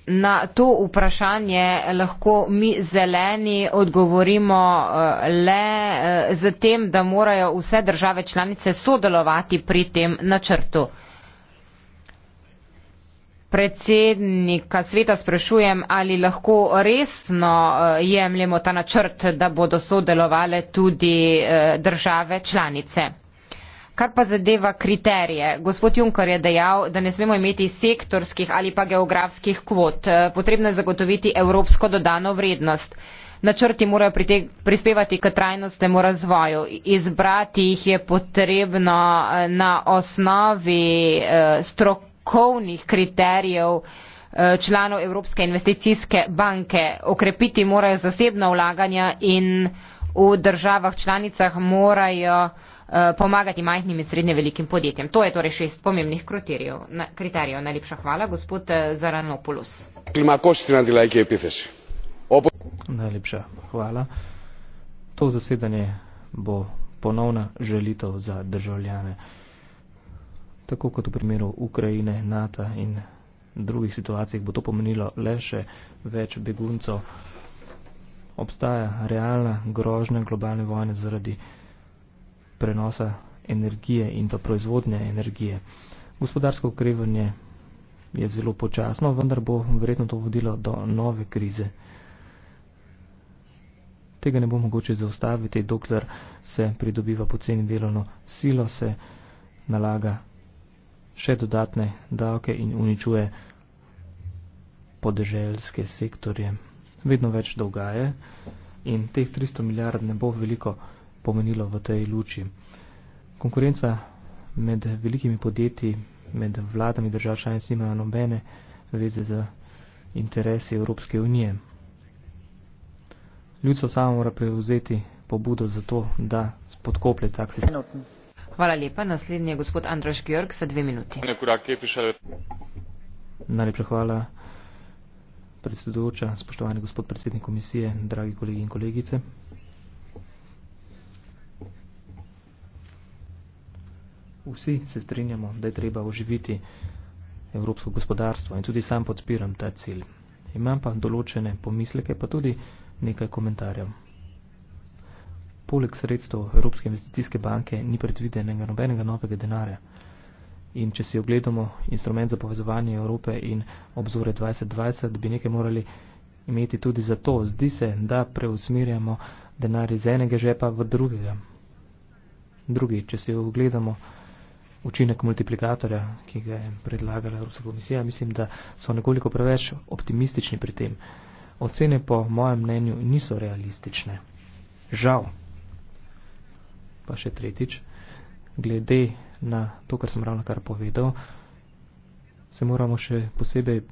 Na to vprašanje lahko mi zeleni odgovorimo eh, le z eh, tem, da morajo vse države članice sodelovati pri tem načrtu. Predsednika sveta sprašujem, ali lahko resno eh, jemljemo ta načrt, da bodo sodelovali tudi države članice. Kar pa zadeva kriterije, gospod Junker je dejal, da ne smemo imeti sektorskih ali pa geografskih kvot. Potrebno je zagotoviti evropsko dodano vrednost. Načrti morajo prispevati k trajnostnemu razvoju. Izbrati jih je potrebno eh, na osnovi eh, strokovnih kriterijev eh, članov Evropske investicijske banke. Okrepiti morajo zasebna vlaganja in v državah članicah morajo uh, Eh, pomagati majhnim in srednje velikim podjetjem. To je torej šest pomembnih kriterijev. Na, kriterijev. Najlepša hvala, gospod eh, Zaranopoulos. E Najlepša hvala. To zasedanje bo ponovna želitev za državljane. Tako kot v primeru Ukrajine, NATO in drugih situacij bo to pomenilo le še več beguncov. Obstaja realna grožnja globalne vojne zaradi prenosa energije in pa proizvodnje energije. Gospodarsko okrevanje je zelo počasno, vendar bo verjetno to vodilo do nove krize. Tega ne bo mogoče zaustaviti, dokler se pridobiva poceni delovno silo, se nalaga še dodatne davke in uničuje podeželske sektorje. Vedno več dolga je in teh 300 milijard ne bo veliko pomenilo v tej luči. Konkurenca med velikimi podjetji, med vladami držav članic nima nobene veze z interesi Evropske unije. Ljudstvo samo mora prevzeti pobudo za to, da spodkoplje tak sistem. Hvala lepa. Naslednji je gospod Andraš Georg za dve minuti. Najlepša hvala, predsedujoča, spoštovani gospod predsednik komisije, dragi kolegi in kolegice. vsi se strinjamo, da je treba oživiti evropsko gospodarstvo in tudi sam podpiram ta cilj. Imam pa določene pomisleke, pa tudi nekaj komentarjev. Poleg sredstev Evropske investicijske banke ni predvidenega nobenega novega denarja. In če si ogledamo instrument za povezovanje Evrope in obzore 2020, bi nekaj morali imeti tudi za to. Zdi se, da preusmerjamo denar iz enega žepa v drugega. Drugi, če si ogledamo učinek multiplikatorja, ki ga je predlagala Evropska komisija, mislim, da so nekoliko preveč optimistični pri tem. Ocene po mojem mnenju niso realistične. Žal. Pa še tretjič, glede na to, kar sem ravno kar povedal, se moramo še posebej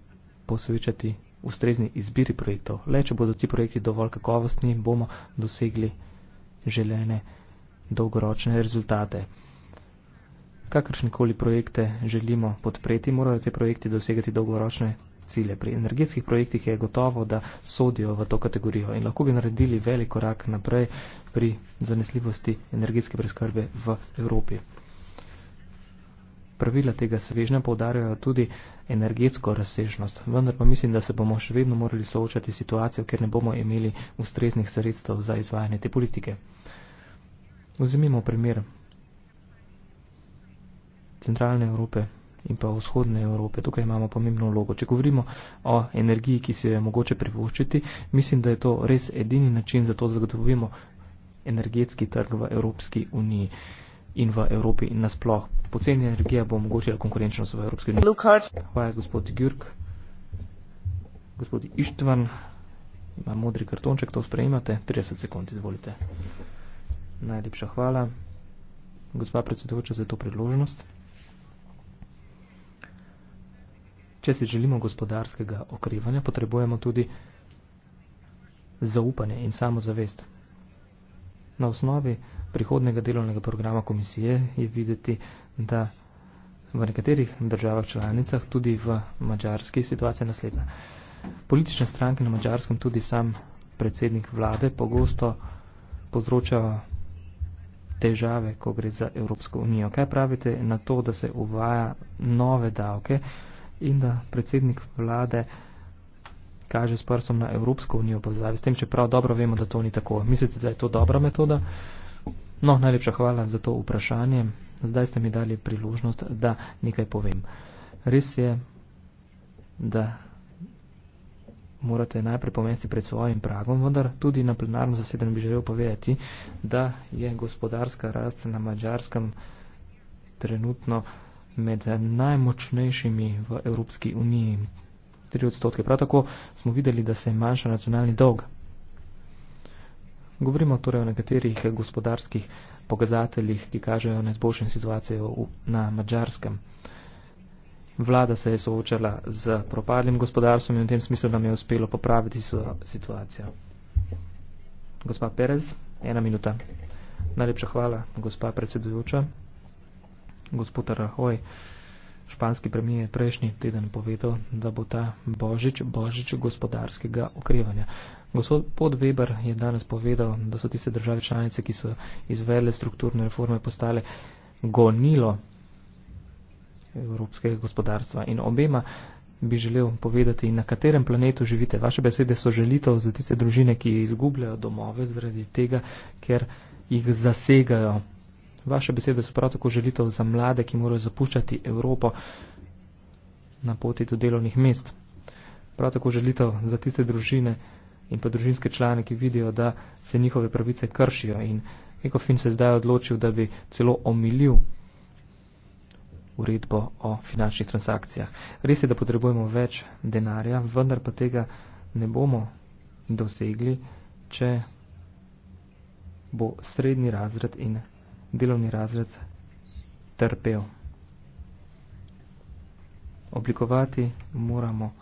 posvečati ustrezni izbiri projektov. Le, če bodo ti projekti dovolj kakovostni, bomo dosegli želene dolgoročne rezultate kakršnikoli projekte želimo podpreti, morajo te projekti dosegati dolgoročne cilje. Pri energetskih projektih je gotovo, da sodijo v to kategorijo in lahko bi naredili velik korak naprej pri zanesljivosti energetske preskrbe v Evropi. Pravila tega svežnja povdarjajo tudi energetsko razsežnost, vendar pa mislim, da se bomo še vedno morali soočati s situacijo, ker ne bomo imeli ustreznih sredstev za izvajanje te politike. Vzemimo primer centralne Evrope in pa vzhodne Evrope. Tukaj imamo pomembno vlogo. Če govorimo o energiji, ki se jo je mogoče pripuščiti, mislim, da je to res edini način za to zagotovimo energetski trg v Evropski uniji in v Evropi in nasploh. Poceni energija bo omogočila konkurenčnost v Evropski uniji. Hvala, gospod Gjurk. Gospod Ištvan, ima modri kartonček, to sprejmate. 30 sekund, izvolite. Najlepša hvala. Gospa predsedujoča za to priložnost. Če si želimo gospodarskega okrevanja, potrebujemo tudi zaupanje in samozavest. Na osnovi prihodnega delovnega programa komisije je videti, da v nekaterih državah članicah, tudi v mačarski, situacija naslednja. Politične stranke na mačarskem, tudi sam predsednik vlade, pogosto povzročajo težave, ko gre za Evropsko unijo. Kaj pravite na to, da se uvaja nove davke? in da predsednik vlade kaže s prsom na Evropsko unijo povezavi. S tem, čeprav dobro vemo, da to ni tako. Mislite, da je to dobra metoda? No, najlepša hvala za to vprašanje. Zdaj ste mi dali priložnost, da nekaj povem. Res je, da morate najprej pomesti pred svojim pragom, vendar tudi na plenarnem zasedanju bi želel povedati, da je gospodarska rast na mačarskem trenutno med najmočnejšimi v Evropski uniji. 3 odstotke. Prav tako smo videli, da se je manjša nacionalni dolg. Govorimo torej o nekaterih gospodarskih pokazateljih, ki kažejo na izboljšen situacijo na Mačarskem. Vlada se je soočala z propadlim gospodarstvom in v tem smislu nam je uspelo popraviti svojo situacijo. Gospa Perez, ena minuta. Najlepša hvala, gospa predsedujoča gospod Rahoj, španski premijer, prejšnji teden povedal, da bo ta božič božič gospodarskega okrevanja. Gospod Weber je danes povedal, da so tiste države članice, ki so izvele strukturne reforme, postale gonilo evropskega gospodarstva. In obema bi želel povedati, na katerem planetu živite. Vaše besede so želitev za tiste družine, ki izgubljajo domove zaradi tega, ker jih zasegajo Vaše besede so prav tako želitev za mlade, ki morajo zapuščati Evropo na poti do delovnih mest. Prav tako želitev za tiste družine in pa družinske člane, ki vidijo, da se njihove pravice kršijo. In Ekofin se zdaj odločil, da bi celo omilil uredbo o finančnih transakcijah. Res je, da potrebujemo več denarja, vendar pa tega ne bomo dosegli, če bo srednji razred in delovni razred trpel. Oblikovati moramo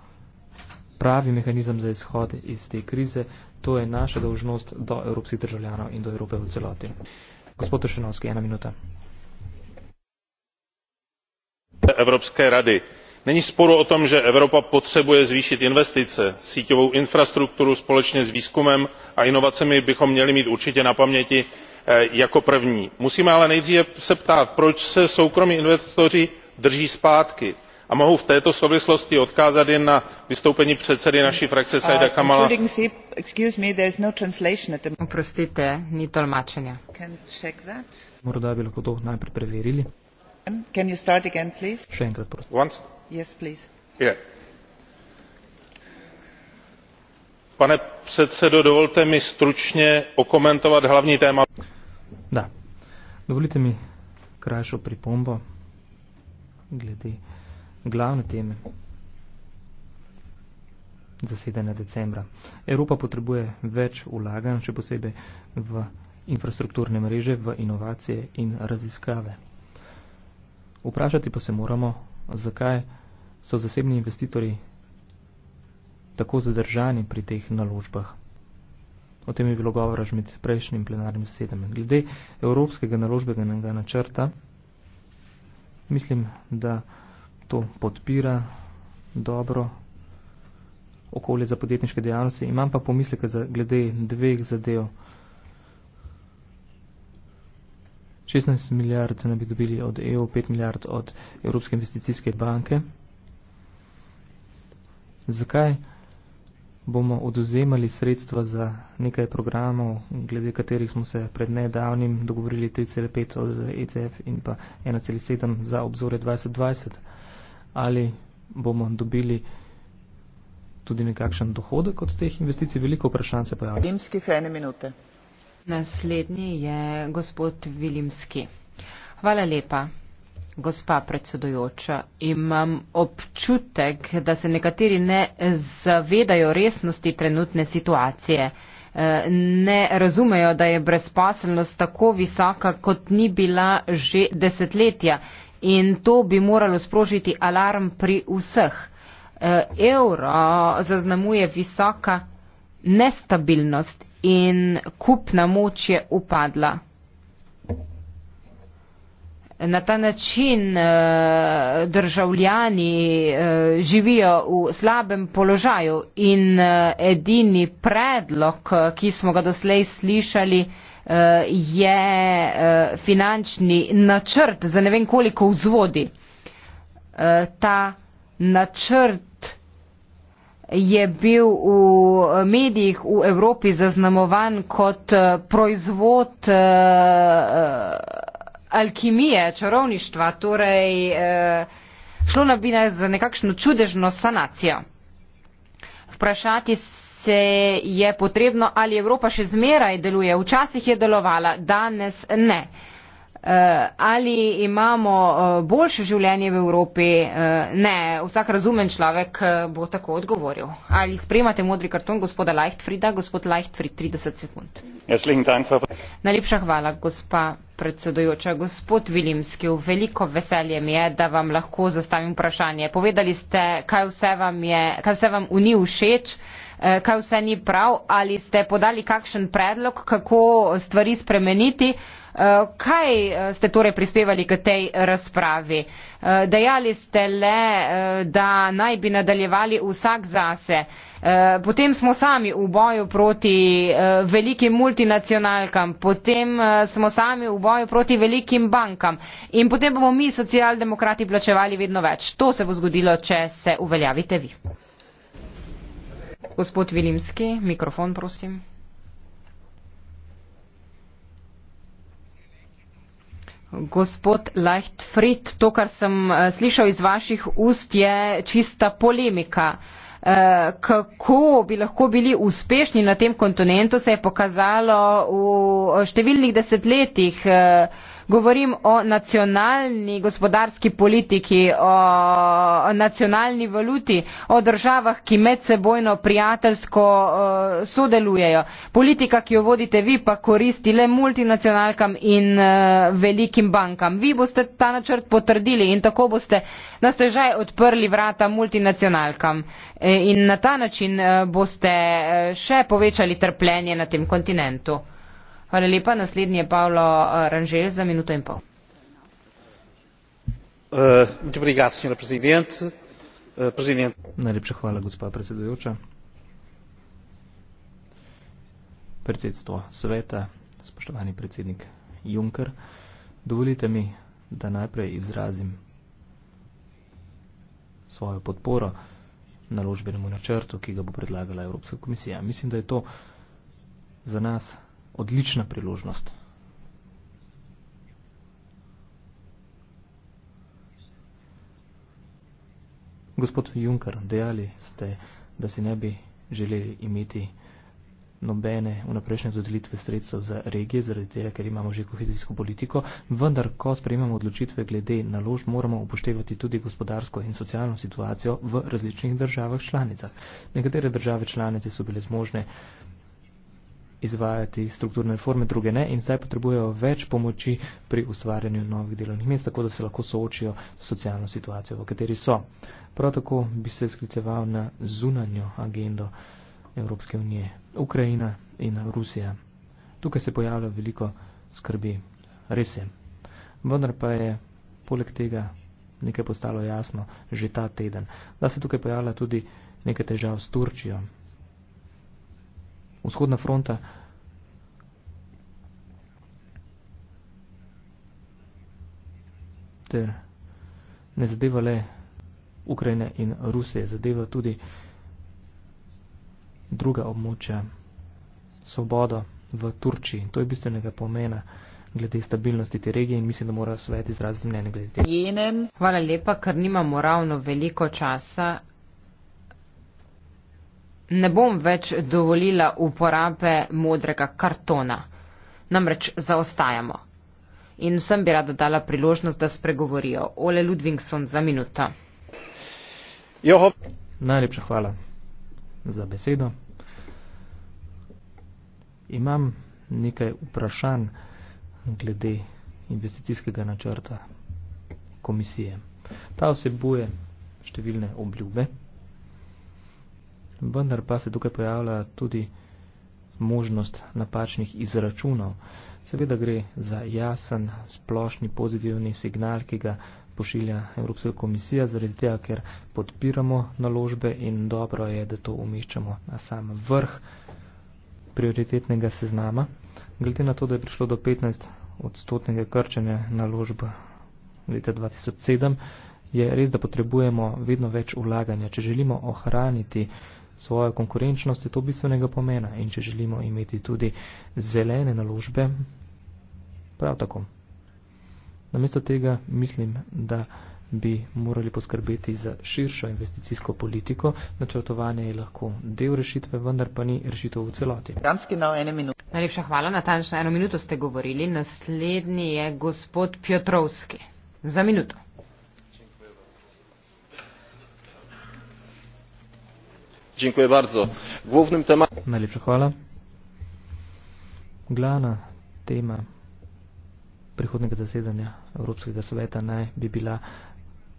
pravi mehanizem za izhod iz te krize. To je naša dolžnost do evropskih državljanov in do Evrope v celoti. Gospod Ošenovski, ena minuta. Evropske rady. Není sporu o tom, že Evropa potřebuje zvýšit investice. Síťovou infrastrukturu společně s výzkumem a inovacemi bychom měli mít určitě na paměti. Eh, jako první. musíme se ale nejdříve ptát proč se soukromí investoři drží zpátky a mohu v této souvislosti odkázat jen na vystoupení předsedy naší frakce saida uh, kamala no pane předsedo dovolte mi stručně okomentovat hlavní téma. Da. Dovolite mi krajšo pripombo glede glavne teme zasedanja decembra. Evropa potrebuje več vlaganj, še posebej v infrastrukturne mreže, v inovacije in raziskave. Vprašati pa se moramo, zakaj so zasebni investitorji tako zadržani pri teh naložbah. O tem je bilo govora že med prejšnjim plenarnim sedem. Glede Evropskega naložbenega načrta, mislim, da to podpira dobro okolje za podjetniške dejavnosti. Imam pa pomisleke glede dveh zadev. 16 milijard naj bi dobili od EU, 5 milijard od Evropske investicijske banke. Zakaj? bomo oduzemali sredstva za nekaj programov, glede katerih smo se pred nedavnim dogovorili 3,5 od ECF in pa 1,7 za obzore 2020. Ali bomo dobili tudi nekakšen dohodek od teh investicij, veliko vprašanj se pojavlja. Vilimski, fene minute. Naslednji je gospod Vilimski. Hvala lepa. Gospa predsedujoča, imam občutek, da se nekateri ne zavedajo resnosti trenutne situacije. Eh, ne razumejo, da je brezposelnost tako visoka, kot ni bila že desetletja in to bi moralo sprožiti alarm pri vseh. Euro eh, zaznamuje visoka nestabilnost in kupna moč je upadla na ta način eh, državljani eh, živijo v slabem položaju in eh, edini predlog, ki smo ga doslej slišali, je finančni načrt za ne vem koliko vzvodi. Ta načrt je bil v medijih v Evropi zaznamovan kot proizvod alkimije, čarovništva, torej eh, šlo na bi za nekakšno čudežno sanacijo. Vprašati se je potrebno, ali Evropa še zmeraj deluje. Včasih je delovala, danes ne. Eh, ali imamo eh, boljše življenje v Evropi? Eh, ne, vsak razumen človek bo tako odgovoril. Ali sprejmate modri karton gospoda Leichtfrida? Gospod Leichtfried, 30 sekund. Najlepša hvala, gospa predsedojoča. Gospod Vilimski, veliko veselje mi je, da vam lahko zastavim vprašanje. Povedali ste, kaj vse vam, je, kaj vse vam uni všeč. Kaj vse ni prav, ali ste podali kakšen predlog, kako stvari spremeniti? Eh, kaj eh, ste torej prispevali k tej razpravi? Eh, dejali ste le, da naj bi nadaljevali vsak zase. Potem smo sami v boju proti velikim multinacionalkam, potem smo sami v boju proti velikim bankam in potem bomo mi, socialdemokrati, plačevali vedno več. To se bo zgodilo, če se uveljavite vi. Gospod Vilimski, mikrofon prosim. Gospod Leichtfried, to, kar sem eh, slišal iz vaših ust, je čista polemika. Eh, kako bi lahko bili uspešni na tem kontinentu, se je pokazalo v številnih desetletjih eh, govorim o nacionalni gospodarski politiki, o nacionalni valuti, o državah, ki medsebojno prijateljsko uh, sodelujejo. Politika, ki jo vodite vi, pa koristi le multinacionalkam in uh, velikim bankam. Vi boste ta načrt potrdili in tako boste na stežaj odprli vrata multinacionalkam. Eh, in na ta način boste še povečali trpljenje na tem kontinentu. Hvala lepa. Naslednji je Pavlo eh, Ranžel za minuto in pol. Eh, eh, Najlepša hvala, gospa predsedujoča. Predsedstvo sveta, spoštovani predsednik Juncker, dovolite mi, da najprej izrazim svojo podporo naložbenemu načrtu, ki ga bo predlagala Evropska komisija. Mislim, da je to za nas odlična priložnost. Gospod Junker, dejali ste, da si ne bi želeli imeti nobene vnaprejšnje dodelitve sredstev za regije, zaradi tega, ker imamo že kohezijsko politiko, vendar, ko sprejemamo odločitve glede nalož, moramo upoštevati tudi gospodarsko in socialno situacijo v različnih državah članicah. Nekatere države članice so bile zmožne izvajati strukturne reforme, druge ne in zdaj potrebujejo več pomoči pri ustvarjanju novih delovnih mest, tako da se lahko soočijo s socialno situacijo, v kateri so. Prav tako bi se skliceval na zunanjo agendo Evropske unije, Ukrajina in Rusija. Tukaj se pojavlja veliko skrbi, res je. Vendar pa je poleg tega nekaj postalo jasno že ta teden, da se tukaj pojavlja tudi nekaj težav s Turčijo, vzhodna fronta. Ter ne zadeva le Ukrajine in Rusije, zadeva tudi druga območja, svobodo v Turčiji. To je bistvenega pomena glede stabilnosti te regije in mislim, da mora svet izraziti mnenje glede tega. Hvala lepa, ker nimamo ravno veliko časa ne bom več dovolila uporabe modrega kartona. Namreč zaostajamo. In vsem bi rada dala priložnost, da spregovorijo. Ole Ludvigson za minuto. Joho. Najlepša hvala za besedo. Imam nekaj vprašanj glede investicijskega načrta komisije. Ta vsebuje številne obljube vendar pa se tukaj pojavlja tudi možnost napačnih izračunov. Seveda gre za jasen, splošni, pozitivni signal, ki ga pošilja Evropska komisija, zaradi tega, ker podpiramo naložbe in dobro je, da to umeščamo na sam vrh prioritetnega seznama. Glede na to, da je prišlo do 15 odstotnega krčenja naložb leta 2007, je res, da potrebujemo vedno več ulaganja. Če želimo ohraniti svojo konkurenčnost je to bistvenega pomena in če želimo imeti tudi zelene naložbe, prav tako. Namesto tega mislim, da bi morali poskrbeti za širšo investicijsko politiko. Načrtovanje je lahko del rešitve, vendar pa ni rešitev v celoti. Najlepša hvala, natančno eno minuto ste govorili. Naslednji je gospod Pjotrovski. Za minuto. Dziękuję bardzo. Głównym tematem. Najlepsze chwała. Glavna tema prihodnega zasedanja Evropskega sveta naj bi bila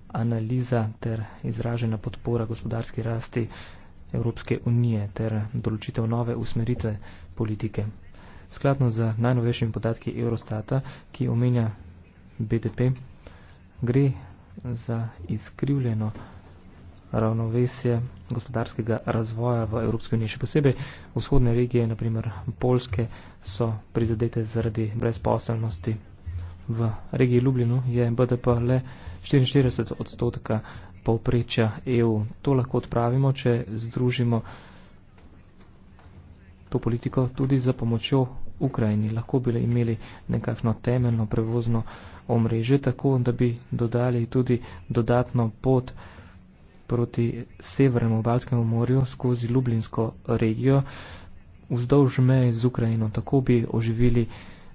analiza ter izražena podpora gospodarski rasti Evropske unije ter določitev nove usmeritve politike. Skladno z najnovejšimi podatki Eurostata, ki omenja BDP, gre za izkrivljeno ravnovesje gospodarskega razvoja v Evropski uniji. Še posebej vzhodne regije, naprimer Polske, so prizadete zaradi brezposelnosti. V regiji Ljubljano je BDP le 44 odstotka povprečja EU. To lahko odpravimo, če združimo to politiko tudi za pomočjo Ukrajini. Lahko bi imeli nekakšno temeljno prevozno omrežje, tako da bi dodali tudi dodatno pot proti severnemu Balskemu morju skozi Ljubljinsko regijo vzdolž meje z Ukrajino. Tako bi oživili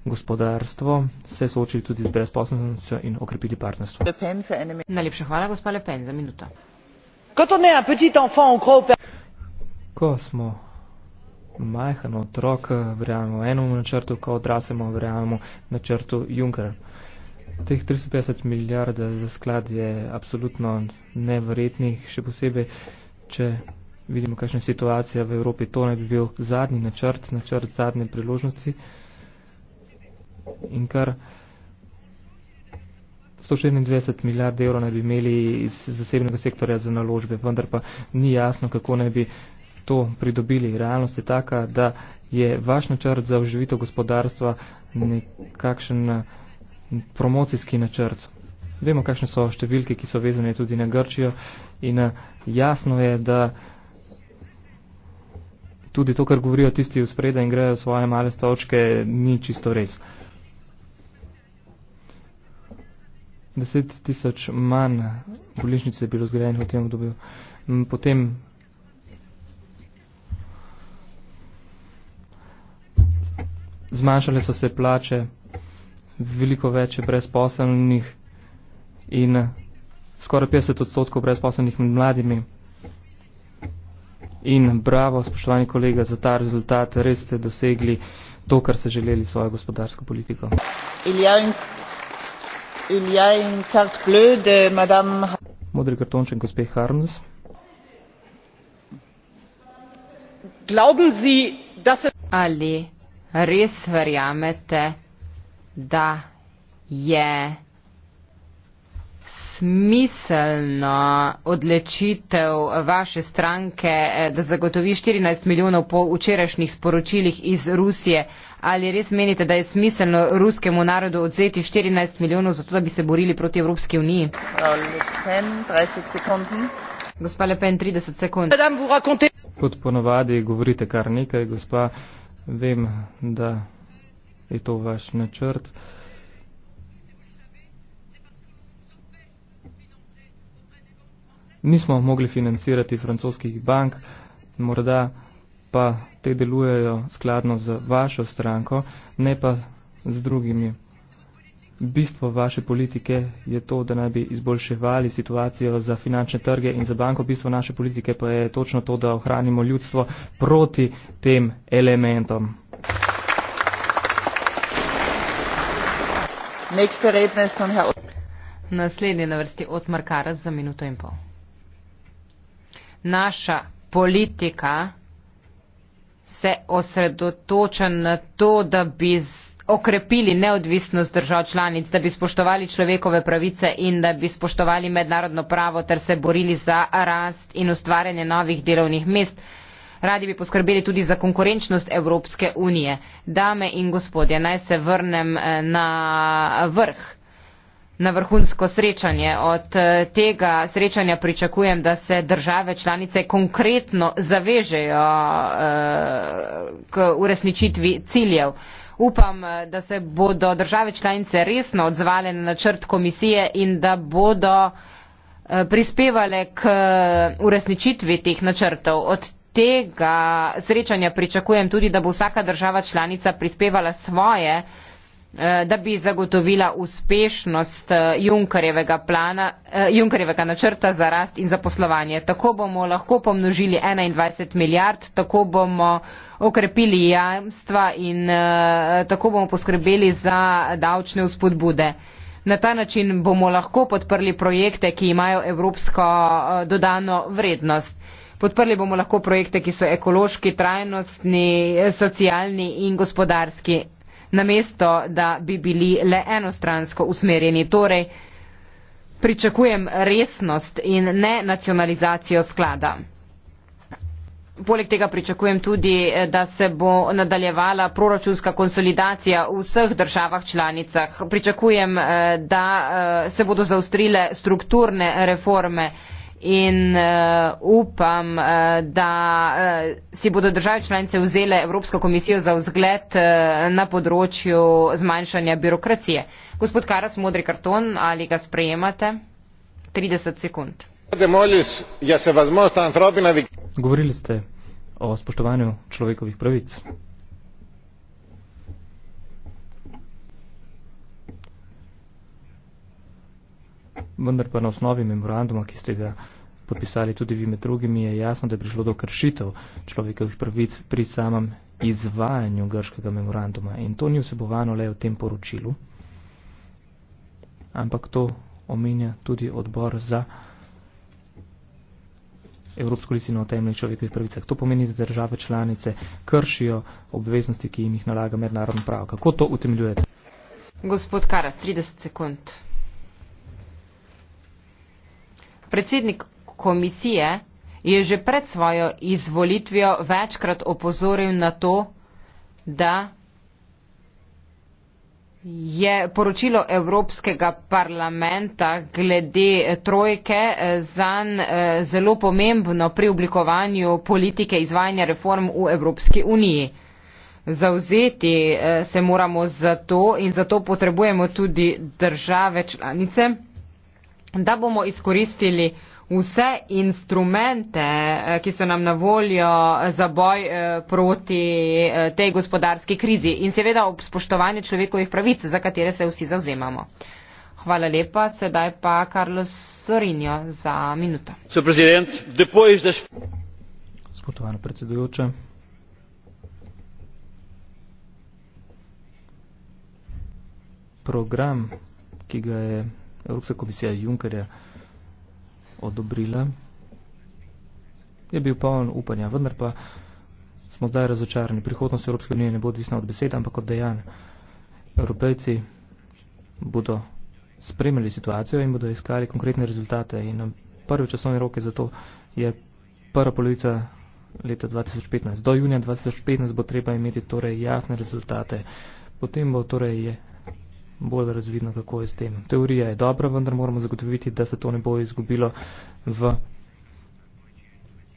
gospodarstvo, se soočili tudi z brezposobnostjo in okrepili partnerstvo. Najlepša hvala, gospa Le Pen, za minuto. Ko smo majhen otrok, verjamemo enemu načrtu, ko odrasemo, verjamemo načrtu Junkerja. Teh 350 milijard za sklad je absolutno nevrednih, še posebej, če vidimo, kakšna je situacija v Evropi. To naj bi bil zadnji načrt, načrt zadnje priložnosti. In kar 121 milijard evrov naj bi imeli iz zasebnega sektorja za naložbe, vendar pa ni jasno, kako naj bi to pridobili. Realnost je taka, da je vaš načrt za oživitev gospodarstva nekakšen promocijski načrt. Vemo, kakšne so številke, ki so vezane tudi na Grčijo in eh, jasno je, da tudi to, kar govorijo tisti v spreda in grejo svoje male stočke, ni čisto res. 10 tisoč manj bolnišnice je bilo zgrajenih v tem obdobju. Potem zmanjšale so se plače veliko več brezposelnih in skoraj 50 odstotkov brezposelnih med mladimi. In bravo, spoštovani kolega, za ta rezultat. Res ste dosegli to, kar ste želeli s svojo gospodarsko politiko. Modri kartonček, gospe Harms. Ali res verjamete? da je smiselno odločitev vaše stranke, eh, da zagotovi 14 milijonov po včerajšnjih sporočilih iz Rusije. Ali res menite, da je smiselno ruskemu narodu odzeti 14 milijonov za to, da bi se borili proti Evropski uniji? Gospa Le Pen, 30 sekund. Kot ponovadi govorite kar nekaj, gospa, vem, da je to vaš načrt. Nismo mogli financirati francoskih bank, morda pa te delujejo skladno z vašo stranko, ne pa z drugimi. Bistvo vaše politike je to, da naj bi izboljševali situacijo za finančne trge in za banko. Bistvo naše politike pa je točno to, da ohranimo ljudstvo proti tem elementom. Naša politika se osredotoča na to, da bi okrepili neodvisnost držav članic, da bi spoštovali človekove pravice in da bi spoštovali mednarodno pravo ter se borili za rast in ustvarjanje novih delovnih mest radi bi poskrbeli tudi za konkurenčnost Evropske unije. Dame in gospodje, naj se vrnem eh, na vrh na vrhunsko srečanje. Od eh, tega srečanja pričakujem, da se države članice konkretno zavežejo eh, k uresničitvi ciljev. Upam, da se bodo države članice resno odzvale na načrt komisije in da bodo prispevale k uresničitvi teh načrtov. Od tega srečanja pričakujem tudi, da bo vsaka država članica prispevala svoje, eh, da bi zagotovila uspešnost eh, Junkerjevega, plana, eh, Junkerjevega načrta za rast in zaposlovanje. Tako bomo lahko pomnožili 21 milijard, tako bomo okrepili jamstva in tako bomo poskrbeli za davčne vzpodbude. Na ta način bomo lahko podprli projekte, ki imajo evropsko dodano vrednost. Podprli bomo lahko projekte, ki so ekološki, trajnostni, socialni in gospodarski, namesto da bi bili le enostransko usmerjeni. Torej, pričakujem resnost in ne nacionalizacijo sklada. Poleg tega pričakujem tudi, da se bo nadaljevala proračunska konsolidacija v vseh državah članicah. Pričakujem, eh, da eh, se bodo zaustrile strukturne reforme in uh, upam, uh, da uh, si bodo države članice vzele Evropsko komisijo za vzgled uh, na področju zmanjšanja birokracije. Gospod Karas, modri karton, ali ga sprejemate? 30 sekund. Ja Govorili ste o spoštovanju človekovih pravic. Vendar pa na osnovi memoranduma, ki ste ga pa pisali tudi vi med drugimi, je jasno, da je prišlo do kršitev človekovih pravic pri samem izvajanju grškega memoranduma. In to ni vsebovano le v tem poročilu, ampak to omenja tudi odbor za Evropsko listino o temeljih človekovih pravicah. To pomeni, da države članice kršijo obveznosti, ki jim jih nalaga mednarodno pravo. Kako to utemljujete? Gospod Karas, 30 sekund. Predsednik komisije je že pred svojo izvolitvijo večkrat opozoril na to, da je poročilo Evropskega parlamenta glede trojke eh, zan eh, zelo pomembno pri oblikovanju politike izvajanja reform v Evropski uniji. Zauzeti eh, se moramo za to in zato potrebujemo tudi države članice, da bomo izkoristili vse instrumente, eh, ki so nam na voljo za boj eh, proti eh, tej gospodarski krizi in seveda ob spoštovanju človekovih pravic, za katere se vsi zauzemamo. Hvala lepa, sedaj pa Carlos Sorinjo za minuto. Spoštovana predsedujoča. Program, ki ga je Evropska komisija Junkerja odobrile. Je bil poln upanja, vendar pa smo zdaj razočarani. Prihodnost Evropske unije ne bo odvisna od besed, ampak od dejanj. Evropejci bodo spremljali situacijo in bodo iskali konkretne rezultate. In na prvi časovni rok je zato je prva polovica leta 2015. Do junija 2015 bo treba imeti torej jasne rezultate. Potem bo torej je bolj razvidno, kako je s tem. Teorija je dobra, vendar moramo zagotoviti, da se to ne bo izgubilo v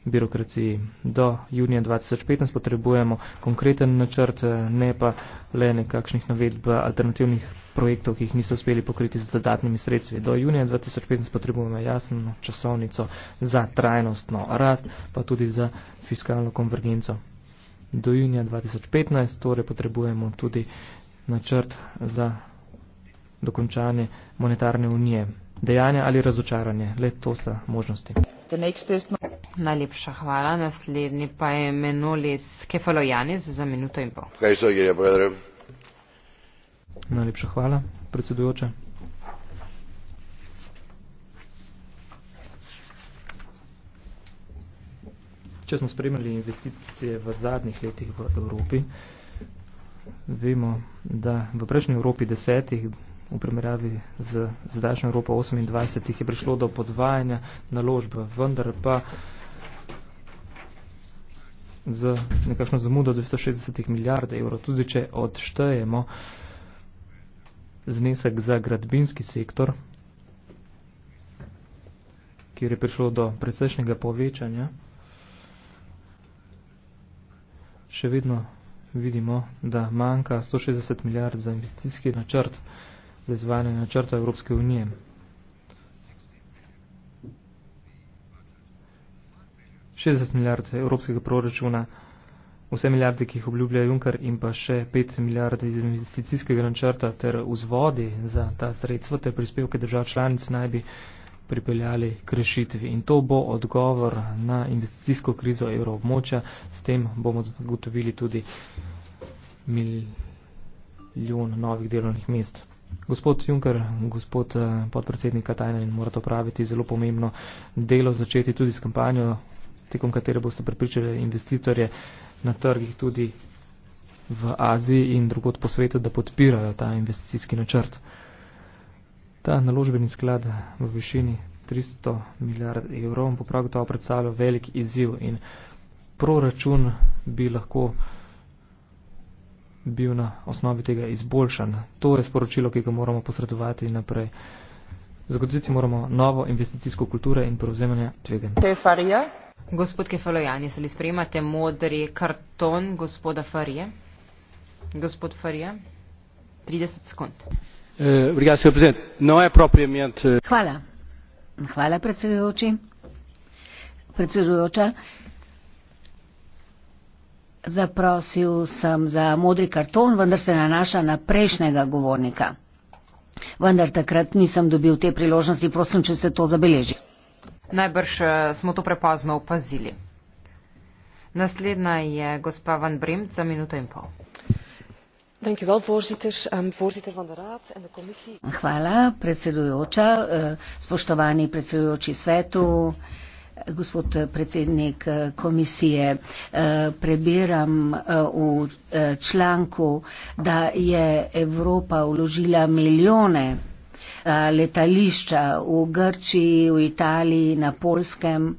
birokraciji. Do junija 2015 potrebujemo konkreten načrt, ne pa le nekakšnih navedb alternativnih projektov, ki jih niso uspeli pokriti z dodatnimi sredstvi. Do junija 2015 potrebujemo jasno časovnico za trajnostno rast, pa tudi za fiskalno konvergenco. Do junija 2015 torej potrebujemo tudi načrt za dokončanje monetarne unije. Dejanje ali razočaranje, le to sta možnosti. Najlepša hvala. Naslednji pa je Menolis Kefalojanis za minuto in pol. Najlepša hvala, predsedujoča. Če smo spremljali investicije v zadnjih letih v Evropi, vemo, da v prejšnji Evropi desetih v primerjavi z zdajšnjo Evropo 28 je prišlo do podvajanja naložbe, vendar pa z nekakšno zamudo 260 milijarde evrov, tudi če odštejemo znesek za gradbinski sektor, kjer je prišlo do precejšnjega povečanja, še vedno vidimo, da manjka 160 milijard za investicijski načrt za izvajanje načrta Evropske unije. Šestdeset milijard evropskega proračuna, vse milijarde, ki jih obljublja Junker in pa še pet milijard iz investicijskega načrta ter vzvodi za ta sredstva ter prispevke držav članic naj bi pripeljali k rešitvi. In to bo odgovor na investicijsko krizo evroobmoča, s tem bomo zagotovili tudi milijon novih delovnih mest. Gospod Junker, gospod eh, podpredsednik Katajna in morate opraviti zelo pomembno delo, začeti tudi s kampanjo, tekom katere boste prepričali investitorje na trgih tudi v Aziji in drugot po svetu, da podpirajo ta investicijski načrt. Ta naložbeni sklad v višini 300 milijard evrov bo prav gotovo predstavljal velik izziv in proračun bi lahko bil na osnovi tega izboljšan. To je sporočilo, ki ga moramo posredovati naprej. Zagotoviti moramo novo investicijsko kulturo in prevzemanje tveganja. Gospod Kefalojan, jaz ali sprejemate modri karton gospoda Farije? Gospod Farije, 30 sekund. Eh, eh, Hvala. Hvala, predsedujoči. Predsedujoča. Zaprosil sem za modri karton, vendar se nanaša na prejšnjega govornika. Vendar takrat nisem dobil te priložnosti, prosim, če se to zabeleži. Najbrž eh, smo to prepozno opazili. Naslednja je gospa Van Brimt za minuto in pol. Well, voorzitter. Um, voorzitter van de raad en de commissie... Hvala, predsedujoča, eh, spoštovani predsedujoči svetu. Gospod predsednik eh, komisije, eh, prebiram eh, v članku, da je Evropa vložila milijone letališča v Grčiji, v Italiji, na Polskem.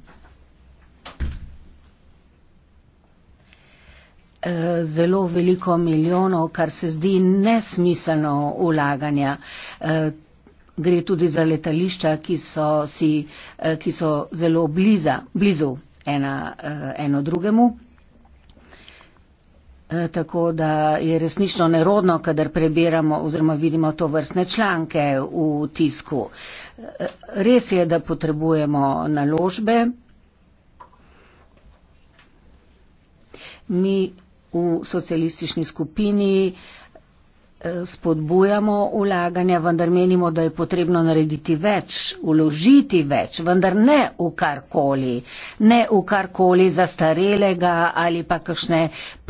Zelo veliko milijonov, kar se zdi nesmiselno ulaganja gre tudi za letališča, ki so, si, eh, ki so zelo bliza, blizu ena, eh, eno drugemu. Eh, tako da je resnično nerodno, kadar prebiramo oziroma vidimo to vrstne članke v tisku. Res je, da potrebujemo naložbe. Mi v socialistični skupini eh, Eh, spodbujamo ulaganja, vendar menimo, da je potrebno narediti več, uložiti več, vendar ne v karkoli, ne v karkoli zastarelega ali pa kakšne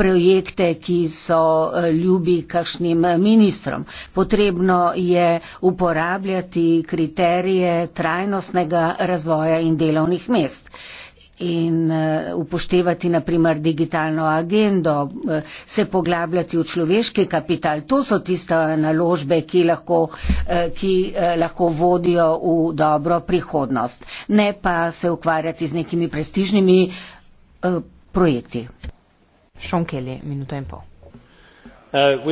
projekte, ki so eh, ljubi kakšnim eh, ministrom. Potrebno je uporabljati kriterije trajnostnega razvoja in delovnih mest in eh, upoštevati naprimer digitalno agendo, eh, se poglabljati v človeški kapital. To so tiste naložbe, ki lahko, eh, ki lahko vodijo v dobro prihodnost, ne pa se ukvarjati z nekimi prestižnimi projekti. Šonkeli, minuto in pol. Uh,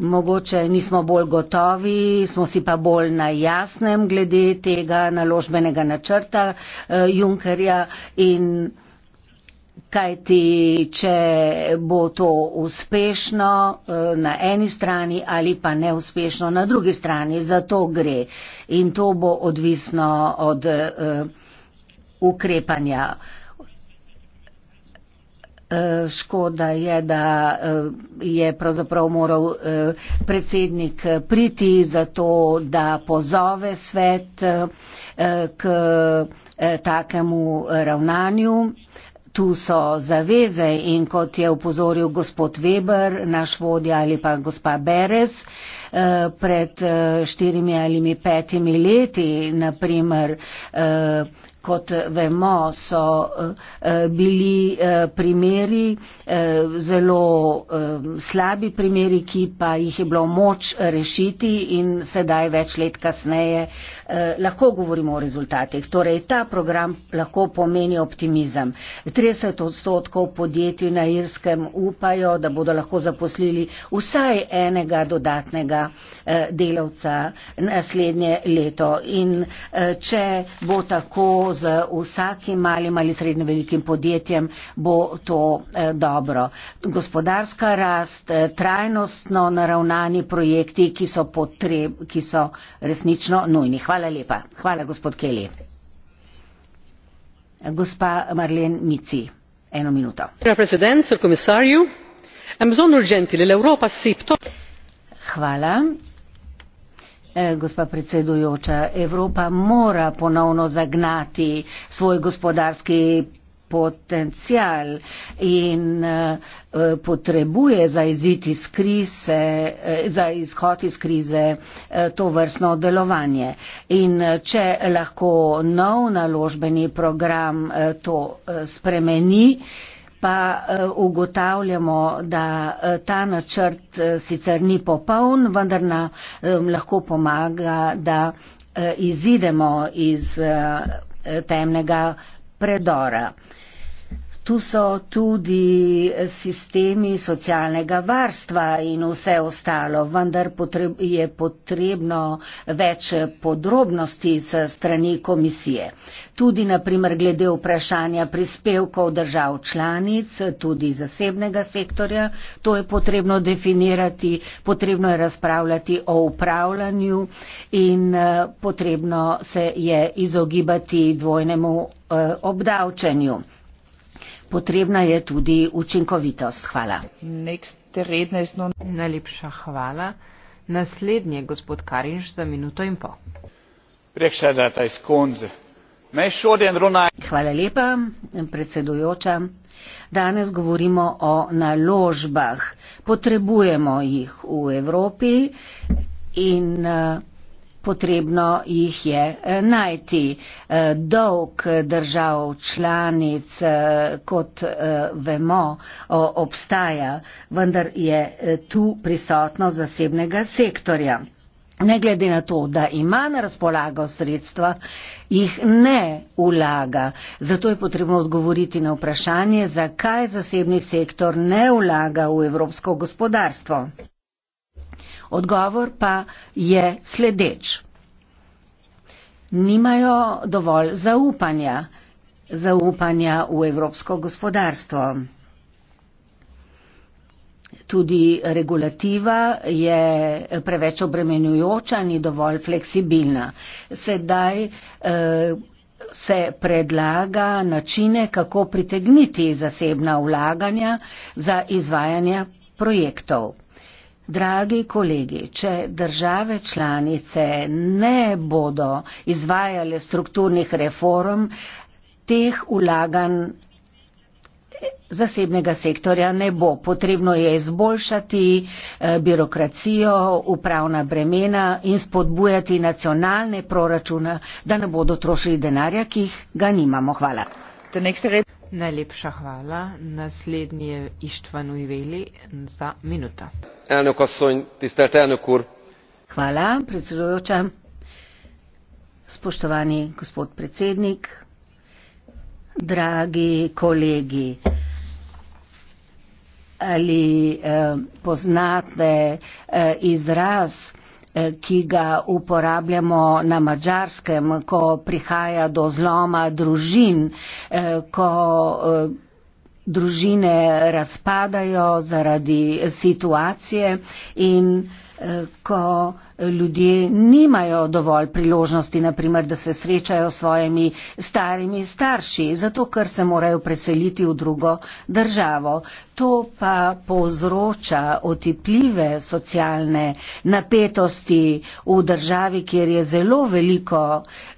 mogoče nismo bolj gotovi, smo si pa bolj na jasnem glede tega naložbenega načrta eh, Junkerja in kaj ti, če bo to uspešno eh, na eni strani ali pa neuspešno na drugi strani, za to gre in to bo odvisno od eh, ukrepanja. Eh, Eh, škoda je, da eh, je pravzaprav moral eh, predsednik priti za to, da pozove svet k takemu ravnanju. Tu so zaveze in kot je upozoril gospod Weber, naš vodja ali pa gospa Beres, pred štirimi ali petimi leti, naprimer, kot vemo, so eh, bili eh, primeri, eh, zelo slabi primeri, ki pa jih je bilo moč rešiti in sedaj več let kasneje lahko govorimo o rezultatih. Torej, ta program lahko pomeni optimizem. 30 odstotkov podjetij na Irskem upajo, da bodo lahko zaposlili vsaj enega dodatnega delavca naslednje leto. In če bo tako z vsakim malim ali srednje velikim podjetjem, bo to eh, dobro. Gospodarska rast, eh, trajnostno naravnani projekti, ki so, potreb, ki so resnično nujni. Hvala lepa. Hvala, gospod Keli. Gospa Marlen Mici, eno minuto. Hvala. Eh, gospa predsedujoča, Evropa mora ponovno zagnati svoj gospodarski potencial in eh, potrebuje zaiziti z krize, eh, za izhod iz krize to vrstno delovanje. In če lahko nov naložbeni program to spremeni, pa eh, ugotavljamo, da eh, ta načrt eh, sicer ni popoln, vendar nam lahko pomaga, da izidemo iz temnega predora. Tu so tudi sistemi socialnega varstva in vse ostalo, vendar potreb, je potrebno več podrobnosti s strani komisije. Tudi, naprimer, glede vprašanja prispevkov držav članic, tudi zasebnega sektorja, to je potrebno definirati, potrebno je razpravljati o upravljanju in potrebno se je izogibati dvojnemu eh, obdavčenju. Potrebna je tudi učinkovitost. Hvala. Najlepša hvala. Naslednji je gospod Karinš za minuto in pol. Hvala lepa, predsedujoča. Danes govorimo o naložbah. Potrebujemo jih v Evropi in uh, potrebno jih je eh, najti. Eh, dolg držav članic, eh, kot vemo, obstaja, vendar je tu prisotno zasebnega sektorja. Ne glede na to, da ima na razpolago sredstva, jih ne vlaga. Zato je potrebno odgovoriti na vprašanje, zakaj zasebni sektor ne vlaga v evropsko gospodarstvo. Odgovor pa je sledeč. Nimajo dovolj zaupanja, zaupanja v evropsko gospodarstvo. Tudi regulativa je preveč obremenjujoča, ni dovolj fleksibilna. Sedaj eh, se predlaga načine, kako pritegniti zasebna vlaganja za izvajanje projektov. Dragi kolegi, če države članice ne bodo izvajale strukturnih reform, teh ulagan zasebnega sektorja ne bo. Potrebno je izboljšati eh, birokracijo, upravna bremena in spodbujati nacionalne proračune, da ne bodo trošili denarja, ki jih ga nimamo. Hvala. Najlepša hvala. Naslednji je Ištvan Ujveli za minuto tisztelt elnök úr spoštovani gospod predsednik dragi kolegi ali eh, poznate eh, izraz eh, ki ga uporabljamo na madžarskem ko prihaja do zloma družin ko družine razpadajo zaradi situacije in eh, ko ljudje nimajo dovolj priložnosti, naprimer, da se srečajo s svojimi starimi starši, zato ker se morajo preseliti v drugo državo. To pa povzroča otipljive socialne napetosti v državi, kjer je zelo veliko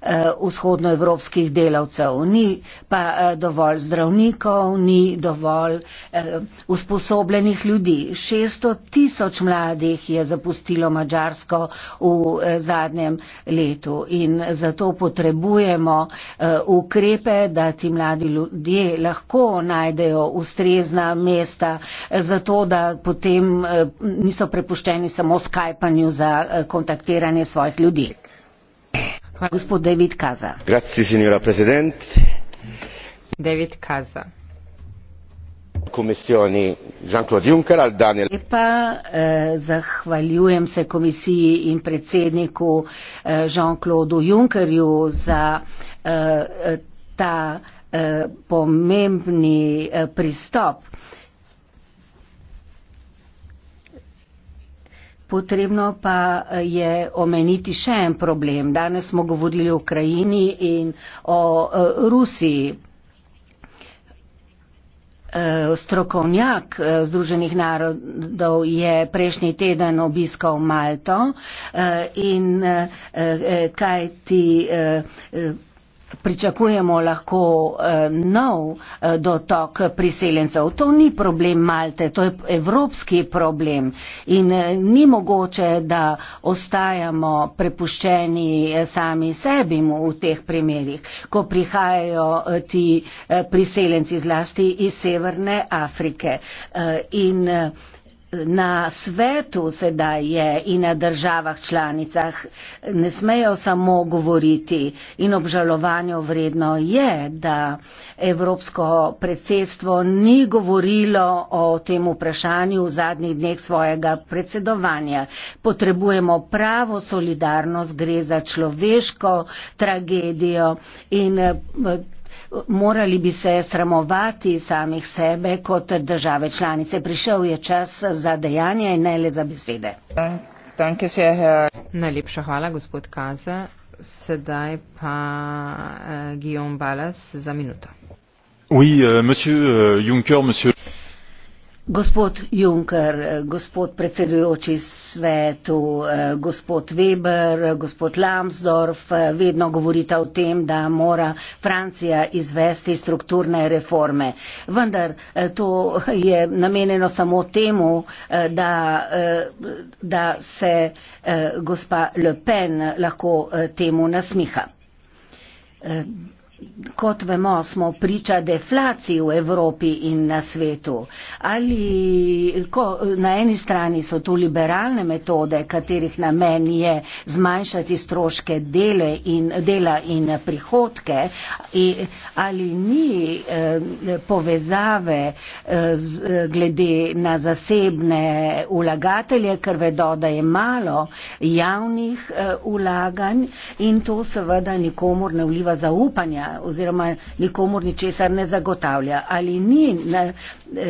eh, vzhodnoevropskih delavcev. Ni pa eh, dovolj zdravnikov, ni dovolj eh, usposobljenih ljudi. 600 tisoč mladih je zapustilo Mačarsko v eh, zadnjem letu in zato potrebujemo eh, ukrepe, da ti mladi ljudje lahko najdejo ustrezna mesta, mesta, eh, zato da potem eh, niso prepuščeni samo Skypanju za eh, kontaktiranje svojih ljudi. Hvala. Gospod David Kaza. Grazie, signora president. David Kaza. Komisioni Jean-Claude Juncker ali Daniel. Lepa, eh, zahvaljujem se komisiji in predsedniku eh, Jean-Claude Junckerju za eh, ta eh, pomembni eh, pristop. Eh, Potrebno pa eh, je omeniti še en problem. Danes smo govorili o Ukrajini in o eh, Rusiji. Eh, strokovnjak Združenih narodov je prejšnji teden obiskal Malto in kaj ti pričakujemo lahko uh, nov uh, dotok priseljencev. To ni problem Malte, to je evropski problem in uh, ni mogoče, da ostajamo prepuščeni sami sebi v teh primerjih, ko prihajajo uh, ti uh, priseljenci zlasti iz Severne Afrike. Uh, in, uh, Na svetu sedaj je in na državah članicah ne smejo samo govoriti in obžalovanju vredno je, da Evropsko predsedstvo ni govorilo o tem vprašanju v zadnjih dneh svojega predsedovanja. Potrebujemo pravo solidarnost, gre za človeško tragedijo in eh, Morali bi se sramovati samih sebe kot države članice. Prišel je čas za dejanje in ne le za besede. Najlepša hvala, gospod Kaza. Sedaj pa eh, Guillaume Balas za minuto. Oui, euh, monsieur euh, Juncker, monsieur. Gospod Juncker, gospod predsedujoči svetu, eh, gospod Weber, gospod Lambsdorff eh, vedno govorita o tem, da mora Francija izvesti strukturne reforme. Vendar eh, to je namenjeno samo temu, da, da se gospa Le Pen lahko temu nasmiha. Kot vemo, smo priča deflaciji v Evropi in na svetu. Ali ko, na eni strani so tu liberalne metode, katerih namen je zmanjšati stroške dele in, dela in prihodke, e, ali ni e, povezave e, z, glede na zasebne ulagatelje, ker vedo, da je malo javnih ulaganj in to seveda nikomor ne vliva zaupanja oziroma nikomor ničesar ne zagotavlja. Ali ni na,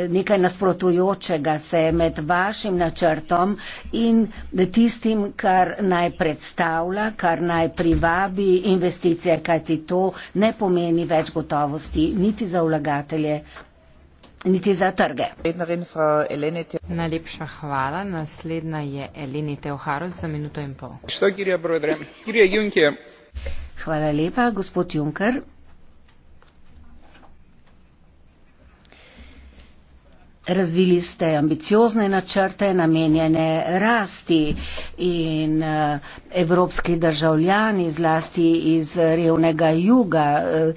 nekaj nasprotujočega se med vašim načrtom in tistim, kar naj predstavlja, kar naj privabi investicije, kajti to ne pomeni več gotovosti niti za vlagatelje. Niti za trge. Najlepša hvala. Naslednja je Eleni Teoharos za minuto in pol. Što, kirja Brodre? Kirja Junke? Hvala lepa, gospod Junker. Razvili ste ambiciozne načrte namenjene rasti in eh, evropski državljani zlasti iz revnega juga eh,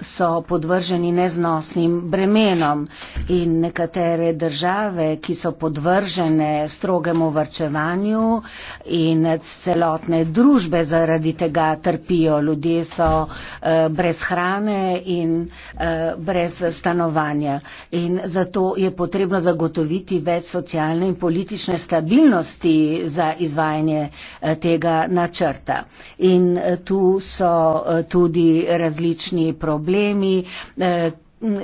so podvrženi neznosnim bremenom in nekatere države, ki so podvržene strogemu vrčevanju in celotne družbe zaradi tega trpijo. Ljudje so eh, brez hrane in eh, brez stanovanja. In zato je potrebno zagotoviti več socialne in politične stabilnosti za izvajanje eh, tega načrta. In eh, tu so eh, tudi različni problemi problemi eh,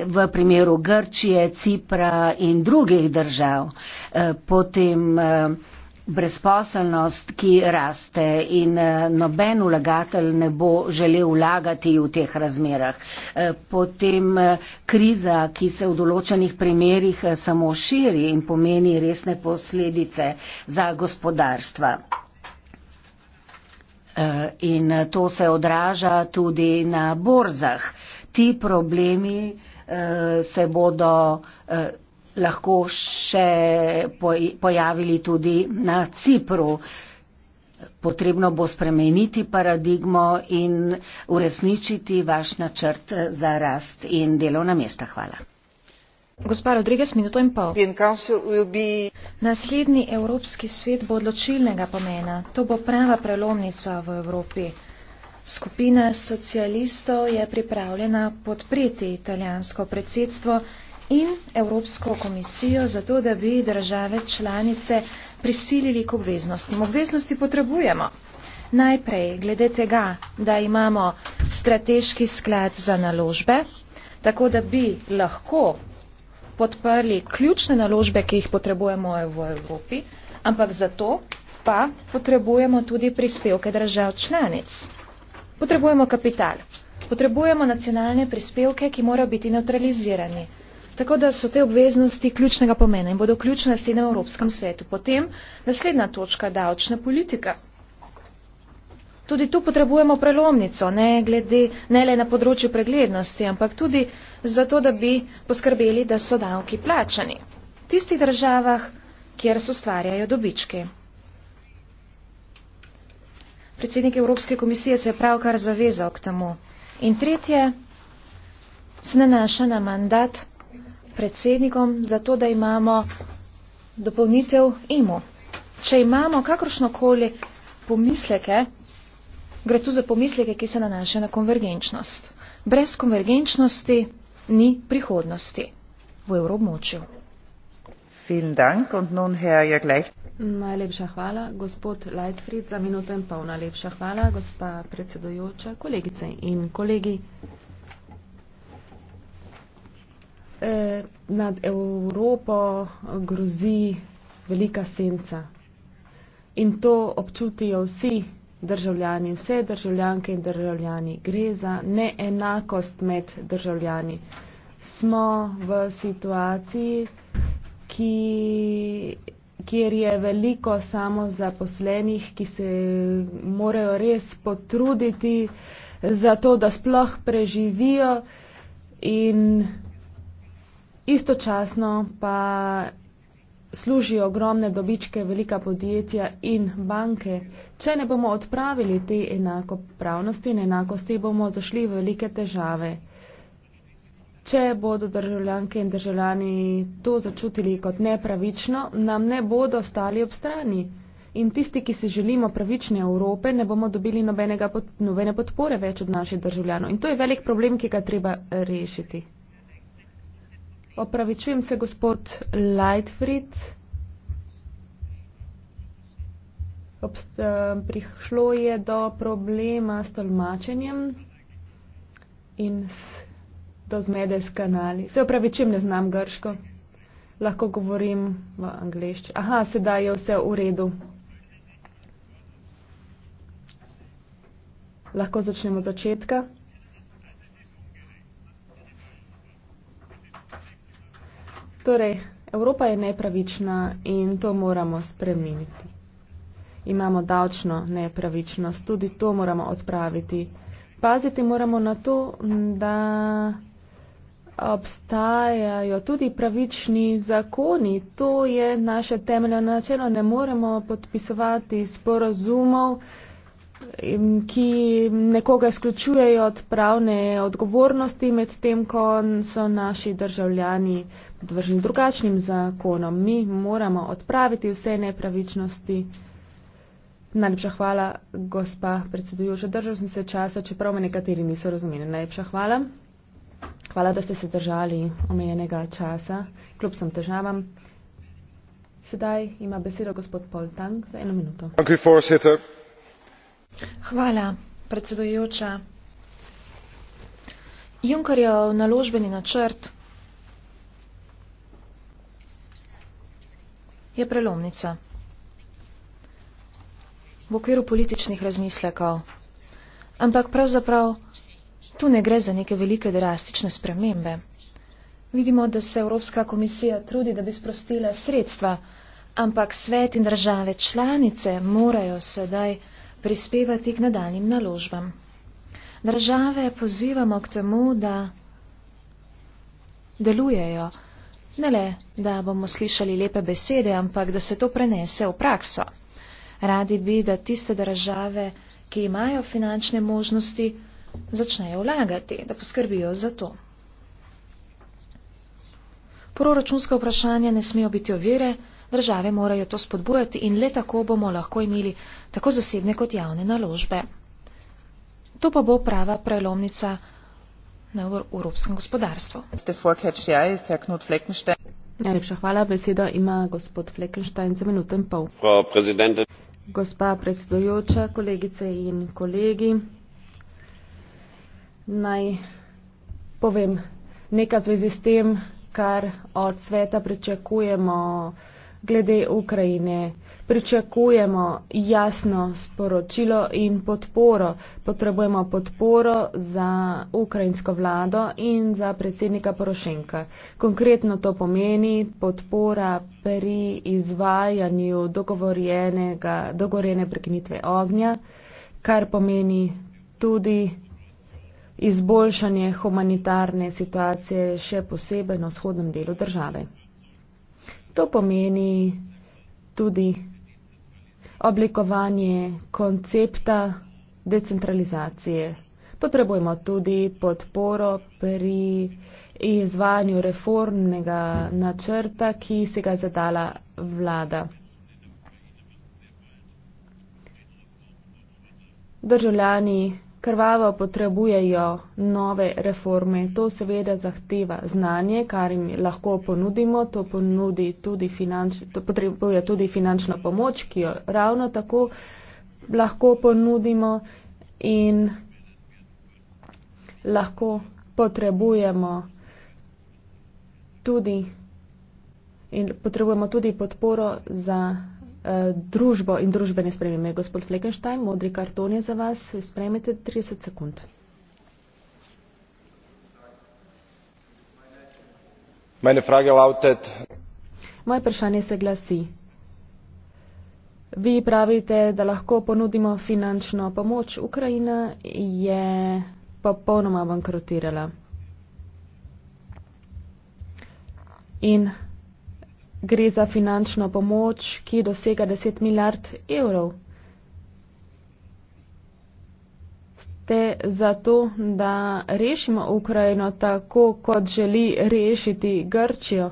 v primeru Grčije, Cipra in drugih držav. Eh, potem eh, brezposelnost, ki raste in noben vlagatelj ne bo želel vlagati v teh razmerah. Potem kriza, ki se v določenih primerjih samo širi in pomeni resne posledice za gospodarstva. In to se odraža tudi na borzah ti problemi eh, se bodo eh, lahko še pojavili tudi na Cipru. Potrebno bo spremeniti paradigmo in uresničiti vaš načrt eh, za rast in delovna mesta. Hvala. Gospa Rodriguez, minuto in pol. Be... Naslednji Evropski svet bo odločilnega pomena. To bo prava prelomnica v Evropi. Skupina socialistov je pripravljena podpreti italijansko predsedstvo in Evropsko komisijo zato, da bi države članice prisilili k obveznostim. Obveznosti potrebujemo. Najprej glede tega, da imamo strateški sklad za naložbe, tako da bi lahko podprli ključne naložbe, ki jih potrebujemo v Evropi, ampak zato pa potrebujemo tudi prispevke držav članic. Potrebujemo kapital. Potrebujemo nacionalne prispevke, ki morajo biti neutralizirani. Tako da so te obveznosti ključnega pomena in bodo ključne na slednjem Evropskem svetu. Potem naslednja točka je davčna politika. Tudi tu potrebujemo prelomnico, ne, glede, ne le na področju preglednosti, ampak tudi zato, da bi poskrbeli, da so davki plačani. V tistih državah, kjer se ustvarjajo dobičke. Predsednik Evropske komisije se je pravkar zavezal k temu. In tretje, se nanaša na mandat predsednikom za to, da imamo dopolnitev imu. E Če imamo kakršnokoli pomisleke, gre tu za pomisleke, ki se nanašajo na konvergenčnost. Brez konvergenčnosti ni prihodnosti v evrobmočju. Vielen Dank und nun Herr Jagleicht. Najlepša hvala, gospod Lightfried, za minuto in pol. Najlepša hvala, gospa predsedujoča, kolegice in kolegi. E, nad Evropo grozi velika senca in to občutijo vsi državljani, vse državljanke in državljani. Gre za neenakost med državljani. Smo v situaciji, ki kjer je veliko samozaposlenih, ki se morajo res potruditi za to, da sploh preživijo in istočasno pa služijo ogromne dobičke velika podjetja in banke. Če ne bomo odpravili te enakopravnosti in enakosti, bomo zašli v velike težave. Če bodo državljanke in državljani to začutili kot nepravično, nam ne bodo stali ob strani. In tisti, ki si želimo pravične Evrope, ne bomo dobili nobenega, nobene podpore več od naših državljanov. In to je velik problem, ki ga treba rešiti. Opravičujem se, gospod Lightfried. Obst, eh, prišlo je do problema s tolmačenjem in s to zmede s kanali. Se pravi, čim ne znam grško, lahko govorim v angliščini. Aha, sedaj je vse v redu. Lahko začnemo od začetka. Torej, Evropa je nepravična in to moramo spremeniti. Imamo davčno nepravičnost, tudi to moramo odpraviti. Paziti moramo na to, da obstajajo tudi pravični zakoni. To je naše temeljno načelo. Ne moremo podpisovati sporozumov, ki nekoga izključujejo od pravne odgovornosti, medtem ko so naši državljani podvrženi drugačnim zakonom. Mi moramo odpraviti vse nepravičnosti. Najlepša hvala, gospa predsedujoča. Držal sem se časa, čeprav me nekateri niso razumeli. Najlepša hvala. Hvala, da ste se držali omejenega časa. Kljub sem težavam. Sedaj ima besedo gospod Paul Tang za eno minuto. Hvala, predsedujoča. Junkerjev naložbeni načrt je prelomnica v okviru političnih razmislekov. Ampak pravzaprav. Tu ne gre za neke velike drastične spremembe. Vidimo, da se Evropska komisija trudi, da bi sprostila sredstva, ampak svet in države članice morajo sedaj prispevati k nadaljnim naložbam. Države pozivamo k temu, da delujejo, ne le, da bomo slišali lepe besede, ampak da se to prenese v prakso. Radi bi, da tiste države, ki imajo finančne možnosti, začnejo vlagati, da poskrbijo za to. Proračunska vprašanja ne smejo biti ovire, države morajo to spodbujati in le tako bomo lahko imeli tako zasebne kot javne naložbe. To pa bo prava prelomnica na evropskem gospodarstvu. Najlepša hvala. Besedo ima gospod Fleckenstein za minuto in pol. Gospa predsedujoča, kolegice in kolegi naj povem nekaj zvezi s tem, kar od sveta pričakujemo glede Ukrajine. Pričakujemo jasno sporočilo in podporo. Potrebujemo podporo za ukrajinsko vlado in za predsednika Porošenka. Konkretno to pomeni podpora pri izvajanju dogovorjene prekinitve ognja, kar pomeni tudi izboljšanje humanitarne situacije še posebej na vzhodnem delu države. To pomeni tudi oblikovanje koncepta decentralizacije. Potrebujemo tudi podporo pri izvajanju reformnega načrta, ki si ga zadala vlada. Državljani krvavo potrebujejo nove reforme. To seveda zahteva znanje, kar jim lahko ponudimo. To, ponudi tudi finanč, to potrebuje tudi finančno pomoč, ki jo ravno tako lahko ponudimo in lahko potrebujemo tudi, potrebujemo tudi podporo za. Eh, družbo in družbene spremembe. Gospod Fleckenstein, modri karton je za vas, spremete 30 sekund. Meine Frage lautet... Moje vprašanje se glasi. Vi pravite, da lahko ponudimo finančno pomoč. Ukrajina je popolnoma bankrotirala. In Gre za finančno pomoč, ki dosega 10 milijard evrov. Ste za to, da rešimo Ukrajino tako, kot želi rešiti Grčijo?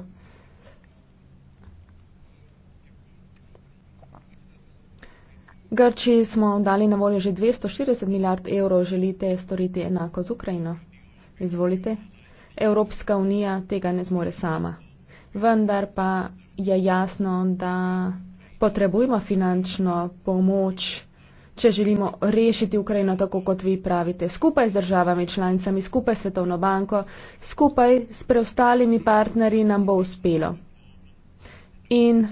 Grčiji smo dali na voljo že 240 milijard evrov, želite storiti enako z Ukrajino? Izvolite. Evropska unija tega ne zmore sama. Vendar pa je jasno, da potrebujemo finančno pomoč, če želimo rešiti Ukrajino tako, kot vi pravite, skupaj z državami članicami, skupaj s Svetovno banko, skupaj s preostalimi partnerji nam bo uspelo. In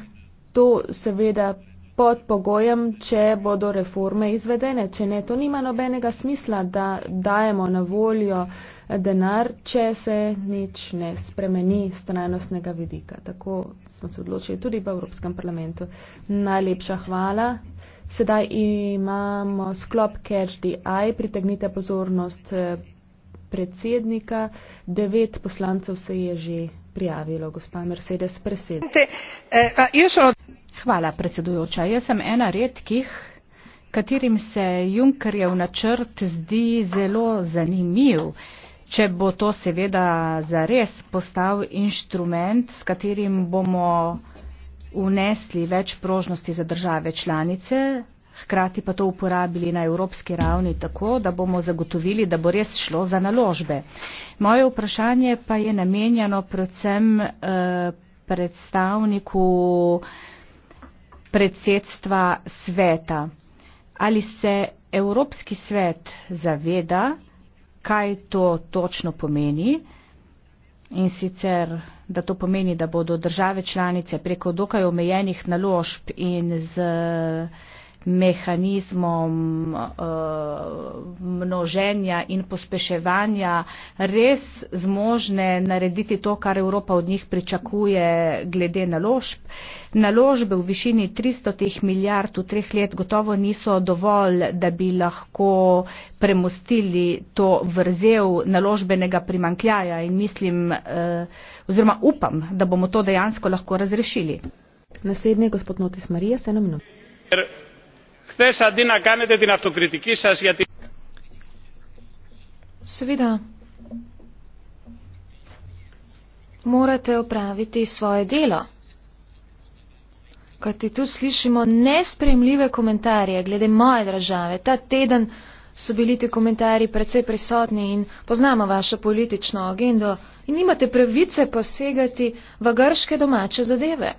to seveda pod pogojem, če bodo reforme izvedene. Če ne, to nima nobenega smisla, da dajemo na voljo denar, če se nič ne spremeni z trajnostnega vidika. Tako smo se odločili tudi v Evropskem parlamentu. Najlepša hvala. Sedaj imamo sklop Catch the Eye. Pritegnite pozornost eh, predsednika. Devet poslancev se je že prijavilo. Gospa Mercedes, presedite. Eh, Hvala, predsedujoča. Jaz sem ena redkih, katerim se Junkerjev načrt zdi zelo zanimiv, če bo to seveda zares postal inštrument, s katerim bomo unesli več prožnosti za države članice, hkrati pa to uporabili na evropski ravni tako, da bomo zagotovili, da bo res šlo za naložbe. Moje vprašanje pa je namenjeno predvsem eh, predstavniku eh, predsedstva sveta. Ali se Evropski svet zaveda, kaj to točno pomeni in sicer, da to pomeni, da bodo države članice preko dokaj omejenih naložb in z mehanizmom eh, množenja in pospeševanja res zmožne narediti to, kar Evropa od njih pričakuje glede naložb. Naložbe v višini 300 milijard v treh let gotovo niso dovolj, da bi lahko premustili to vrzel naložbenega primankljaja in mislim eh, oziroma upam, da bomo to dejansko lahko razrešili. Naslednji je gospod Notis Marija, 7 minut χθε αντί να κάνετε την αυτοκριτική σα για την. Σβήτα. Morate opraviti svoje delo. Kaj ti tu slišimo nespremljive komentarje glede moje države? Ta teden so bili ti komentarji precej prisotni in poznamo vašo politično agendo in nimate pravice posegati v grške domače zadeve.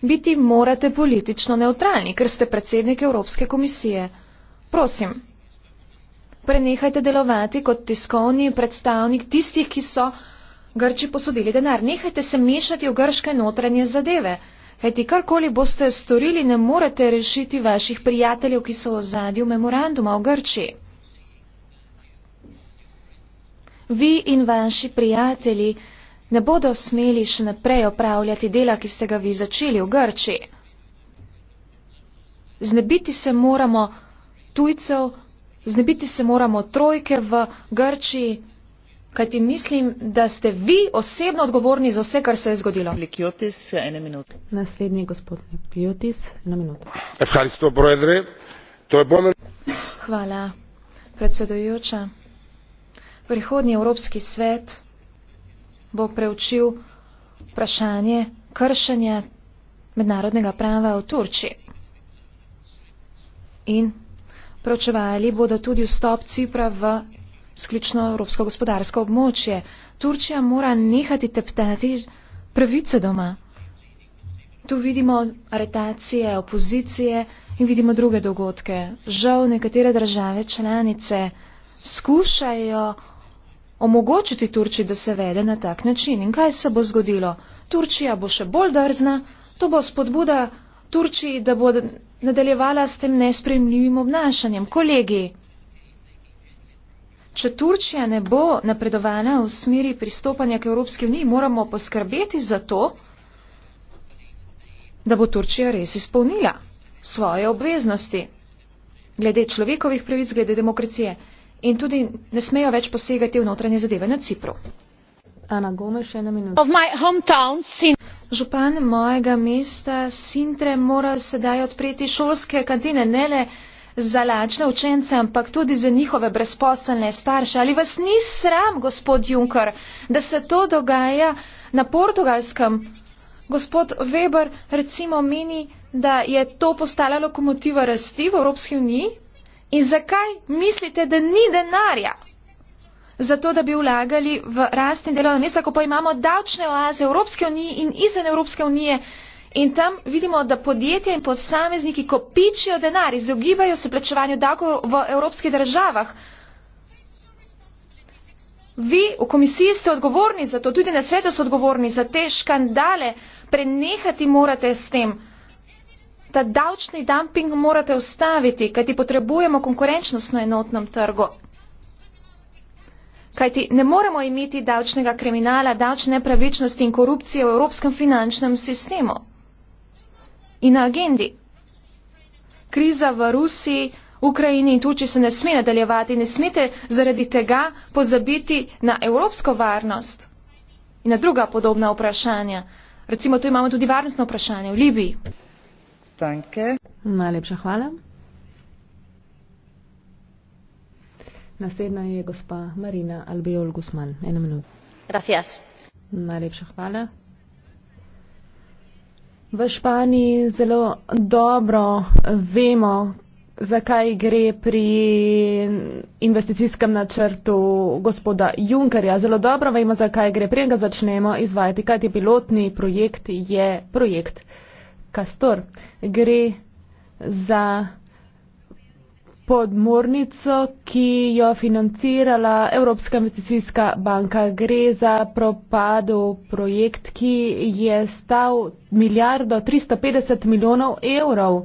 Biti morate politično neutralni, ker ste predsednik Evropske komisije. Prosim, prenehajte delovati kot tiskovni predstavnik tistih, ki so Grči posodili denar. Nehajte se mešati v grške notranje zadeve. Kajti karkoli boste storili, ne morete rešiti vaših prijateljev, ki so v zadju memoranduma v Grči. Vi in vaši prijatelji ne bodo smeli še naprej opravljati dela, ki ste ga vi začeli v Grči. Znebiti se moramo tujcev, znebiti se moramo trojke v Grči, kajti mislim, da ste vi osebno odgovorni za vse, kar se je zgodilo. Naslednji gospod Kliotis, ena minuta. Hvala, predsedujoča. Prihodnji Evropski svet bo preučil vprašanje kršenja mednarodnega prava v Turčiji. In preučevali bodo tudi vstop Cipra v sklično evropsko gospodarsko območje. Turčija mora nehati teptati pravice doma. Tu vidimo aretacije opozicije in vidimo druge dogodke. Žal nekatere države članice skušajo omogočiti Turčiji, da se vede na tak način. In kaj se bo zgodilo? Turčija bo še bolj drzna, to bo spodbuda Turčiji, da bo nadaljevala s tem nespremljivim obnašanjem. Kolegi, če Turčija ne bo napredovana v smeri pristopanja k Evropski uniji, moramo poskrbeti za to, da bo Turčija res izpolnila svoje obveznosti glede človekovih pravic, glede demokracije in tudi ne smejo več posegati v notranje zadeve na Cipru. Ana Gomes, ena minuta. Župan mojega mesta Sintre mora sedaj odpreti šolske kantine, ne le za lačne učence, ampak tudi za njihove brezposelne starše. Ali vas ni sram, gospod Juncker, da se to dogaja na portugalskem? Gospod Weber recimo meni, da je to postala lokomotiva rasti v Evropski uniji? In zakaj mislite, da ni denarja? Zato, da bi vlagali v rastne delovne mesta, ko pa imamo davčne oaze Evropske unije in izven Evropske unije. In tam vidimo, da podjetja in posamezniki kopičijo denar, izogibajo se plačevanju davkov v evropskih državah. Vi v komisiji ste odgovorni za to, tudi na svetu so odgovorni za te škandale. Prenehati morate s tem. Ta davčni dumping morate ustaviti, kajti potrebujemo konkurenčnost na enotnem trgu. Kajti ne moremo imeti davčnega kriminala, davčne pravičnosti in korupcije v evropskem finančnem sistemu. In na agendi. Kriza v Rusiji, Ukrajini in Tuči se ne sme nadaljevati. Ne smete zaradi tega pozabiti na evropsko varnost in na druga podobna vprašanja. Recimo tu imamo tudi varnostno vprašanje v Libiji sestanke. Najlepša hvala. Naslednja je gospa Marina Albeol Guzman. Eno minuto. Gracias. Najlepša hvala. V Španiji zelo dobro vemo, zakaj gre pri investicijskem načrtu gospoda Junkerja. Zelo dobro vemo, zakaj gre, preden ga začnemo izvajati, kajti pilotni projekt je projekt Castor. Gre za podmornico, ki jo financirala Evropska investicijska banka. Gre za propadu projekt, ki je stal milijardo 350 milijonov evrov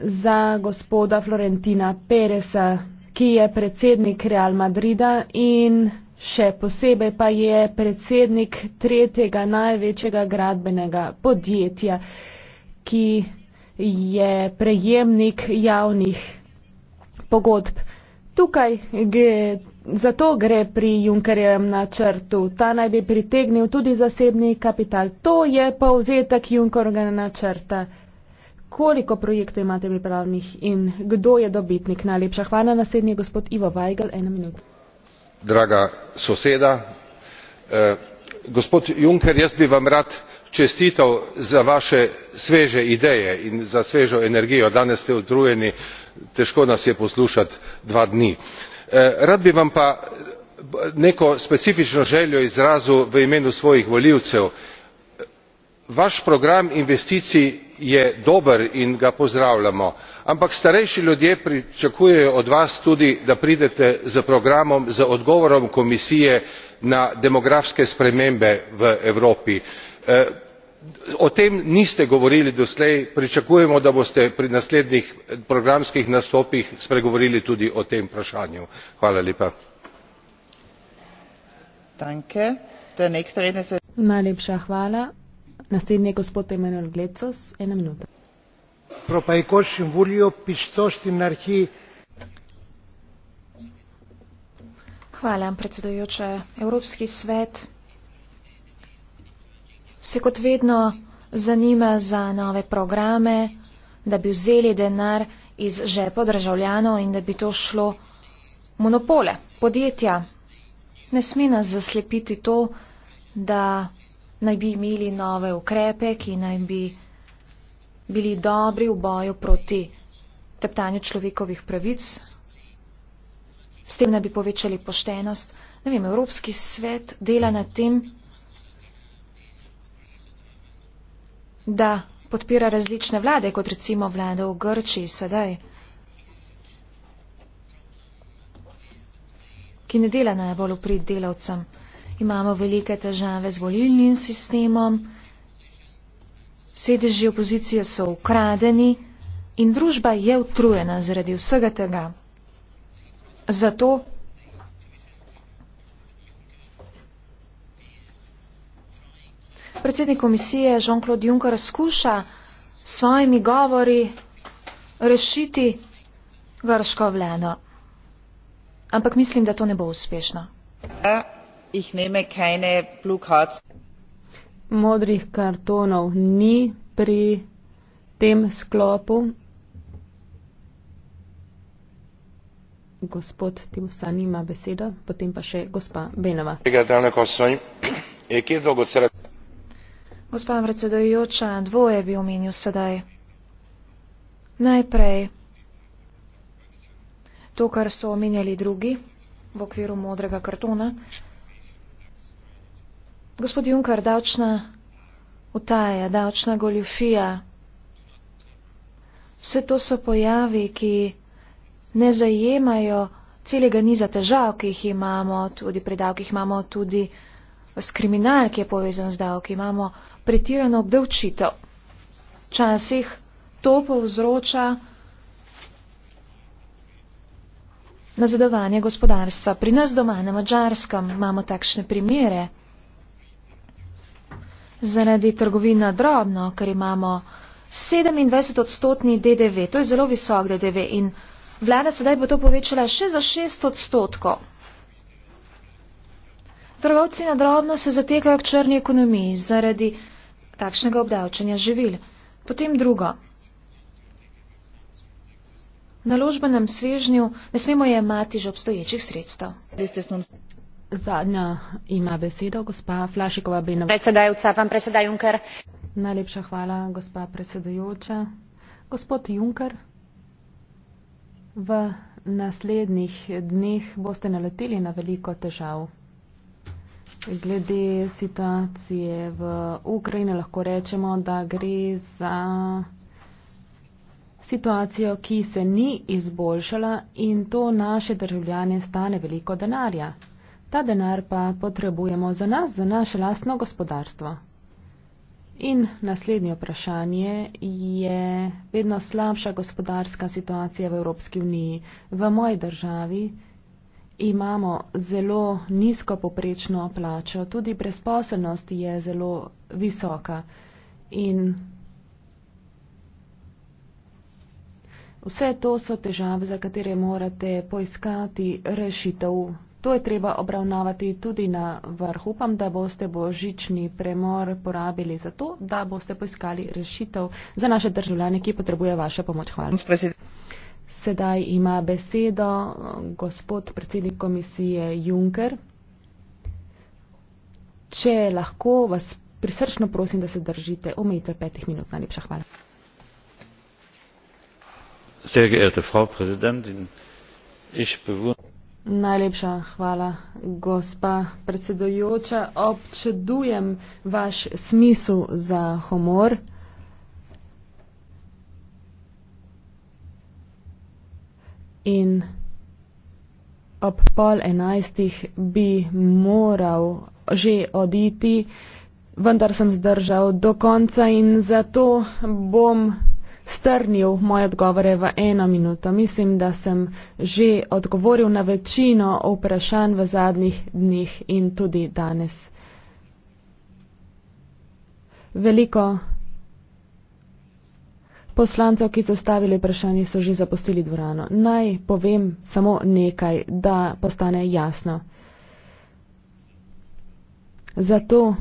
za gospoda Florentina Pereza, ki je predsednik Real Madrida in Še posebej pa je predsednik tretjega največjega gradbenega podjetja, ki je prejemnik javnih pogodb. Tukaj gre, zato gre pri Junkerjevem načrtu. Ta naj bi pritegnil tudi zasebni kapital. To je povzetek Junkerjevega načrta. Koliko projektov imate pripravljenih in kdo je dobitnik? Najlepša hvala. Naslednji je gospod Ivo Weigel. Ena minuta draga soseda eh, gospod juncker jaz bi vam rad čestital za vaše sveže ideje in za svežo energijo danes ste utrujeni težko nas je poslušati dva dni. Eh, rad bi vam pa neko specifično željo izrazil v imenu svojih volivcev vaš program investicij je dober in ga pozdravljamo ampak starejši ljudje pričakujejo od vas tudi da pridete s programom z odgovorom komisije na demografske spremembe v evropi. Eh, o tem niste govorili doslej pričakujemo da boste pri naslednjih eh, programskih nastopih spregovorili tudi o tem vprašanju ευρωπαϊκό συμβούλιο πιστό στην αρχή. Hvala, predsedujoče. Evropski svet se kot vedno zanima za nove programe, da bi vzeli denar iz žepo državljanov in da bi to šlo monopole, podjetja. Ne sme nas zaslepiti to, da naj bi imeli nove ukrepe, ki naj bi bili dobri v boju proti teptanju človekovih pravic, s tem ne bi povečali poštenost. Ne vem, Evropski svet dela na tem, da podpira različne vlade, kot recimo vlade v Grčiji sedaj, ki ne dela najbolj uprit delavcem. Imamo velike težave z volilnim sistemom, sedeži opozicije so ukradeni in družba je utrujena zaradi vsega tega. Zato predsednik komisije Jean-Claude Juncker skuša s svojimi govori rešiti grško vlado. Ampak mislim, da to ne bo uspešno. Ja, ich nehme keine Blue Cards modrih kartonov ni pri tem sklopu. Gospod Timusa nima besedo, potem pa še gospa Benova. Gospa predsedojoča, dvoje bi omenil sedaj. Najprej to, kar so omenjali drugi v okviru modrega kartona. Gospod Junkar, davčna utaja, davčna goljufija, vse to so pojavi, ki ne zajemajo celega niza težav, ki jih imamo, tudi pri davkih imamo tudi s kriminal, ki je povezan z davki, imamo pretirano obdavčitev. Včasih to povzroča nazadovanje gospodarstva. Pri nas doma, na Mačarskem, imamo takšne primere zaradi trgovina drobno, ker imamo 27 odstotni DDV, to je zelo visok DDV in vlada sedaj bo to povečala še za 6 odstotkov. Trgovci na drobno se zatekajo k črni ekonomiji zaradi takšnega obdavčanja živil. Potem drugo. Naložbenem svežnju ne smemo jemati že obstoječih sredstev. Zadnja ima besedo gospa Flašikova Benova. Predsedajoča, vam predseda Junker. Najlepša hvala, gospa predsedajoča. Gospod Junker, v naslednjih dneh boste naleteli na veliko težav. Glede situacije v Ukrajini lahko rečemo, da gre za situacijo, ki se ni izboljšala in to naše državljane stane veliko denarja. Ta denar pa potrebujemo za nas, za naše lastno gospodarstvo. In naslednje vprašanje je vedno slabša gospodarska situacija v Evropski uniji. V moji državi imamo zelo nizko poprečno plačo, tudi brezposelnost je zelo visoka. In vse to so težave, za katere morate poiskati rešitev To je treba obravnavati tudi na vrh. Upam, da boste božični premor porabili za to, da boste poiskali rešitev za naše državljane, ki potrebuje vaše pomoč. Hvala. Sedaj ima besedo gospod predsednik komisije Juncker. Če lahko, vas prisrčno prosim, da se držite omejitve petih minut. Najlepša hvala. Sehr geehrte Frau Präsidentin, ich bewundere. Najlepša hvala, gospa predsedojoča. Občudujem vaš smisel za humor. In ob pol enajstih bi moral že oditi, vendar sem zdržal do konca in zato bom strnil moje odgovore v eno minuto. Mislim, da sem že odgovoril na večino vprašanj v zadnjih dneh in tudi danes. Veliko poslancev, ki so stavili vprašanje, so že zapustili dvorano. Naj povem samo nekaj, da postane jasno. Zato,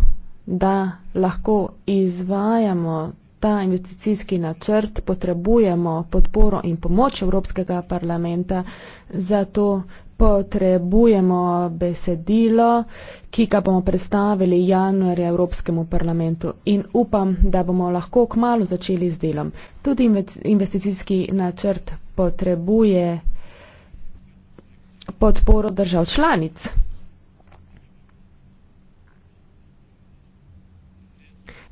da lahko izvajamo ta investicijski načrt, potrebujemo podporo in pomoč Evropskega parlamenta, zato potrebujemo besedilo, ki ga bomo predstavili januarja Evropskemu parlamentu in upam, da bomo lahko kmalo začeli z delom. Tudi investicijski načrt potrebuje podporo držav članic.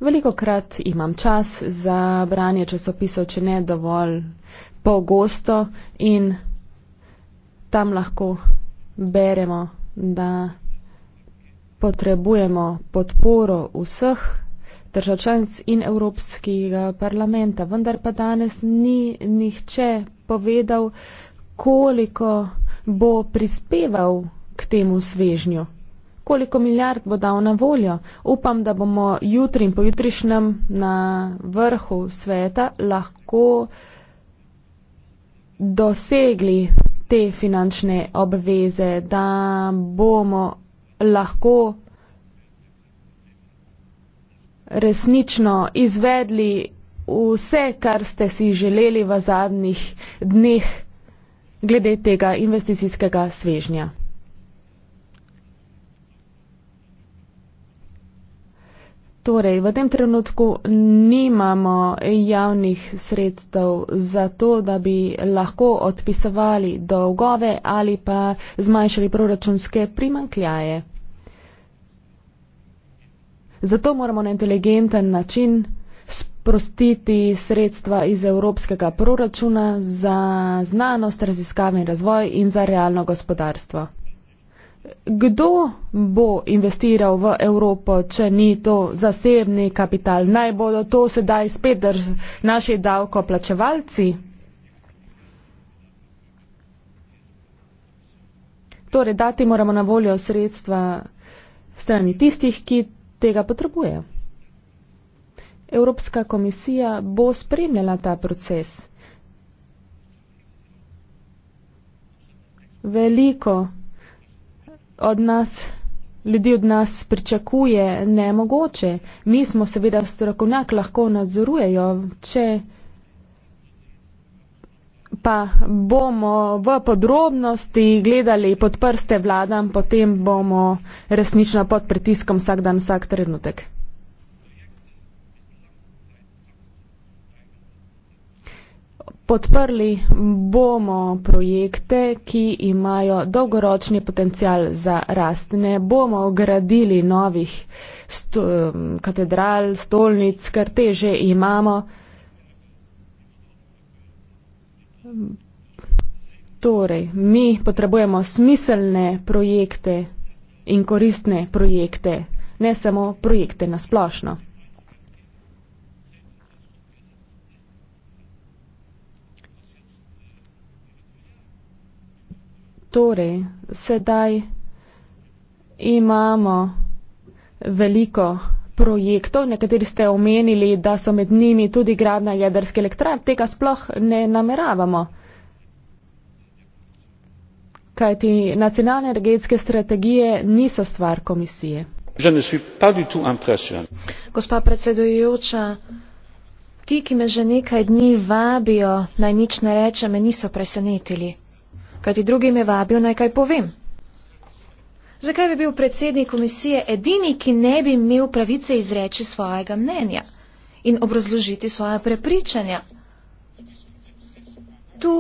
Veliko krat imam čas za branje časopisov, če ne dovolj pogosto in tam lahko beremo, da potrebujemo podporo vseh državčanc in Evropskega parlamenta. Vendar pa danes ni nihče povedal, koliko bo prispeval k temu svežnju koliko milijard bo dal na voljo. Upam, da bomo jutri in pojutrišnjem na vrhu sveta lahko dosegli te finančne obveze, da bomo lahko resnično izvedli vse, kar ste si želeli v zadnjih dneh glede tega investicijskega svežnja. Torej, v tem trenutku nimamo javnih sredstev za to, da bi lahko odpisovali dolgove ali pa zmanjšali proračunske primankljaje. Zato moramo na inteligenten način sprostiti sredstva iz evropskega proračuna za znanost, raziskave in razvoj in za realno gospodarstvo. Kdo bo investiral v Evropo, če ni to zasebni kapital? Naj bodo to sedaj spet drž naši davkoplačevalci? Torej, dati moramo na voljo sredstva strani tistih, ki tega potrebujejo. Evropska komisija bo spremljala ta proces. Veliko od nas, ljudi od nas pričakuje nemogoče. Mi smo seveda strokovnjak, lahko nadzorujejo, če pa bomo v podrobnosti gledali pod prste vladam, potem bomo resnično pod pritiskom vsak dan, vsak trenutek. podprli bomo projekte, ki imajo dolgoročni potencial za rast. Ne bomo gradili novih sto, katedral, stolnic, kar te že imamo. Torej, mi potrebujemo smiselne projekte in koristne projekte, ne samo projekte na splošno. Torej, sedaj imamo veliko projektov, nekateri ste omenili, da so med njimi tudi gradna jedrske elektrarne, tega sploh ne nameravamo. Kaj ti nacionalne energetske strategije niso stvar komisije. Gospa predsedujoča, ti, ki me že nekaj dni vabijo, naj nič ne reče, me niso presenetili kajti drugi me vabijo naj kaj povem. Zakaj bi bil predsednik komisije edini, ki ne bi imel pravice izreči svojega mnenja in obrazložiti svoje prepričanja? Tu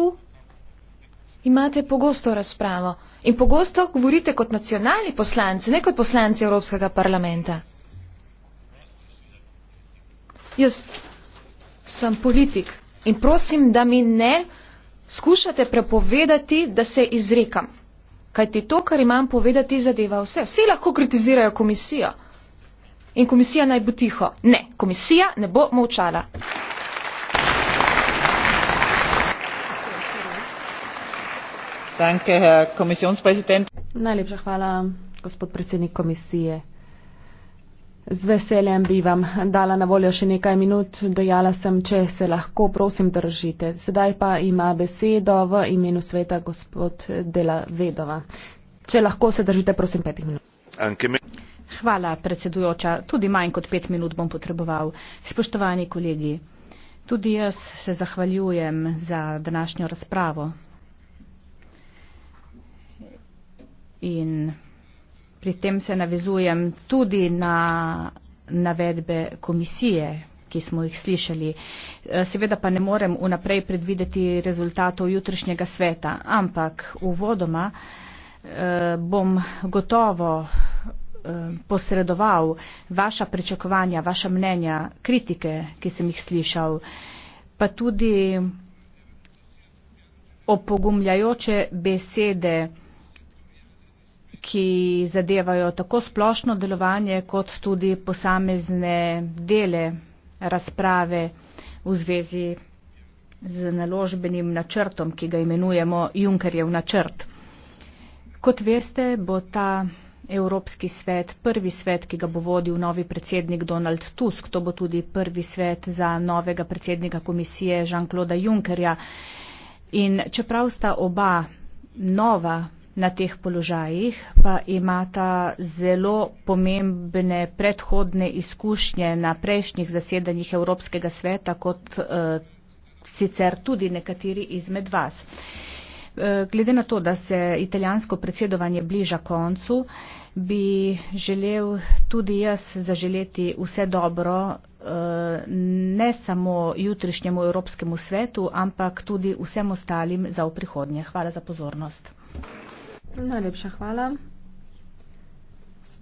imate pogosto razpravo in pogosto govorite kot nacionalni poslanci, ne kot poslanci Evropskega parlamenta. Jaz sem politik in prosim, da mi ne skušate prepovedati, da se izrekam. Kaj ti to, kar imam povedati, zadeva vse. Vsi lahko kritizirajo komisijo. In komisija naj bo tiho. Ne, komisija ne bo molčala. Danke, Herr Kommissionspräsident. Najlepša hvala, gospod predsednik komisije. Z veseljem bi vam dala na voljo še nekaj minut, dejala sem, če se lahko, prosim, držite. Sedaj pa ima besedo v imenu sveta gospod Dela Vedova. Če lahko, se držite, prosim, petih minut. Hvala, predsedujoča. Tudi manj kot pet minut bom potreboval. Spoštovani kolegi, tudi jaz se zahvaljujem za današnjo razpravo. In pri tem se navezujem tudi na navedbe komisije ki smo jih slišali. E, seveda pa ne morem unaprej predvideti rezultatov jutrišnjega sveta, ampak uvodoma e, bom gotovo e, posredoval vaša pričakovanja, vaša mnenja, kritike, ki sem jih slišal, pa tudi opogumljajoče besede, ki zadevajo tako splošno delovanje, kot tudi posamezne dele razprave v zvezi z naložbenim načrtom, ki ga imenujemo Junkerjev načrt. Kot veste, bo ta Evropski svet, prvi svet, ki ga bo vodil novi predsednik Donald Tusk, to bo tudi prvi svet za novega predsednika komisije Jean-Claude Junckerja. In čeprav sta oba nova na teh položajih, pa imata zelo pomembne predhodne izkušnje na prejšnjih zasedanjih Evropskega sveta, kot eh, sicer tudi nekateri izmed vas. Eh, glede na to, da se italijansko predsedovanje bliža koncu, bi želel tudi jaz zaželeti vse dobro eh, ne samo jutrišnjemu Evropskemu svetu, ampak tudi vsem ostalim za v prihodnje. Hvala za pozornost. Najlepša hvala.